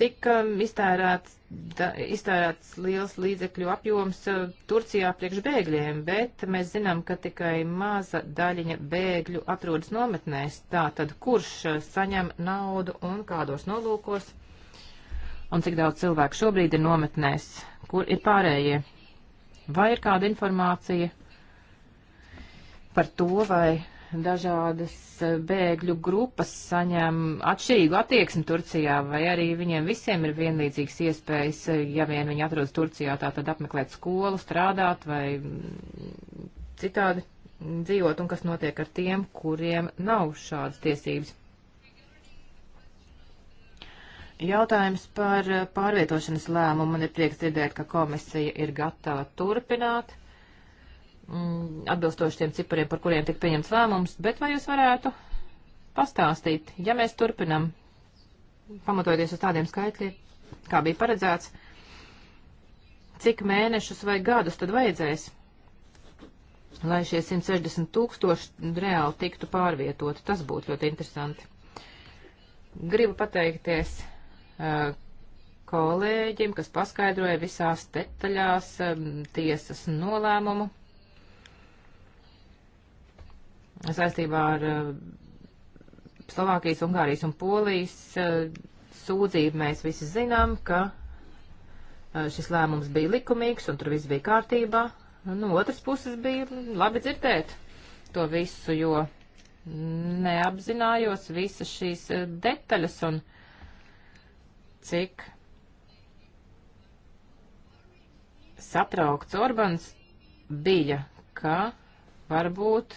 [SPEAKER 2] Tika iztērēts, da, iztērēts liels līdzekļu apjoms eh, Turcijā priekš bēgļiem, bet mēs zinām, ka tikai maza daļiņa bēgļu atrodas nometnēs. Tātad, kurš eh, saņem naudu un kādos nolūkos? Un cik daudz cilvēku šobrīd ir nometnēs? kur ir pārējie. Vai ir kāda informācija par to, vai dažādas e, bēgļu grupas saņem atšķirīgu attieksmi Turcijā, vai arī viņiem visiem ir vienlīdzīgas iespējas, e, ja vien viņi atrodas Turcijā, tā tad apmeklēt skolu, strādāt vai citādi dzīvot, un kas notiek ar tiem, kuriem nav šādas tiesības. Jautājums par eh, pārvietošanas lēmumu. Man ir prieks dzirdēt, ka komisija ir gatava turpināt mm, atbilstoši tiem cipariem, par kuriem tika pieņemts lēmums, bet vai jūs varētu pastāstīt, ja mēs turpinam, pamatojoties uz tādiem skaitļiem, kā bija paredzēts, cik mēnešus vai gadus tad vajadzēs, lai šie 160 tūkstoši reāli tiktu pārvietoti. Tas būtu ļoti interesanti. Gribu pateikties Uh, kolēģim, kas paskaidroja visās detaļās um, tiesas nolēmumu saistībā ar uh, Slovākijas, Ungārijas un Polijas uh, sūdzību. Mēs visi zinām, ka šis lēmums bija likumīgs un tur viss bija kārtībā. No nu, otras puses bija labi dzirdēt to visu, jo neapzinājos visas šīs detaļas un detaļas cik satraukts Orbans bija, ka varbūt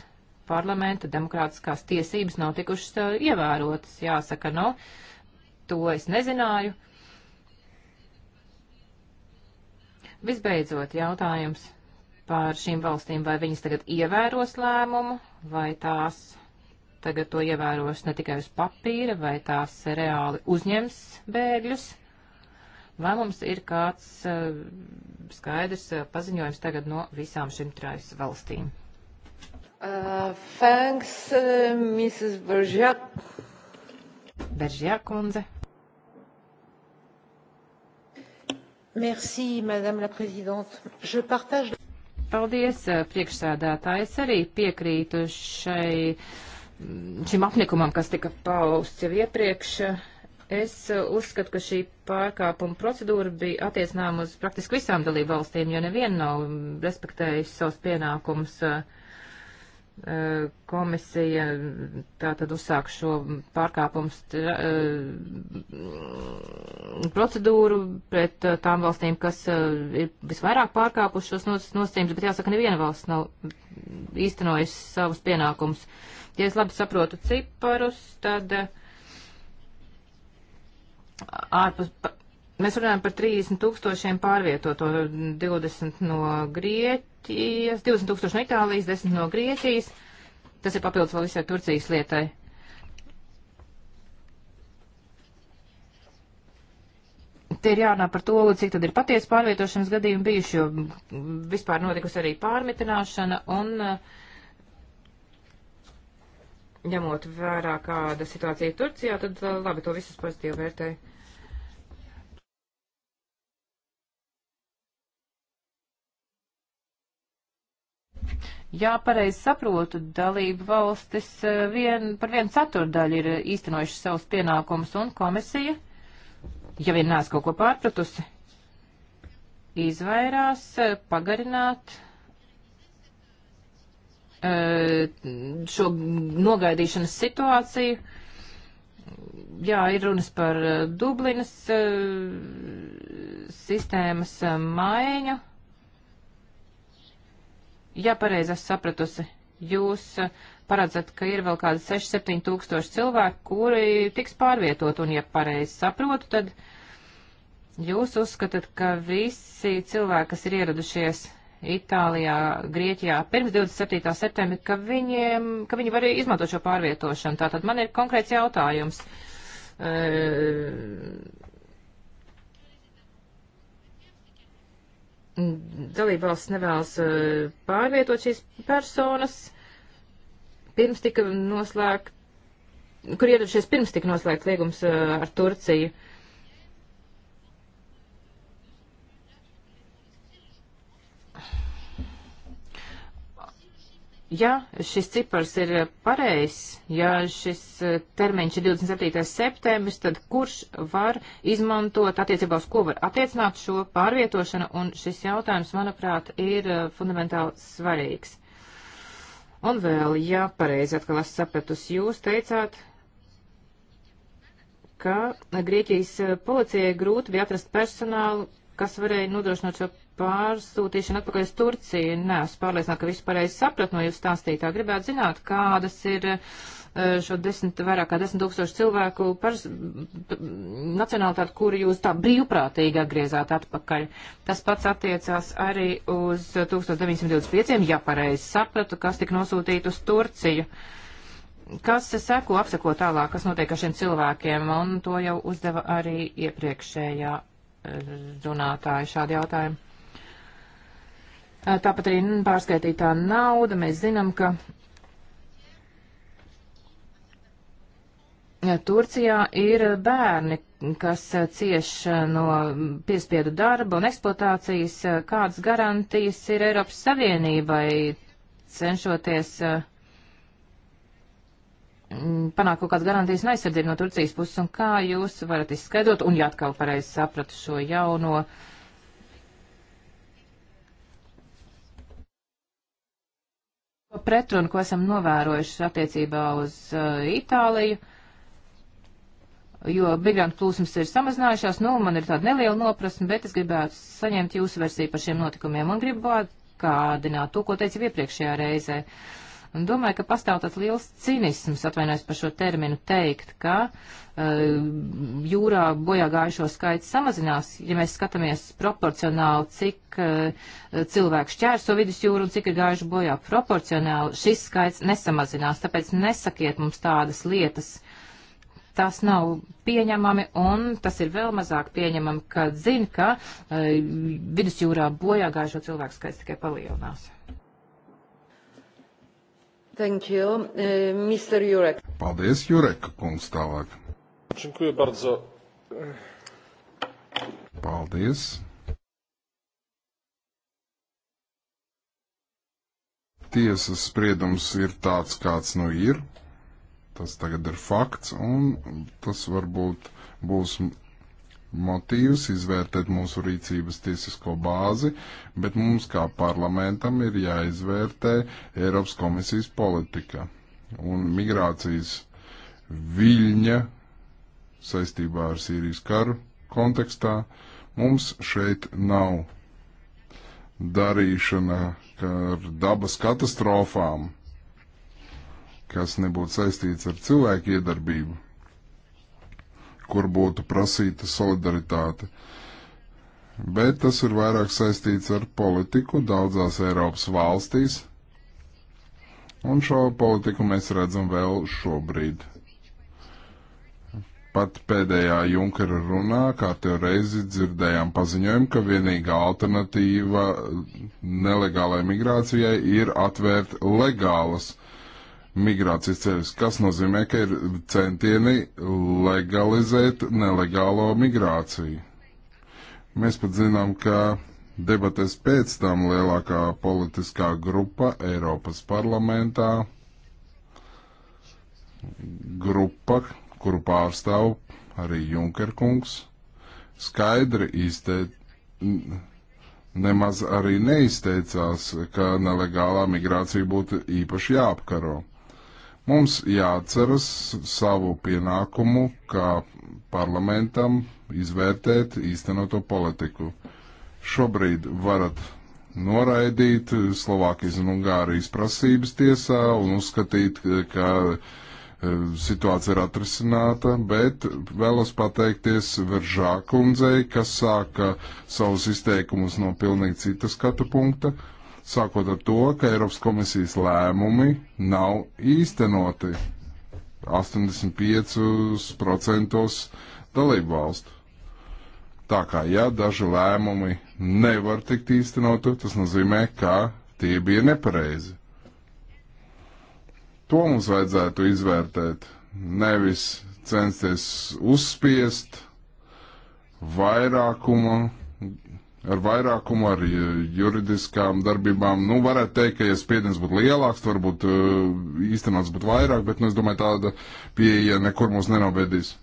[SPEAKER 2] parlamenta demokrātiskās tiesības nav tikušas eh, ievērotas. Jāsaka, no, nu, to es nezināju. Visbeidzot, jautājums par šīm valstīm, vai viņas tagad ievēros lēmumu, vai tās tagad to ievēros ne tikai uz papīra, vai tās reāli uzņems bēgļus, vai mums ir kāds uh, skaidrs uh, paziņojums tagad no visām šīm trīs valstīm. Uh, thanks, uh, Mrs. Beržjā. Beržjā kundze. Merci, Madame la Présidente. Je partage. Paldies, eh, priekšsēdētājs arī piekrītu šai uh, šim apnikumam, kas tika pausts jau iepriekš. Es uzskatu, ka šī pārkāpuma procedūra bija attiecināma uz praktiski visām dalību valstīm, jo neviena nav respektējusi savus pienākumus uh, komisija tātad uzsāk šo pārkāpumu procedūru pret tām valstīm, kas ir visvairāk pārkāpuši šos nosacījumus, bet jāsaka, neviena valsts nav īstenojusi savus pienākumus. Ja es labi saprotu ciparus, tad ārpus Mēs runājam par 30 tūkstošiem pārvietoto, 20 no Grieķijas, 20 tūkstoši no Itālijas, 10 no Grieķijas. Tas ir papildus vēl visai Turcijas lietai. Te ir jārunā par to, cik tad ir patiesa pārvietošanas gadījumi bijuši, jo vispār notikusi arī pārmitināšana un uh, ņemot vērā, kāda
[SPEAKER 1] situācija ir Turcijā, tad labi, to visus pozitīvi vērtēju.
[SPEAKER 2] Jā, pareizi saprotu, dalību valstis eh, vien, par vienu ceturdaļu ir īstenojuši savus pienākumus un komisija, ja vien nāc kaut ko pārpratusi, izvairās eh, pagarināt eh, šo nogaidīšanas situāciju. Jā, ir runas par Dublinas sistēmas maiņu ja pareizi es sapratusi, jūs eh, paredzat, ka ir vēl kādi 6-7 tūkstoši cilvēku, kuri tiks pārvietot, un ja pareizi saprotu, tad jūs uzskatāt, ka visi cilvēki, kas ir ieradušies Itālijā, Grieķijā pirms 27. septembra, ka, viņiem, ka viņi var izmantot šo pārvietošanu. Tātad man ir konkrēts jautājums. Uh, dalībvalsts nevēlas eh, pārvietot šīs personas, pirms tika noslēgt, kur ieradušies pirms tika noslēgts liegums eh, ar Turciju. Uh, Ja šis cipars ir pareizs, ja šis e, termiņš ir 27. septembris, tad kurš var izmantot attiecībā uz ko var attiecināt šo pārvietošanu, un šis jautājums, manuprāt, ir e, fundamentāli svarīgs. Un vēl, ja pareizi atkal es sapratus, jūs teicāt, ka Grieķijas e, policijai grūti bija atrast personālu, kas varēja nodrošināt šo pārsūtīšana atpakaļ uz Turciju. Nē, es pārliecināju, ka visu pareizi sapratu no jūsu stāstītā. Gribētu zināt, kādas ir eh, šo desmit, vairāk kā desmit tūkstošu cilvēku pars, nacionālitāti, kuri jūs tā brīvprātīgi atgriezāt atpakaļ. Tas pats attiecās arī uz 1925, ja pareizi sapratu, kas tika nosūtīti uz Turciju. Kas seko, apseko tālāk, kas notiek ar šiem cilvēkiem, un to jau uzdeva arī iepriekšējā eh, runātāja šādi jautājumi. Tāpat arī pārskaitītā nauda. Mēs zinām, ka Turcijā ir bērni, kas cieš no piespiedu darba un eksploatācijas. Kādas garantijas ir Eiropas Savienībai cenšoties panākt kaut kādas garantijas un aizsardzību no Turcijas puses, un kā jūs varat izskaidrot, un ja atkal pareizi sapratu šo jauno uh, pretrunu, ko esam novērojuši attiecībā uz uh, Itāliju, jo migrantu plūsmas ir samazinājušās. Nu, man ir tāda neliela noprasme, bet es gribētu saņemt jūsu versiju par šiem notikumiem un gribu atgādināt to, ko teicu iepriekšējā reizē. Uh, Un domāju, ka pastāv tāds liels cinisms, atvainojos par šo terminu, teikt, ka uh, jūrā bojā gājušo skaits samazinās, ja mēs skatāmies proporcionāli, cik uh, cilvēku šķērso vidusjūru un cik ir gājuši bojā. Proporcionāli šis skaits nesamazinās, tāpēc nesakiet mums tādas lietas. Tas nav pieņemami, un tas ir vēl mazāk pieņemami, kad zina, ka uh, vidusjūrā bojā gājušo cilvēku skaits tikai palielinās. Thank you. Uh, Mr. Jurek.
[SPEAKER 3] Paldies, Jurek, kungs tālāk. Dziękuję bardzo. Paldies. Tiesas spriedums ir tāds, kāds nu ir. Tas tagad ir fakts, un tas varbūt būs motīvs, izvērtēt mūsu rīcības tiesisko bāzi, bet mums kā parlamentam ir jāizvērtē Eiropas komisijas politika un migrācijas viļņa saistībā ar Sīrijas karu kontekstā. Mums šeit nav darīšana ar dabas katastrofām, kas nebūtu saistīts ar cilvēku iedarbību kur būtu prasīta solidaritāte. Bet tas ir vairāk saistīts ar politiku daudzās Eiropas valstīs, un šo politiku mēs redzam vēl šobrīd. Pat pēdējā Junkera runā kārtējo reizi dzirdējām paziņojumu, ka vienīgā alternatīva nelegālai migrācijai ir atvērt legālas migrācijas ceļus, kas nozīmē, ka ir centieni legalizēt nelegālo migrāciju. Mēs pat zinām, ka debatēs pēc tam lielākā politiskā grupa Eiropas parlamentā, grupa, kuru pārstāv arī Junkerkungs, skaidri izteica, nemaz arī neizteicās, ka nelegālā migrācija būtu īpaši jāapkaro. Mums jāatceras savu pienākumu kā parlamentam izvērtēt īstenoto politiku. Šobrīd varat noraidīt Slovākijas un Ungārijas prasības tiesā un uzskatīt, ka e, situācija ir atrisināta, bet vēlos pateikties Veržā kundzei, kas sāka savus izteikumus no pilnīgi citas skatu punkta sākot ar to, ka Eiropas komisijas lēmumi nav īstenoti 85% dalību valstu. Tā kā, ja daži lēmumi nevar tikt īstenoti, tas nozīmē, ka tie bija nepareizi. To mums vajadzētu izvērtēt, nevis censties uzspiest vairākumu ar vairākumu, ar eh, juridiskām darbībām. Nu, varētu teikt, ka, ja spiediens būtu lielāks, varbūt eh, īstenots būtu vairāk, bet, nu, es domāju, tāda pieeja nekur mūs nenovedīs.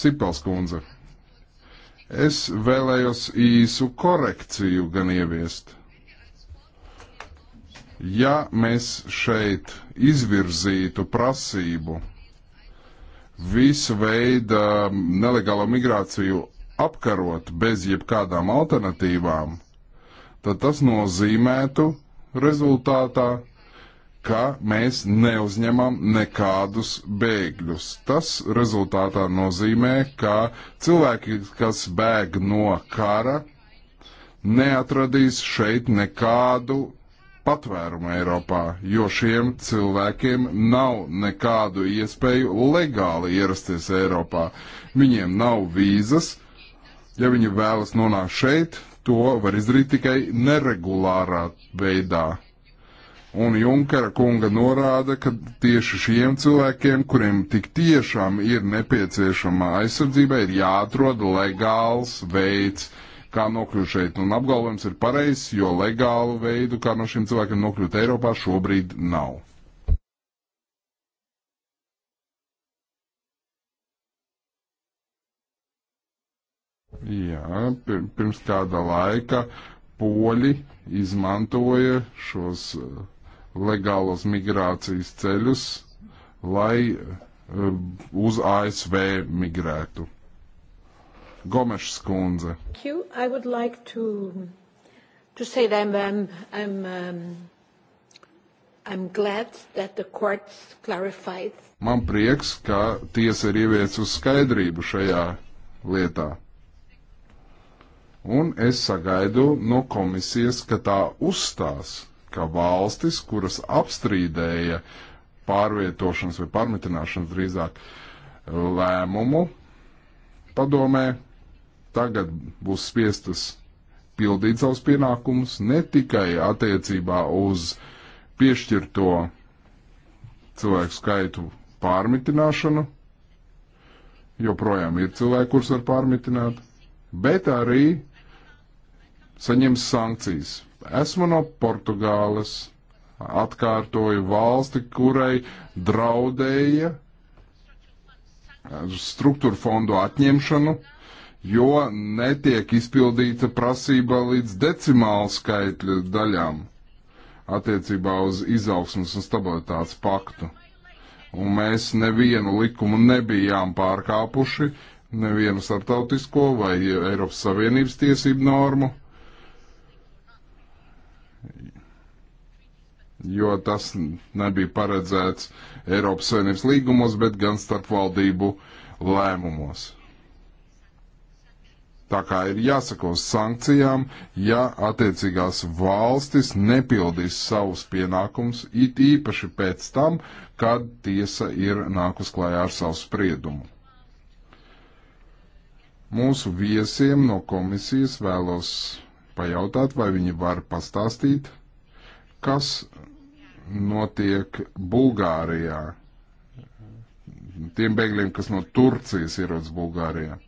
[SPEAKER 3] Sipels kundze. Es vēlējos īsu korekciju gan ieviest. Ja mēs šeit izvirzītu prasību visu veidu nelegālo migrāciju apkarot bez jebkādām alternatīvām, tad tas nozīmētu rezultātā, ka mēs neuzņemam nekādus bēgļus. Tas rezultātā nozīmē, ka cilvēki, kas bēg no kara, neatradīs šeit nekādu patvērumu Eiropā, jo šiem cilvēkiem nav nekādu iespēju legāli ierasties Eiropā. Viņiem nav vīzas, Ja viņi vēlas nonākt šeit, to var izdarīt tikai neregulārā veidā. Un Junkara kunga norāda, ka tieši šiem cilvēkiem, kuriem tik tiešām ir nepieciešama aizsardzība, ir jāatrod legāls veids, kā nokļūt šeit. Un apgalvojums ir pareizs, jo legālu veidu, kā no šiem cilvēkiem nokļūt Eiropā, šobrīd nav. Jā, pirms kāda laika poļi izmantoja šos uh, legālos migrācijas ceļus, lai uh, uz ASV migrētu. Gomeša skundze.
[SPEAKER 1] Like to, to I'm, I'm, I'm, um, I'm glad that the courts clarified.
[SPEAKER 3] Man prieks, ka tiesa ir ieviesusi skaidrību šajā lietā. Un es sagaidu no komisijas, ka tā uzstās, ka valstis, kuras apstrīdēja pārvietošanas vai pārmitināšanas drīzāk lēmumu padomē, tagad būs spiestas pildīt savus pienākumus ne tikai attiecībā uz piešķirto cilvēku skaitu pārmitināšanu, joprojām ir cilvēki, kurus var pārmitināt, bet arī saņems sankcijas. Esmu no Portugāles, atkārtoju valsti, kurai draudēja struktūra fondu atņemšanu, jo netiek izpildīta prasība līdz decimāla skaitļa daļām attiecībā uz izaugsmas un stabilitātes paktu. Un mēs nevienu likumu nebijām pārkāpuši, nevienu startautisko vai Eiropas Savienības tiesību normu. jo tas nebija paredzēts Eiropas Savienības līgumos, bet gan starpvaldību lēmumos. Tā kā ir jāsako sankcijām, ja attiecīgās valstis nepildīs savus pienākumus, it īpaši pēc tam, kad tiesa ir nākus klājā ar savu spriedumu. Mūsu viesiem no komisijas vēlos pajautāt, vai viņi var pastāstīt, kas notiek Bulgārijā, tiem bēgļiem, kas no Turcijas ierodas Bulgārijā.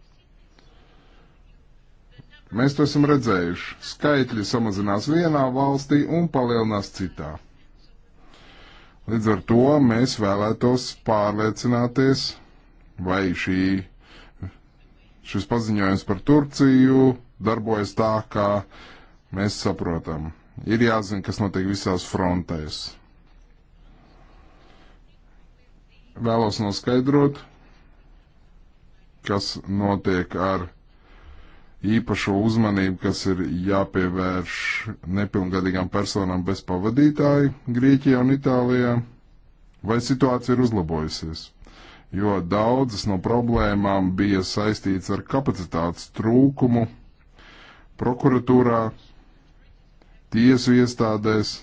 [SPEAKER 3] Mēs to esam redzējuši. Skaitļi samazinās vienā valstī un palielinās citā. Līdz ar to mēs vēlētos pārliecināties, vai šī, šis paziņojums par Turciju darbojas tā, kā mēs saprotam. Ir jāzina, kas notiek visās frontēs. vēlos noskaidrot, kas notiek ar īpašo uzmanību, kas ir jāpievērš nepilngadīgām personām bez pavadītāju Grieķijā un Itālijā, vai situācija ir uzlabojusies, jo daudzas no problēmām bija saistīts ar kapacitātes trūkumu prokuratūrā, tiesu iestādēs,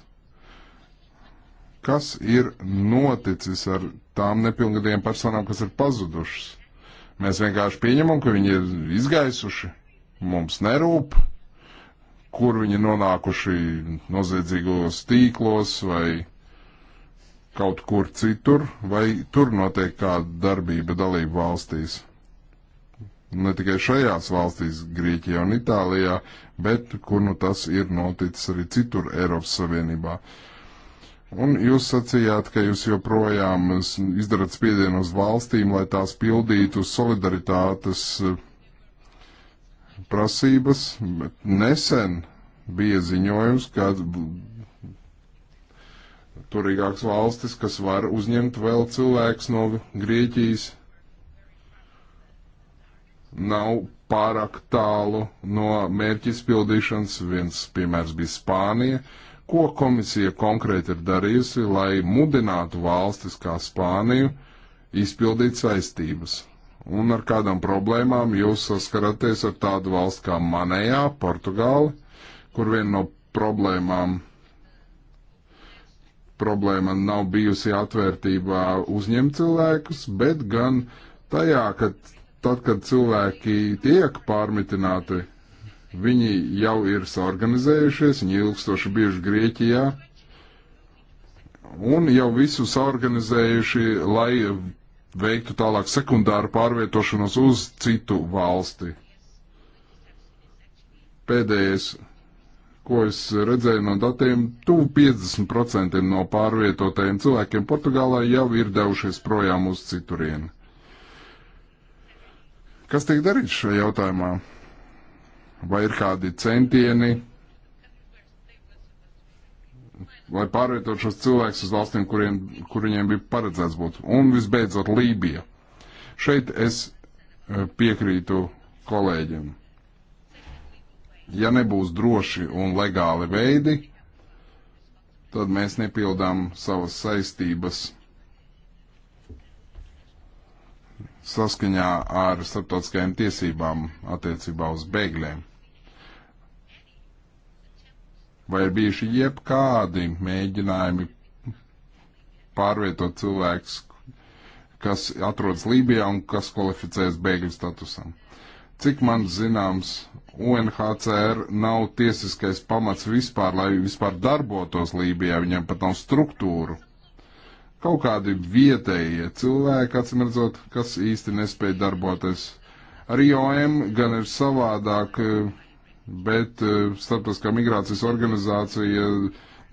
[SPEAKER 3] kas ir noticis ar tām nepilngadiem personām, kas ir pazudušas. Mēs vienkārši pieņemam, ka viņi ir izgaisuši, mums nerūp, kur viņi nonākuši noziedzīgos tīklos vai kaut kur citur, vai tur notiek kāda darbība dalību valstīs. Ne tikai šajās valstīs, Grieķijā un Itālijā, bet kur nu tas ir noticis arī citur Eiropas Savienībā. Uh, Un jūs sacījāt, ka jūs joprojām izdarat spiedienu uz valstīm, lai tās pildītu solidaritātes eh, prasības. Bet nesen bija ziņojums, ka turīgākas valstis, kas var uzņemt vēl cilvēks no Grieķijas, nav pārāk tālu no mērķis pildīšanas. Viens piemērs bija Spānija Ko komisija konkrēti ir darījusi, lai mudinātu valstis kā Spāniju izpildīt saistības? Un ar kādām problēmām jūs saskaraties ar tādu valstu kā manējā, Portugāli, kur viena no problēmām problēma nav bijusi atvērtībā uzņemt cilvēkus, bet gan tajā, ka tad, kad cilvēki tiek pārmitināti Viņi jau ir saorganizējušies, viņi ilgstoši bieži Grieķijā un jau visu saorganizējuši, lai veiktu tālāk sekundāru pārvietošanos uz citu valsti. Pēdējais, ko es redzēju no datiem, tuvu 50% no pārvietotajiem cilvēkiem Portugālā jau ir devušies projām uz citurienu. Kas tiek darīts šajā jautājumā? vai ir kādi centieni, lai pārvietot šos cilvēkus uz valstīm, kuriem, kur viņiem bija paredzēts būt. Un visbeidzot, Lībija. Šeit es e, piekrītu kolēģiem. Ja nebūs droši un legāli veidi, tad mēs nepildām savas saistības saskaņā ar starptautiskajām tiesībām attiecībā uz bēgļiem. Vai ir bijuši jebkādi mēģinājumi pārvietot cilvēks, kas atrodas Lībijā un kas kvalificējas bēgļu statusam? Cik man zināms, UNHCR nav tiesiskais pamats vispār, lai vispār darbotos Lībijā, viņam pat nav struktūru. Kaut kādi vietējie cilvēki, atsimredzot, kas īsti nespēja darboties. Ar IOM gan ir savādāk. Uh, bet e, starptautiskā migrācijas organizācija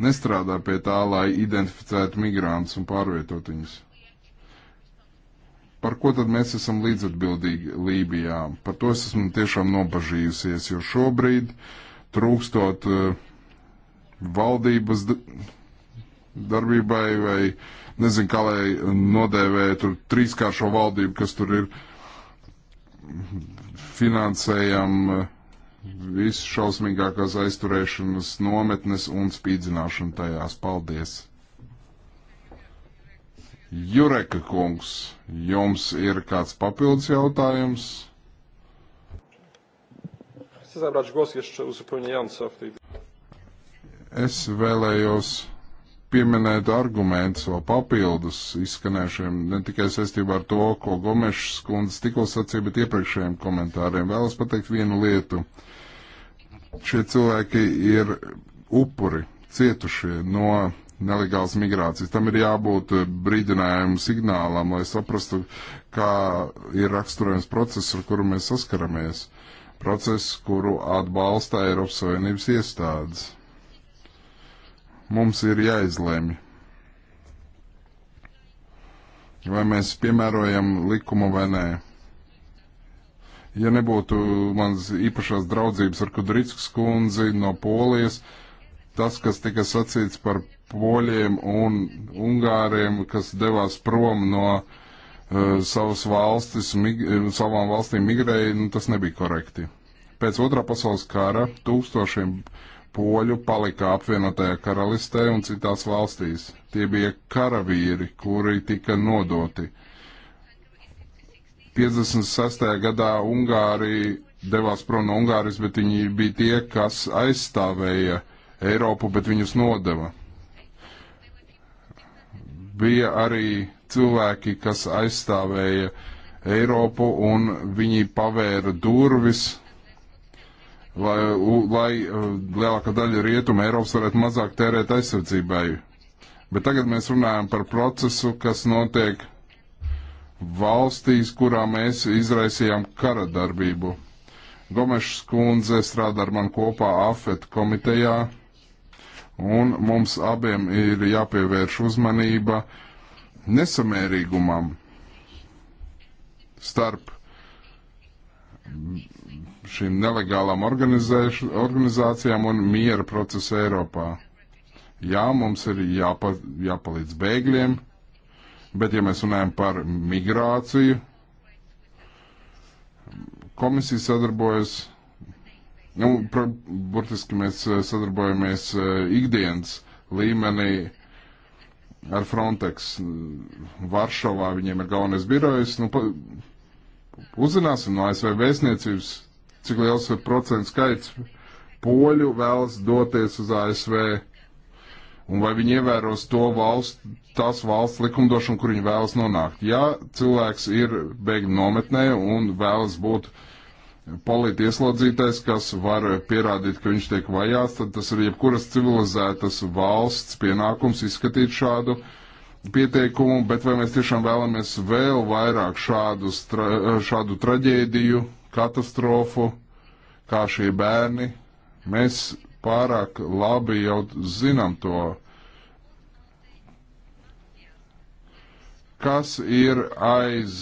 [SPEAKER 3] nestrādā pie tā, lai identificētu migrantus un pārvietot viņus. Par ko tad mēs esam līdzatbildīgi Lībijā? Par to es esmu tiešām nobažījusies, jo šobrīd trūkstot e, valdības darbībai vai nezinu, kā lai nodēvē tur trīskāršo valdību, kas tur ir finansējama e, visšausmīgākās aizturēšanas nometnes un spīdzināšana tajās. Paldies! Jureka kungs, jums ir kāds papildus jautājums? Es vēlējos pieminēt argumentus vēl papildus izskanējušiem, ne tikai saistībā ar to, ko Gomešs kundze tikko sacīja, bet iepriekšējiem komentāriem. Vēlos pateikt vienu lietu. Uh, Šie cilvēki ir upuri, cietušie no nelegālas migrācijas. Tam ir jābūt brīdinājumu signālam, lai saprastu, kā ir raksturojams process, ar kuru mēs saskaramies. Process, kuru atbalsta Eiropas Savienības iestādes. Mums ir jāizlemj, vai mēs piemērojam likumu vai nē. Ja nebūtu manas īpašās draudzības ar Kudrickas kundzi no Polijas, tas, kas tika sacīts par poļiem un ungāriem, kas devās prom no uh, savas valstis, mig, savām valstīm migrēja, nu, tas nebija korekti. Pēc otrā pasaules kara tūkstošiem poļu palika apvienotajā karalistē un citās valstīs. Tie bija karavīri, kuri tika nodoti. Uh, 56. gadā Ungārija devās prom no Ungārijas, bet viņi bija tie, kas aizstāvēja Eiropu, bet viņus nodeva. Bija arī cilvēki, kas aizstāvēja Eiropu, un viņi pavēra durvis lai, lai lielākā daļa rietuma Eiropas varētu mazāk tērēt aizsardzībai. Bet tagad mēs runājam par procesu, kas notiek valstīs, kurā mēs izraisījām kara darbību. Gomešs kundze strādā ar man kopā AFET komitejā, un mums abiem ir jāpievērš uzmanība nesamērīgumam starp šīm nelegālām organizācijām un miera procesu Eiropā. Jā, mums ir jāpa, jāpalīdz bēgļiem, Bet, ja mēs runājam par migrāciju, komisija sadarbojas, nu, pra, burtiski mēs eh, sadarbojamies eh, ikdienas līmenī ar Frontex. Varšavā viņiem ir galvenais birojs. Nu, pa, uzzināsim no ASV vēstniecības, cik liels ir procents skaits poļu vēlas doties uz ASV un vai viņi ievēros to valsts, tās valsts likumdošanu, kur viņi vēlas nonākt. Ja cilvēks ir bēgļu nometnē un vēlas būt polīti ieslodzītais, kas var pierādīt, ka viņš tiek vajāts, tad tas ir jebkuras civilizētas valsts pienākums izskatīt šādu pieteikumu, bet vai mēs tiešām vēlamies vēl vairāk šādu, tra šādu traģēdiju, katastrofu, kā šie bērni. Mēs pārāk labi jau zinām to. Kas ir aiz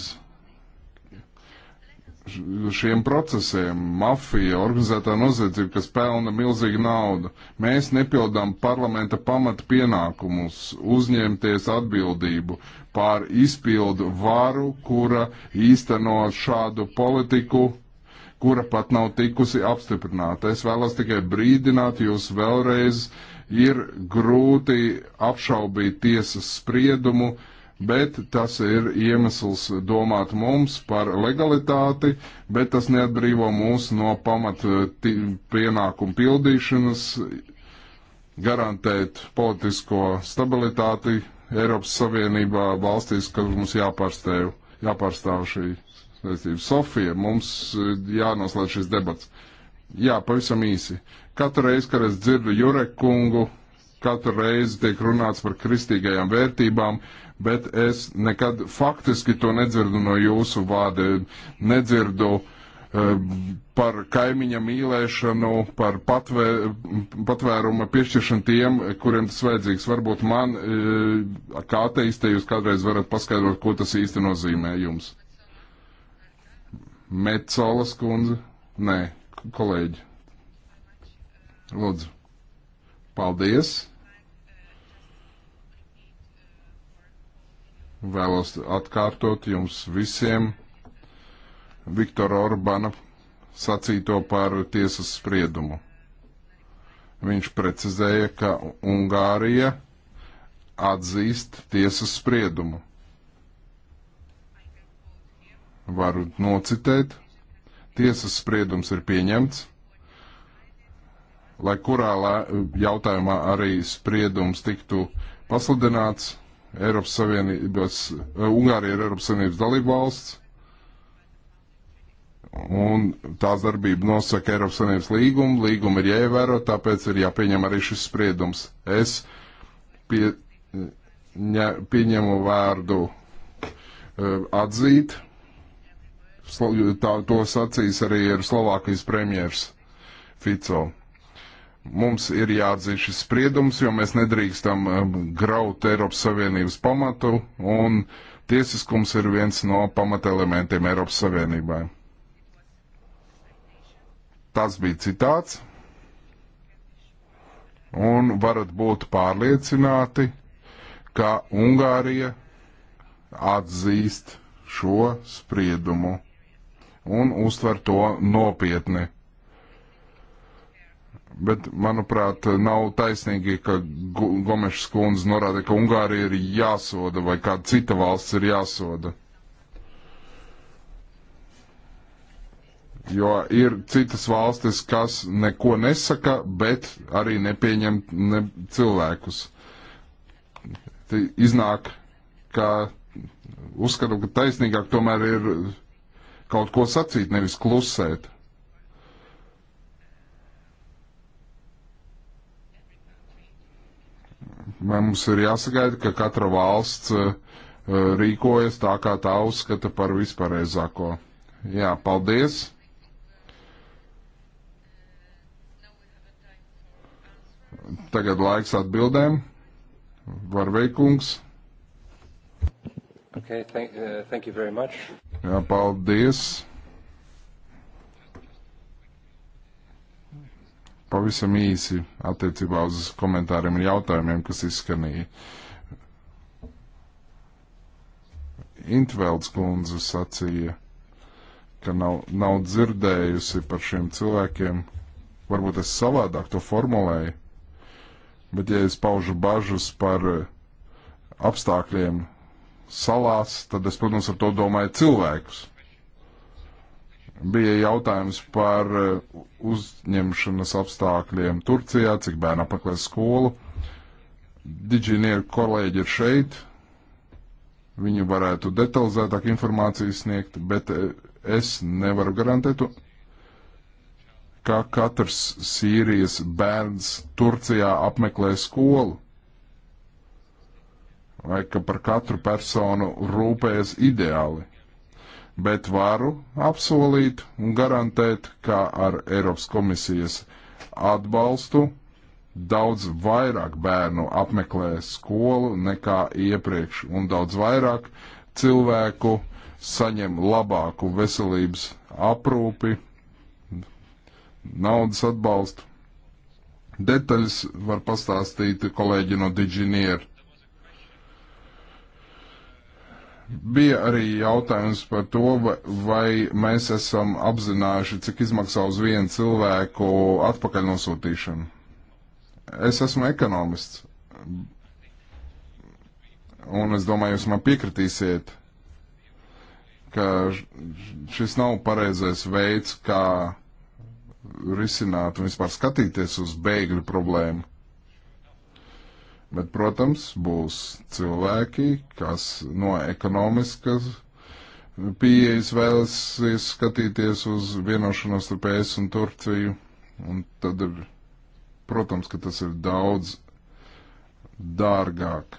[SPEAKER 3] šiem procesiem, mafija, organizētā noziedzība, kas pelna milzīgu naudu. Mēs nepildām parlamenta pamata pienākumus uzņemties atbildību pār izpildu varu, kura īsteno šādu politiku kura pat nav tikusi apstiprināta. Es vēlos tikai brīdināt jūs vēlreiz, ir grūti apšaubīt tiesas spriedumu, bet tas ir iemesls domāt mums par legalitāti, bet tas neatbrīvo mūs no pamat eh, pienākumu pildīšanas, garantēt politisko stabilitāti Eiropas Savienībā valstīs, kas mums jāpārstāv, jāpārstāv šī Sofija, mums eh, jānoslēdz šis debats. Jā, pavisam īsi. Katru reizi, kad es dzirdu Jurekungu, katru reizi tiek runāts par kristīgajām vērtībām, bet es nekad faktiski to nedzirdu no jūsu vārdiem. Nedzirdu uh, par kaimiņa mīlēšanu, par patvē, patvēruma piešķiršanu tiem, kuriem tas vajadzīgs. Varbūt man, uh, kā ateistē, jūs kādreiz varat paskaidrot, ko tas īsti nozīmē jums. Metzolas kundze. Nē, kolēģi. Lūdzu. Paldies. Vēlos atkārtot jums visiem Viktora Orbana sacīto par tiesas spriedumu. Viņš precizēja, ka Ungārija atzīst tiesas spriedumu varu nocitēt. Tiesas spriedums ir pieņemts, lai kurā jautājumā arī spriedums tiktu pasludināts. Eiropas Savienības, eh, Ungārija ir Eiropas Savienības dalība valsts, un tās darbība nosaka Eiropas Savienības līgumu. Līguma ir jāievēro, tāpēc ir jāpieņem arī šis spriedums. Es pie, ņa, pieņemu vārdu eh, atzīt Tā, to sacīs arī ir Slovākijas premjers Fico. Mums ir jāatzīst šis spriedums, jo mēs nedrīkstam eh, graut Eiropas Savienības pamatu, un tiesiskums ir viens no pamatelementiem Eiropas Savienībai. Tas bija citāts. Un varat būt pārliecināti, ka Ungārija atzīst šo spriedumu un uztver to nopietni. Bet, manuprāt, nav taisnīgi, ka Gomešs kundze norāda, ka Ungārija ir jāsoda vai kāda cita valsts ir jāsoda. Jo ir citas valstis, kas neko nesaka, bet arī nepieņem ne cilvēkus. Te iznāk, ka uzskatu, ka taisnīgāk tomēr ir kaut ko sacīt, nevis klusēt. Vai mums ir jāsagaida, ka katra valsts eh, rīkojas tā, kā tā uzskata par vispareizāko? Jā, paldies! Tagad laiks atbildēm. Varveikungs.
[SPEAKER 2] Okay, thank, uh, thank you very much.
[SPEAKER 3] Jā, paldies. Pavisam īsi attiecībā uz komentāriem un jautājumiem, kas izskanīja. Intvelds kundze sacīja, ka nav, nav dzirdējusi par šiem cilvēkiem. Varbūt es savādāk to formulēju, bet ja es paužu bažas par uh, apstākļiem, salās, tad es, protams, ar to domāju cilvēkus. Bija jautājums par eh, uzņemšanas apstākļiem Turcijā, cik bērni apmeklē skolu. Diģinieru kolēģi ir šeit, viņi varētu detalizētāk informāciju sniegt, bet eh, es nevaru garantēt, ka katrs Sīrijas bērns Turcijā apmeklē skolu vai ka par katru personu rūpējas ideāli. Bet varu apsolīt un garantēt, ka ar Eiropas komisijas atbalstu daudz vairāk bērnu apmeklē skolu nekā iepriekš, un daudz vairāk cilvēku saņem labāku veselības aprūpi, naudas atbalstu. Detaļas var pastāstīt kolēģi no Diginieru. Bija arī jautājums par to, vai mēs esam apzinājuši, cik izmaksā uz vienu cilvēku atpakaļ nosūtīšanu. Es esmu ekonomists, un es domāju, jūs man piekritīsiet, ka šis nav pareizais veids, kā risināt un vispār skatīties uz bēgļu problēmu Bet, protams, būs cilvēki, kas no ekonomiskas pieejas vēlasies skatīties uz vienošanos starp ES un Turciju. Un tad ir, protams, ka tas ir daudz dārgāk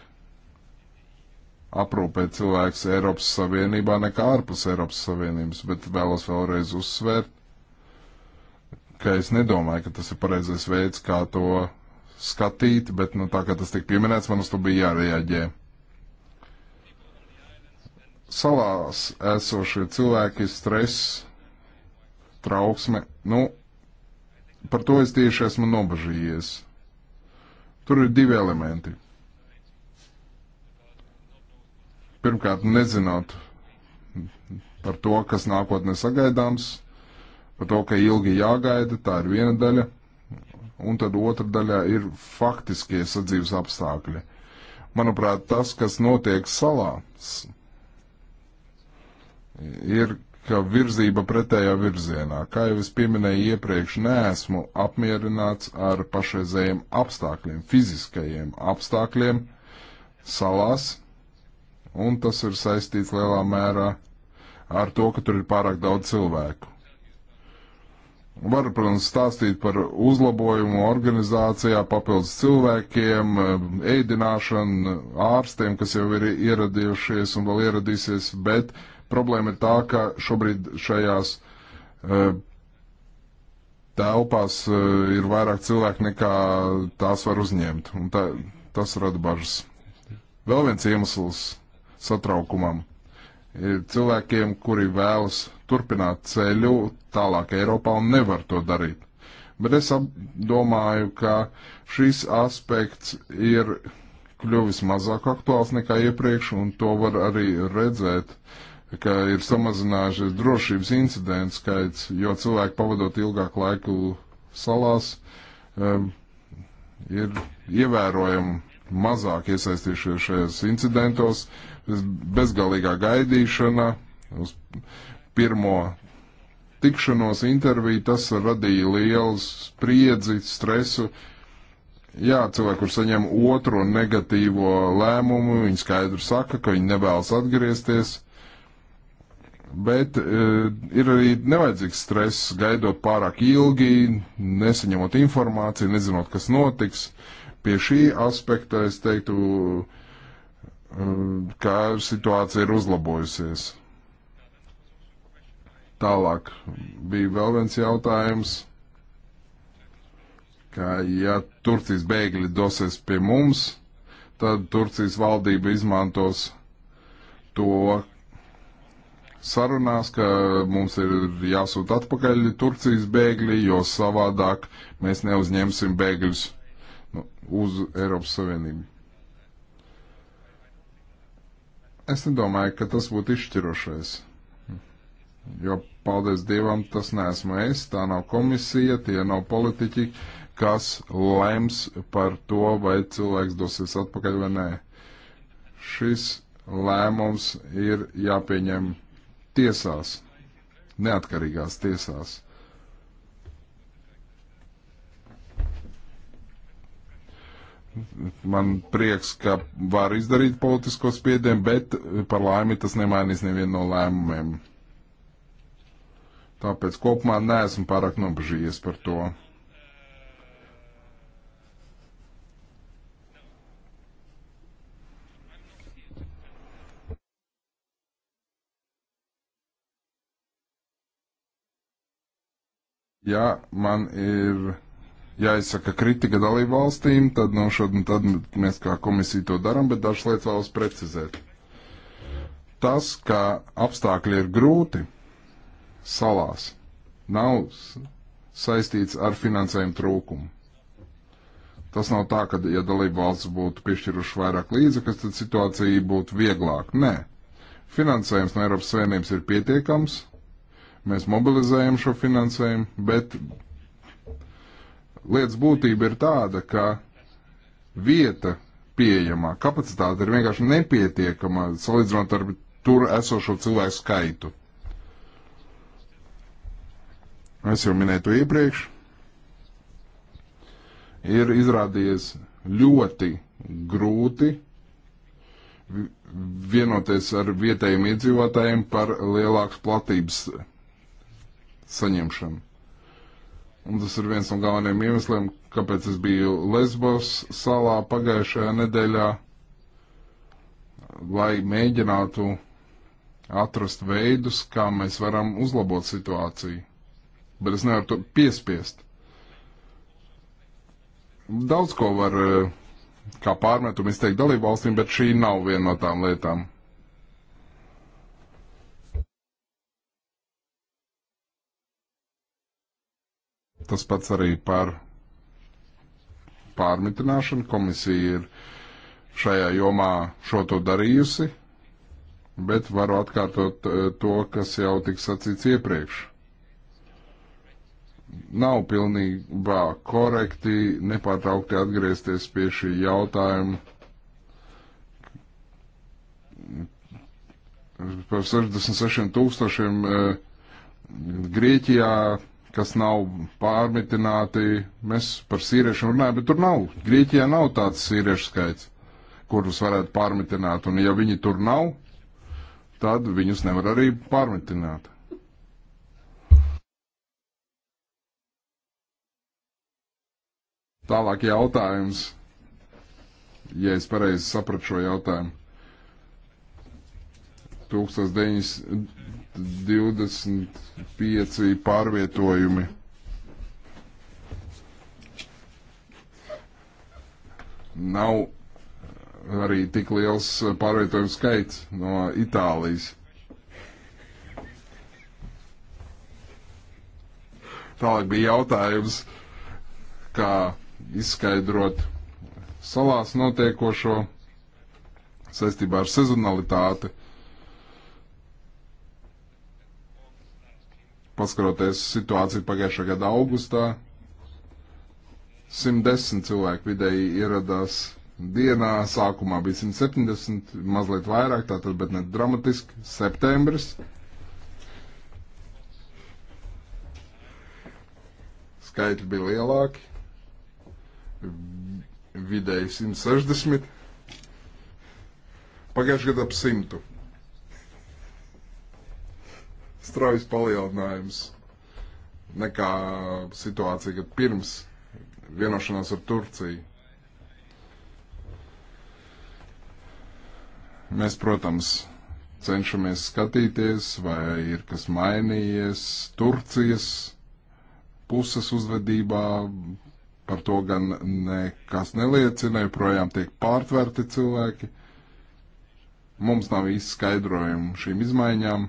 [SPEAKER 3] aprūpēt cilvēks Eiropas Savienībā nekā ārpus Eiropas Savienības, bet vēlos vēlreiz uzsvērt, ka es nedomāju, ka tas ir pareizais veids, kā to skatīt, bet nu, tā kā tas tika pieminēts, man uz to bija jārēģē. Salās esošie cilvēki, stress, trauksme, nu, par to es tieši esmu nobažījies. Tur ir divi elementi. Pirmkārt, nezināt par to, kas nākotnē sagaidāms, par to, ka ilgi jāgaida, tā ir viena daļa un tad otra daļā ir faktiskie sadzīves apstākļi. Manuprāt, tas, kas notiek salās, ir, ka virzība pretējā virzienā. Kā jau es pieminēju iepriekš, neesmu apmierināts ar pašreizējiem apstākļiem, fiziskajiem apstākļiem salās, un tas ir saistīts lielā mērā ar to, ka tur ir pārāk daudz cilvēku. Varu, protams, stāstīt par uzlabojumu organizācijā, papildus cilvēkiem, ēdināšanu, ārstiem, kas jau ir ieradušies un vēl ieradīsies, bet problēma ir tā, ka šobrīd šajās e, telpās e, ir vairāk cilvēku nekā tās var uzņemt. Un tā, tas rada bažas. Vēl viens iemesls satraukumam cilvēkiem, kuri vēlas turpināt ceļu tālāk Eiropā un nevar to darīt. Bet es domāju, ka šis aspekts ir kļuvis mazāk aktuāls nekā iepriekš, un to var arī redzēt, ka ir samazinājušies drošības incidentu skaits, jo cilvēki pavadot ilgāku laiku salās um, ir ievērojami mazāk iesaistījušies šajos incidentos, uh, bezgalīgā gaidīšana uz pirmo tikšanos interviju, tas radīja lielu spriedzi, stresu. Jā, cilvēki, kur saņem otro negatīvo lēmumu, viņi skaidri saka, ka viņi nevēlas atgriezties. Bet e, ir arī nevajadzīgs stress, gaidot pārāk ilgi, nesaņemot informāciju, nezinot, kas notiks. Pie šī aspekta es teiktu, e, ka situācija ir uzlabojusies. Tālāk bija vēl viens jautājums, ka ja Turcijas bēgļi dosies pie mums, tad Turcijas valdība izmantos to sarunās, ka mums ir jāsūt atpakaļ Turcijas bēgļi, jo savādāk mēs neuzņemsim bēgļus nu, uz Eiropas Savienību. Es nedomāju, ka tas būtu izšķirošais. Jo, paldies Dievam, tas neesmu es, tā nav komisija, tie nav politiķi, kas lems par to, vai cilvēks dosies atpakaļ vai nē. Šis lēmums ir jāpieņem tiesās, neatkarīgās tiesās. Man prieks, ka var izdarīt politisko spiedienu, bet par laimi tas nemainīs nevienu no lēmumiem. Tāpēc kopumā neesmu pārāk nobežījies par to. Ja man ir jāizsaka kritika dalību valstīm, tad no šodien nu, tad mēs kā komisija to darām, bet dažas lietas vēlas precizēt. Tas, ka apstākļi ir grūti salās, nav saistīts ar finansējumu trūkumu. Tas nav tā, ka, ja dalību valsts būtu piešķiruši vairāk līdzekļus, tad situācija būtu vieglāka. Nē, finansējums no Eiropas Savienības ir pietiekams, mēs mobilizējam šo finansējumu, bet Lietas būtība ir tāda, ka vieta pieejamā kapacitāte ir vienkārši nepietiekama salīdzinot ar tur esošo cilvēku skaitu. Es jau minēju to iepriekš. Ir izrādījies ļoti grūti vienoties ar vietējiem iedzīvotājiem par lielākas platības saņemšanu. Un tas ir viens no galvenajiem iemesliem, kāpēc es biju Lesbos salā pagājušajā nedēļā, lai mēģinātu atrast veidus, kā mēs varam uzlabot situāciju. Bet es nevaru to piespiest. Daudz ko var eh, kā pārmetumu izteikt dalību valstīm, bet šī nav viena no tām lietām. Tas pats arī par pārmitināšanu. Komisija ir šajā jomā šo to darījusi, bet varu atkārtot e, to, kas jau tika sacīts iepriekš. Nav pilnībā korekti nepārtraukti atgriezties pie šī jautājuma par 66 tūkstošiem e, Grieķijā kas nav pārmitināti. Mēs par sīriešiem runājam, bet tur nav. Grieķijā nav tāds sīriešu skaits, kurus varētu pārmitināt. Un ja viņi tur nav, tad viņus nevar arī pārmitināt. Tālāk jautājums, ja es pareizi sapratu šo jautājumu. 1900, 25 pārvietojumi. Nav arī tik liels pārvietojumu skaits no Itālijas. Tālāk bija jautājums, kā izskaidrot salās notiekošo saistībā ar sezonalitāti. paskaroties situāciju pagājušā gada augustā, 110 cilvēku vidēji ieradās dienā, sākumā bija 170, mazliet vairāk, tātad, bet ne dramatiski, septembris. Skaitļi bija lielāki, vidēji 160, pagājušajā gadā ap 100 straujas palielinājums nekā situācija, kad pirms vienošanās ar Turciju. Mēs, protams, cenšamies skatīties, vai ir kas mainījies Turcijas puses uzvedībā. Par to gan nekas neliecina, joprojām tiek pārtverti cilvēki. Mums nav īsti skaidrojumu šīm izmaiņām.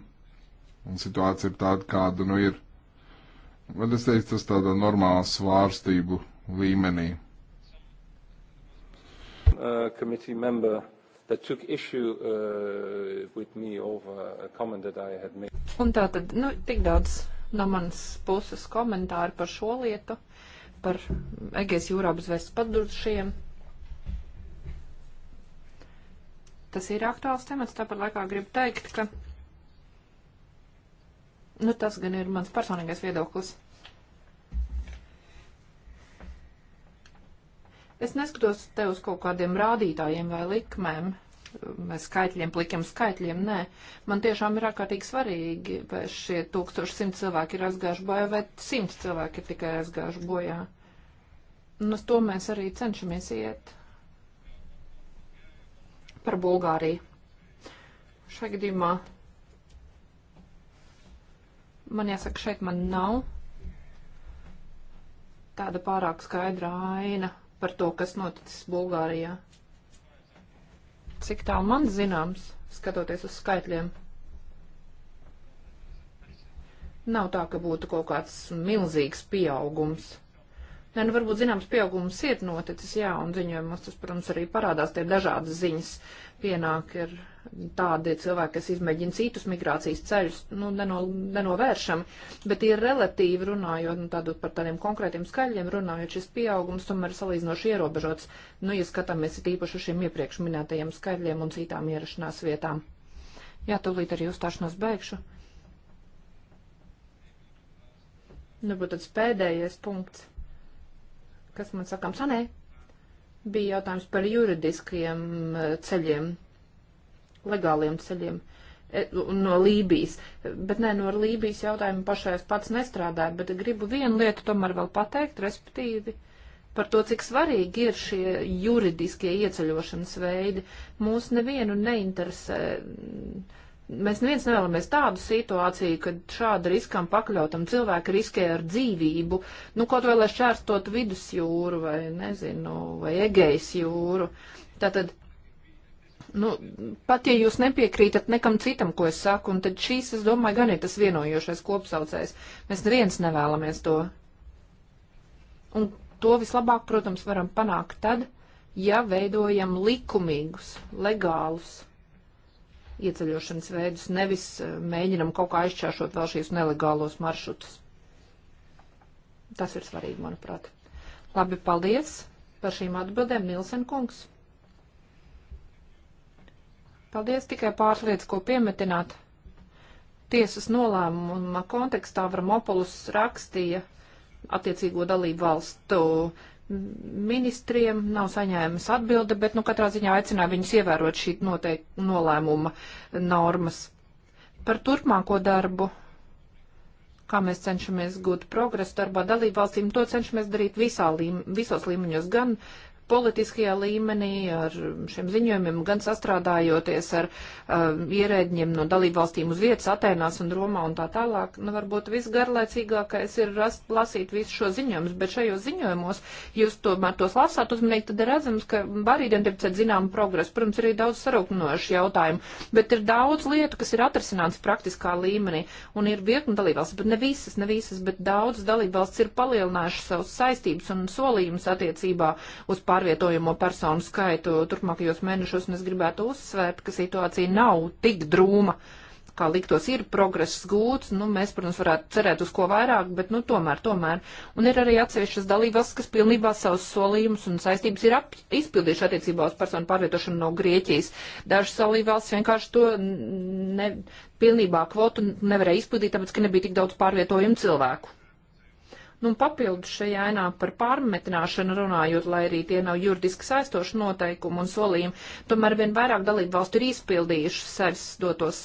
[SPEAKER 3] Un situācija ir tāda, kāda nu ir. Bet es teiktu, tas tādā normālā svārstību līmenī. Uh,
[SPEAKER 2] committee member that took issue uh, with me over a comment that
[SPEAKER 1] I had made. Un tā tad, nu, tik daudz no manas puses komentāri par šo lietu, par Egejas jūrā bezvēsts padurušajiem. Tas ir aktuāls temats, tāpat laikā gribu teikt, ka Nu, tas gan ir mans personīgais viedoklis. Es neskatos te uz kaut kādiem rādītājiem vai likmēm, vai skaitļiem, plikiem skaitļiem, nē. Man tiešām ir ārkārtīgi svarīgi, vai šie 1100 cilvēki ir aizgājuši bojā, vai 100 cilvēki ir tikai aizgājuši bojā. Un uz to mēs arī cenšamies iet. Par Bulgāriju. Šajā gadījumā Man jāsaka, šeit man nav tāda pārāk skaidra aina par to, kas noticis Bulgārijā. Cik tālu man zināms, skatoties uz skaitļiem, nav tā, ka būtu kaut kāds milzīgs pieaugums. Nē, nu varbūt zināms pieaugums ir noticis, jā, un ziņojumos tas, protams, arī parādās, tie dažādas ziņas pienāk ir. Ar tādi cilvēki, kas izmēģina citus migrācijas ceļus, nu, neno, nenovēršami, bet ir relatīvi runājot, nu, tādu par tādiem konkrētiem skaļiem runājot, šis pieaugums tomēr salīdzinoši ierobežots, nu, ja skatāmies tīpaši uz šiem iepriekš minētajiem skaļiem un citām ierašanās vietām. Jā, tūlīt arī uzstāšanos beigšu. Nu, būtu tāds pēdējais punkts, kas man sakām sanē, bija jautājums par juridiskajiem eh, ceļiem legāliem ceļiem e, no Lībijas. Bet nē, no Lībijas jautājumu pašais pats nestrādāju, bet gribu vienu lietu tomēr vēl pateikt, respektīvi par to, cik svarīgi ir šie juridiskie ieceļošanas veidi. Mūs nevienu neinteresē. Mēs neviens nevēlamies tādu situāciju, kad šāda riskam pakļautam cilvēku riskē ar dzīvību, nu, kaut vēl lai šķērstot vidusjūru vai, nezinu, vai egejas jūru. Tātad Nu, pat ja jūs nepiekrītat nekam citam, ko es saku, un tad šīs, es domāju, gan ir tas vienojošais kopsaucējs. Mēs neviens nevēlamies to. Un to vislabāk, protams, varam panākt tad, ja veidojam likumīgus, legālus ieceļošanas veidus, nevis eh, mēģinam kaut kā aizķēršot vēl šīs nelegālos maršrutus. Tas ir svarīgi, manuprāt. Labi, paldies par šīm atbildēm, Nilsen kungs. Paldies tikai pāris lietas, ko piemetināt. Tiesas nolēmuma kontekstā Vramopolus rakstīja attiecīgo dalību valstu ministriem, nav saņēmis atbildi, bet nu katrā ziņā aicināja viņus ievērot šī noteikta nolēmuma normas. Par turpmāko darbu kā mēs cenšamies gūt progresu darbā dalībvalstīm, to cenšamies darīt visā līme, visos līmeņos, gan politiskajā līmenī, ar šiem ziņojumiem, gan sastrādājoties ar uh, ierēģiem no dalībvalstīm uz vietas, Atēnās un Romā un tā tālāk. Nu, varbūt visgarlaicīgākais ir rast, lasīt visu šo ziņojumus, bet šajos ziņojumos jūs tomēr tos lasāt uzmanīgi, tad ir redzams, ka var identificēt zinām progresu. Protams, ir arī daudz sarūknojuši jautājumu, bet ir daudz lietu, kas ir atrasināts praktiskā līmenī un ir virkni dalībvalsts, bet ne visas, ne visas, bet daudz dalībvalsts ir palielinājuši savus saistības un solījumus attiecībā uz pārējiem pārvietojamo personu skaitu turpmākajos mēnešos, un es gribētu uzsvērt, ka situācija nav tik drūma, kā liktos ir progress gūts, nu, mēs, protams, varētu cerēt uz ko vairāk, bet, nu, tomēr, tomēr. Un ir arī atsevišķas dalībās, kas pilnībā savus solījumus un saistības ir ap, izpildījuši attiecībā uz personu pārvietošanu no Grieķijas. Dažas dalībās vienkārši to ne, pilnībā kvotu nevarēja izpildīt, tāpēc, ka nebija tik daudz pārvietojumu cilvēku. Nu, papildus šajā ainā par pārmetināšanu runājot, lai arī tie nav juridiski saistoši noteikumi un solījumi, tomēr vien vairāk dalību valstu ir izpildījuši savus dotos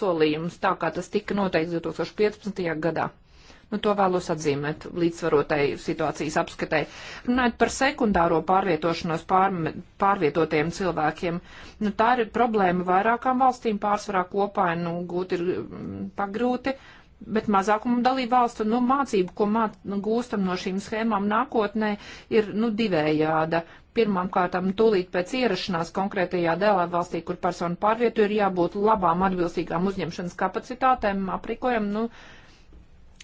[SPEAKER 1] solījumus, tā kā tas tika noteikts 2015. gadā. Nu, to vēlos atzīmēt līdzsvarotai situācijas apskatē. Runājot par sekundāro pārvietošanos pārme, pārvietotiem cilvēkiem, nu, tā ir problēma vairākām valstīm, pārsvarā kopā, nu, gūt ir mm, pagrūti. Mm, bet mazākumu dalību valstu nu, mācību, ko mā, nu, gūstam no šīm schēmām nākotnē, ir nu, divējāda. Pirmkārt, tūlīt pēc ierašanās konkrētajā dēlā valstī, kur persona pārvietu, ir jābūt labām atbilstīgām uzņemšanas kapacitātēm, aprikojam, nu, uh,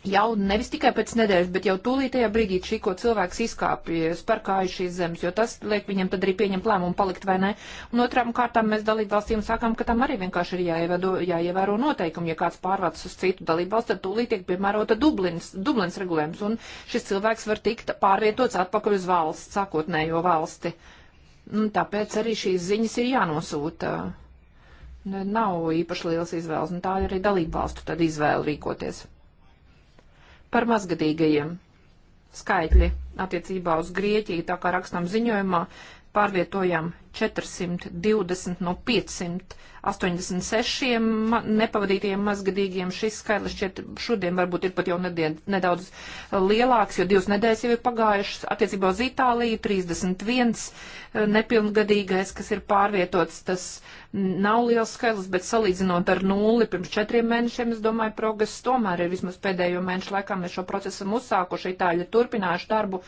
[SPEAKER 1] jau nevis tikai pēc nedēļas, bet jau tūlītajā brīdī šī, ko cilvēks izkāpja sparkāju šīs zemes, jo tas liek viņam tad arī pieņemt lēmumu palikt vai nē. Un otrām kārtām mēs dalībvalstīm sākām, ka tam arī vienkārši ir jāievēro, jāievēro noteikumi. Ja kāds pārvāc uz citu dalībvalstu, tad tūlīt tiek piemērota Dublins, Dublins regulējums, un šis cilvēks var tikt pārvietots atpakaļ uz valsts, sākotnējo valsti. Un nu, tāpēc arī šīs ziņas ir jānosūta. Nav īpaši liels izvēles, un tā ir arī dalībvalstu tad izvēle rīkoties. Par mazgadīgajiem skaitļi attiecībā uz Grieķiju, tā kā rakstam ziņojumā, pārvietojam 420 no 586 nepavadītajiem mazgadīgiem. Šis skaitlis šķiet šodien varbūt ir pat jau nedien, nedaudz lielāks, jo divas nedēļas jau ir pagājušas. Attiecībā uz Itāliju 31 eh, nepilngadīgais, kas ir pārvietots, tas nav liels skaitlis, bet salīdzinot ar nulli pirms četriem mēnešiem, es domāju, progress tomēr ir vismaz pēdējo mēnešu laikā. Mēs šo procesu esam uzsākuši, Itāļi turpinājuši darbu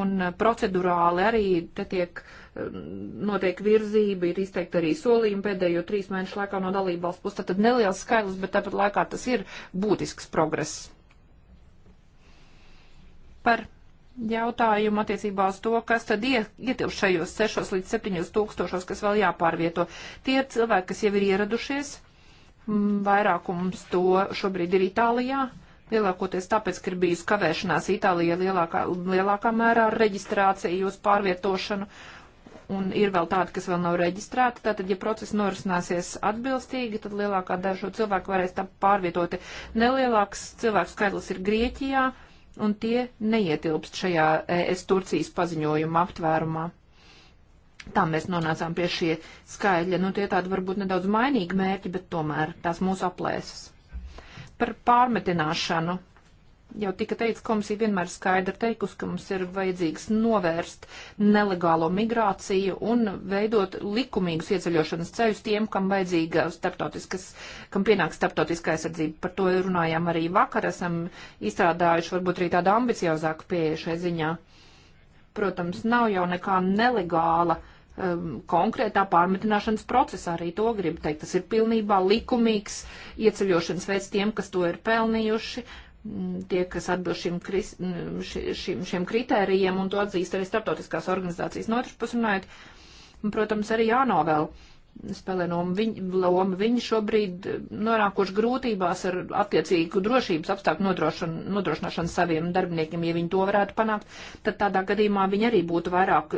[SPEAKER 1] un eh, procedurāli arī te tiek. Uh, notiek virzība, ir izteikti arī solījumi pēdējo trīs mēnešu laikā no dalībvalsts puses. Tad neliels skaidrs, bet tāpat laikā tas ir būtisks progress. Par jautājumu attiecībā uz to, kas tad ietilpst šajos 6 līdz 7 tūkstošos, kas vēl jāpārvieto. Tie ir cilvēki, kas jau ir ieradušies, mm, vairākums to šobrīd ir Itālijā, lielākoties tāpēc, ka ir bijusi kavēšanās Itālijā lielākā, lielākā mērā ar reģistrāciju uz pārvietošanu, un ir vēl tādi, kas vēl nav reģistrēti. Tātad, ja process norisināsies atbilstīgi, tad lielākā daļa šo cilvēku varēs tā pārvietoti. Nelielāks cilvēku skaitlis ir Grieķijā, un tie neietilpst šajā ES Turcijas paziņojuma aptvērumā. Tā mēs nonācām pie šie skaidļa. Nu, tie tādi varbūt nedaudz mainīgi mērķi, bet tomēr tās mūs aplēsas. Par pārmetināšanu jau tika teikts, komisija vienmēr skaidri teikusi, ka mums ir vajadzīgs novērst nelegālo migrāciju un veidot likumīgus ieceļošanas ceļus tiem, kam vajadzīga starptautiskas, kam pienāks starptautiskā aizsardzība. Par to runājām arī vakar, esam izstrādājuši varbūt arī tādu ambiciozāku pieeju šai ziņā. Protams, nav jau nekā nelegāla um, konkrētā pārmetināšanas procesā. Arī to gribu teikt. Tas ir pilnībā likumīgs ieceļošanas veids tiem, kas to ir pelnījuši. Mm, tie, kas atbilst šim, kris, mm, šim, šiem kritērijiem, un to atzīst arī starptautiskās organizācijas. No otras puses, runājot, protams, arī jānovēl spēlē no viņa loma. Viņi šobrīd mm, nonākuši grūtībās ar attiecīgu drošības apstākļu nodrošināšanu saviem darbiniekiem. Ja viņi to varētu panākt, tad tādā gadījumā viņi arī būtu vairāk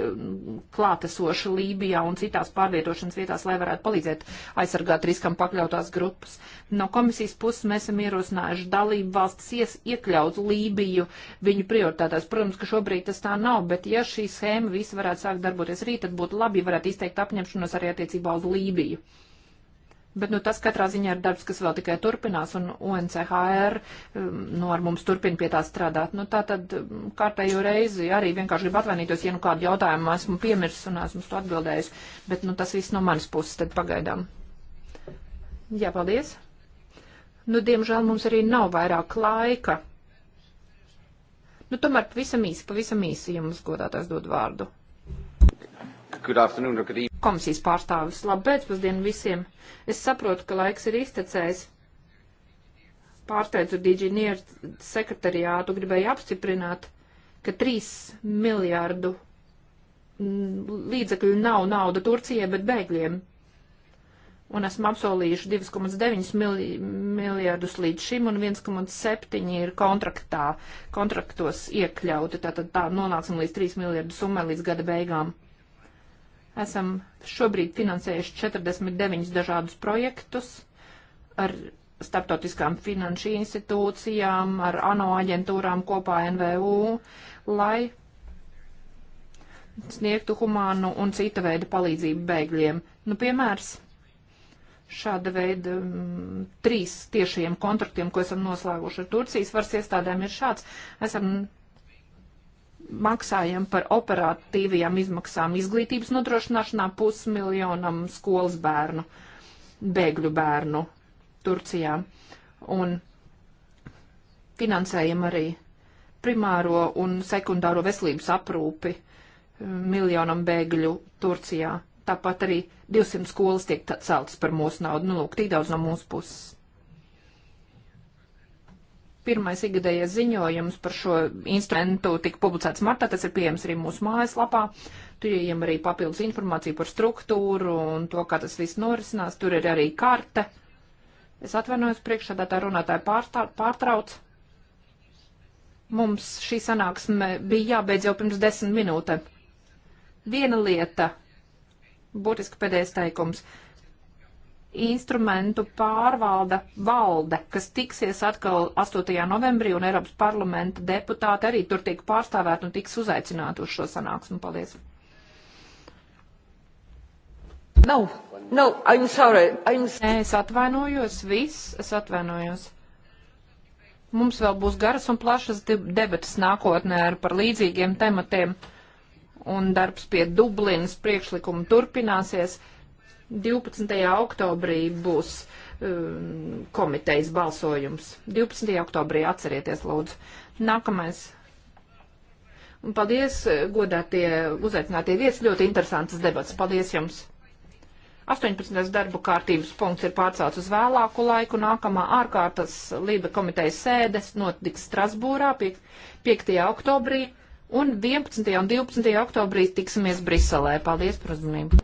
[SPEAKER 1] klātesoši Lībijā un citās pārvietošanas vietās, lai varētu palīdzēt aizsargāt riskam pakļautās grupas. No komisijas puses mēs esam ierosinājuši dalību valstis ies, iekļaut Lībiju viņu prioritātās. Protams, ka šobrīd tas tā nav, bet ja šī schēma viss varētu sākt darboties rīt, tad būtu labi, ja varētu izteikt apņemšanos arī attiecībā uz Lībiju. Bet nu, tas katrā ziņā ir darbs, kas vēl tikai turpinās, un UNCHR um, nu, ar mums turpina pie tā strādāt. Nu, tā tad um, kārtējo reizi arī vienkārši gribu atvainīties, ja nu kādu jautājumu esmu piemirsis un esmu to atbildējis, bet nu, tas viss no manas puses tad pagaidām. Jā, paldies! Nu, diemžēl mums arī nav vairāk laika. Nu, tomēr pavisam īsi, pavisam īsi jums godātais dod vārdu. Komisijas pārstāvis. Labu pēcpusdienu visiem. Es saprotu, ka laiks ir iztecējis. Pārsteidzu Diginieru sekretariātu, gribēju apstiprināt, ka 3 miljārdu mm, līdzekļu nav nauda Turcijai, bet bēgļiem un esmu apsolījuši 2,9 miljardus līdz šim, un 1,7 ir kontraktā, kontraktos iekļauti, tātad tā nonāksim līdz 3 miljardu summai līdz gada beigām. Esam šobrīd finansējuši 49 dažādus projektus ar starptautiskām finanšu institūcijām, ar ANO aģentūrām kopā NVU, lai sniegtu humānu un cita veida palīdzību bēgļiem. Nu, piemērs šāda veida m, mm, trīs tiešajiem kontraktiem, ko esam noslēguši ar Turcijas varas iestādēm, ir šāds. Esam maksājam par operatīvajām izmaksām izglītības nodrošināšanā pusmiljonam skolas bērnu, bēgļu bērnu Turcijā. Un finansējam arī primāro un sekundāro veselības aprūpi mm, miljonam bēgļu Turcijā. Tāpat arī 200 skolas tiek celtas par mūsu naudu. Nu, lūk, tik daudz no mūsu puses. Pirmais ikgadējais ziņojums par šo instrumentu tika publicēts martā, tas ir pieejams arī mūsu mājaslapā. Tur ieejam arī papildus informāciju par struktūru un to, kā tas viss norisinās. Tur ir arī karte. Es atvainojos priekšādā tā runātāja pārtrauc. pārtrauc mums šī sanāksme bija jābeidz jau pirms desmit minūtēm. Viena lieta, būtiski pēdējais teikums. Instrumentu pārvalda valde, kas tiksies atkal 8. novembrī, un Eiropas parlamenta deputāti arī tur tiek pārstāvēti un tiks uzaicināti uz šo sanāksmu. Paldies! No, no, I'm sorry. I'm... Nē, es atvainojos, viss, es atvainojos. Mums vēl būs garas un plašas debatas nākotnē ar par līdzīgiem tematiem un darbs pie Dublinas priekšlikuma turpināsies. 12. oktobrī būs um, komitejas balsojums. 12. oktobrī atcerieties, lūdzu. Nākamais. Un paldies, godātie uzaicinātie viesi, ļoti interesantas debats. Paldies jums! 18. darbu kārtības punkts ir pārcelts uz vēlāku laiku. Nākamā ārkārtas Lība komitejas sēdes notiks Strasbūrā 5. oktobrī un 11. un 12. oktobrī tiksimies Briselē. Paldies par uzmanību!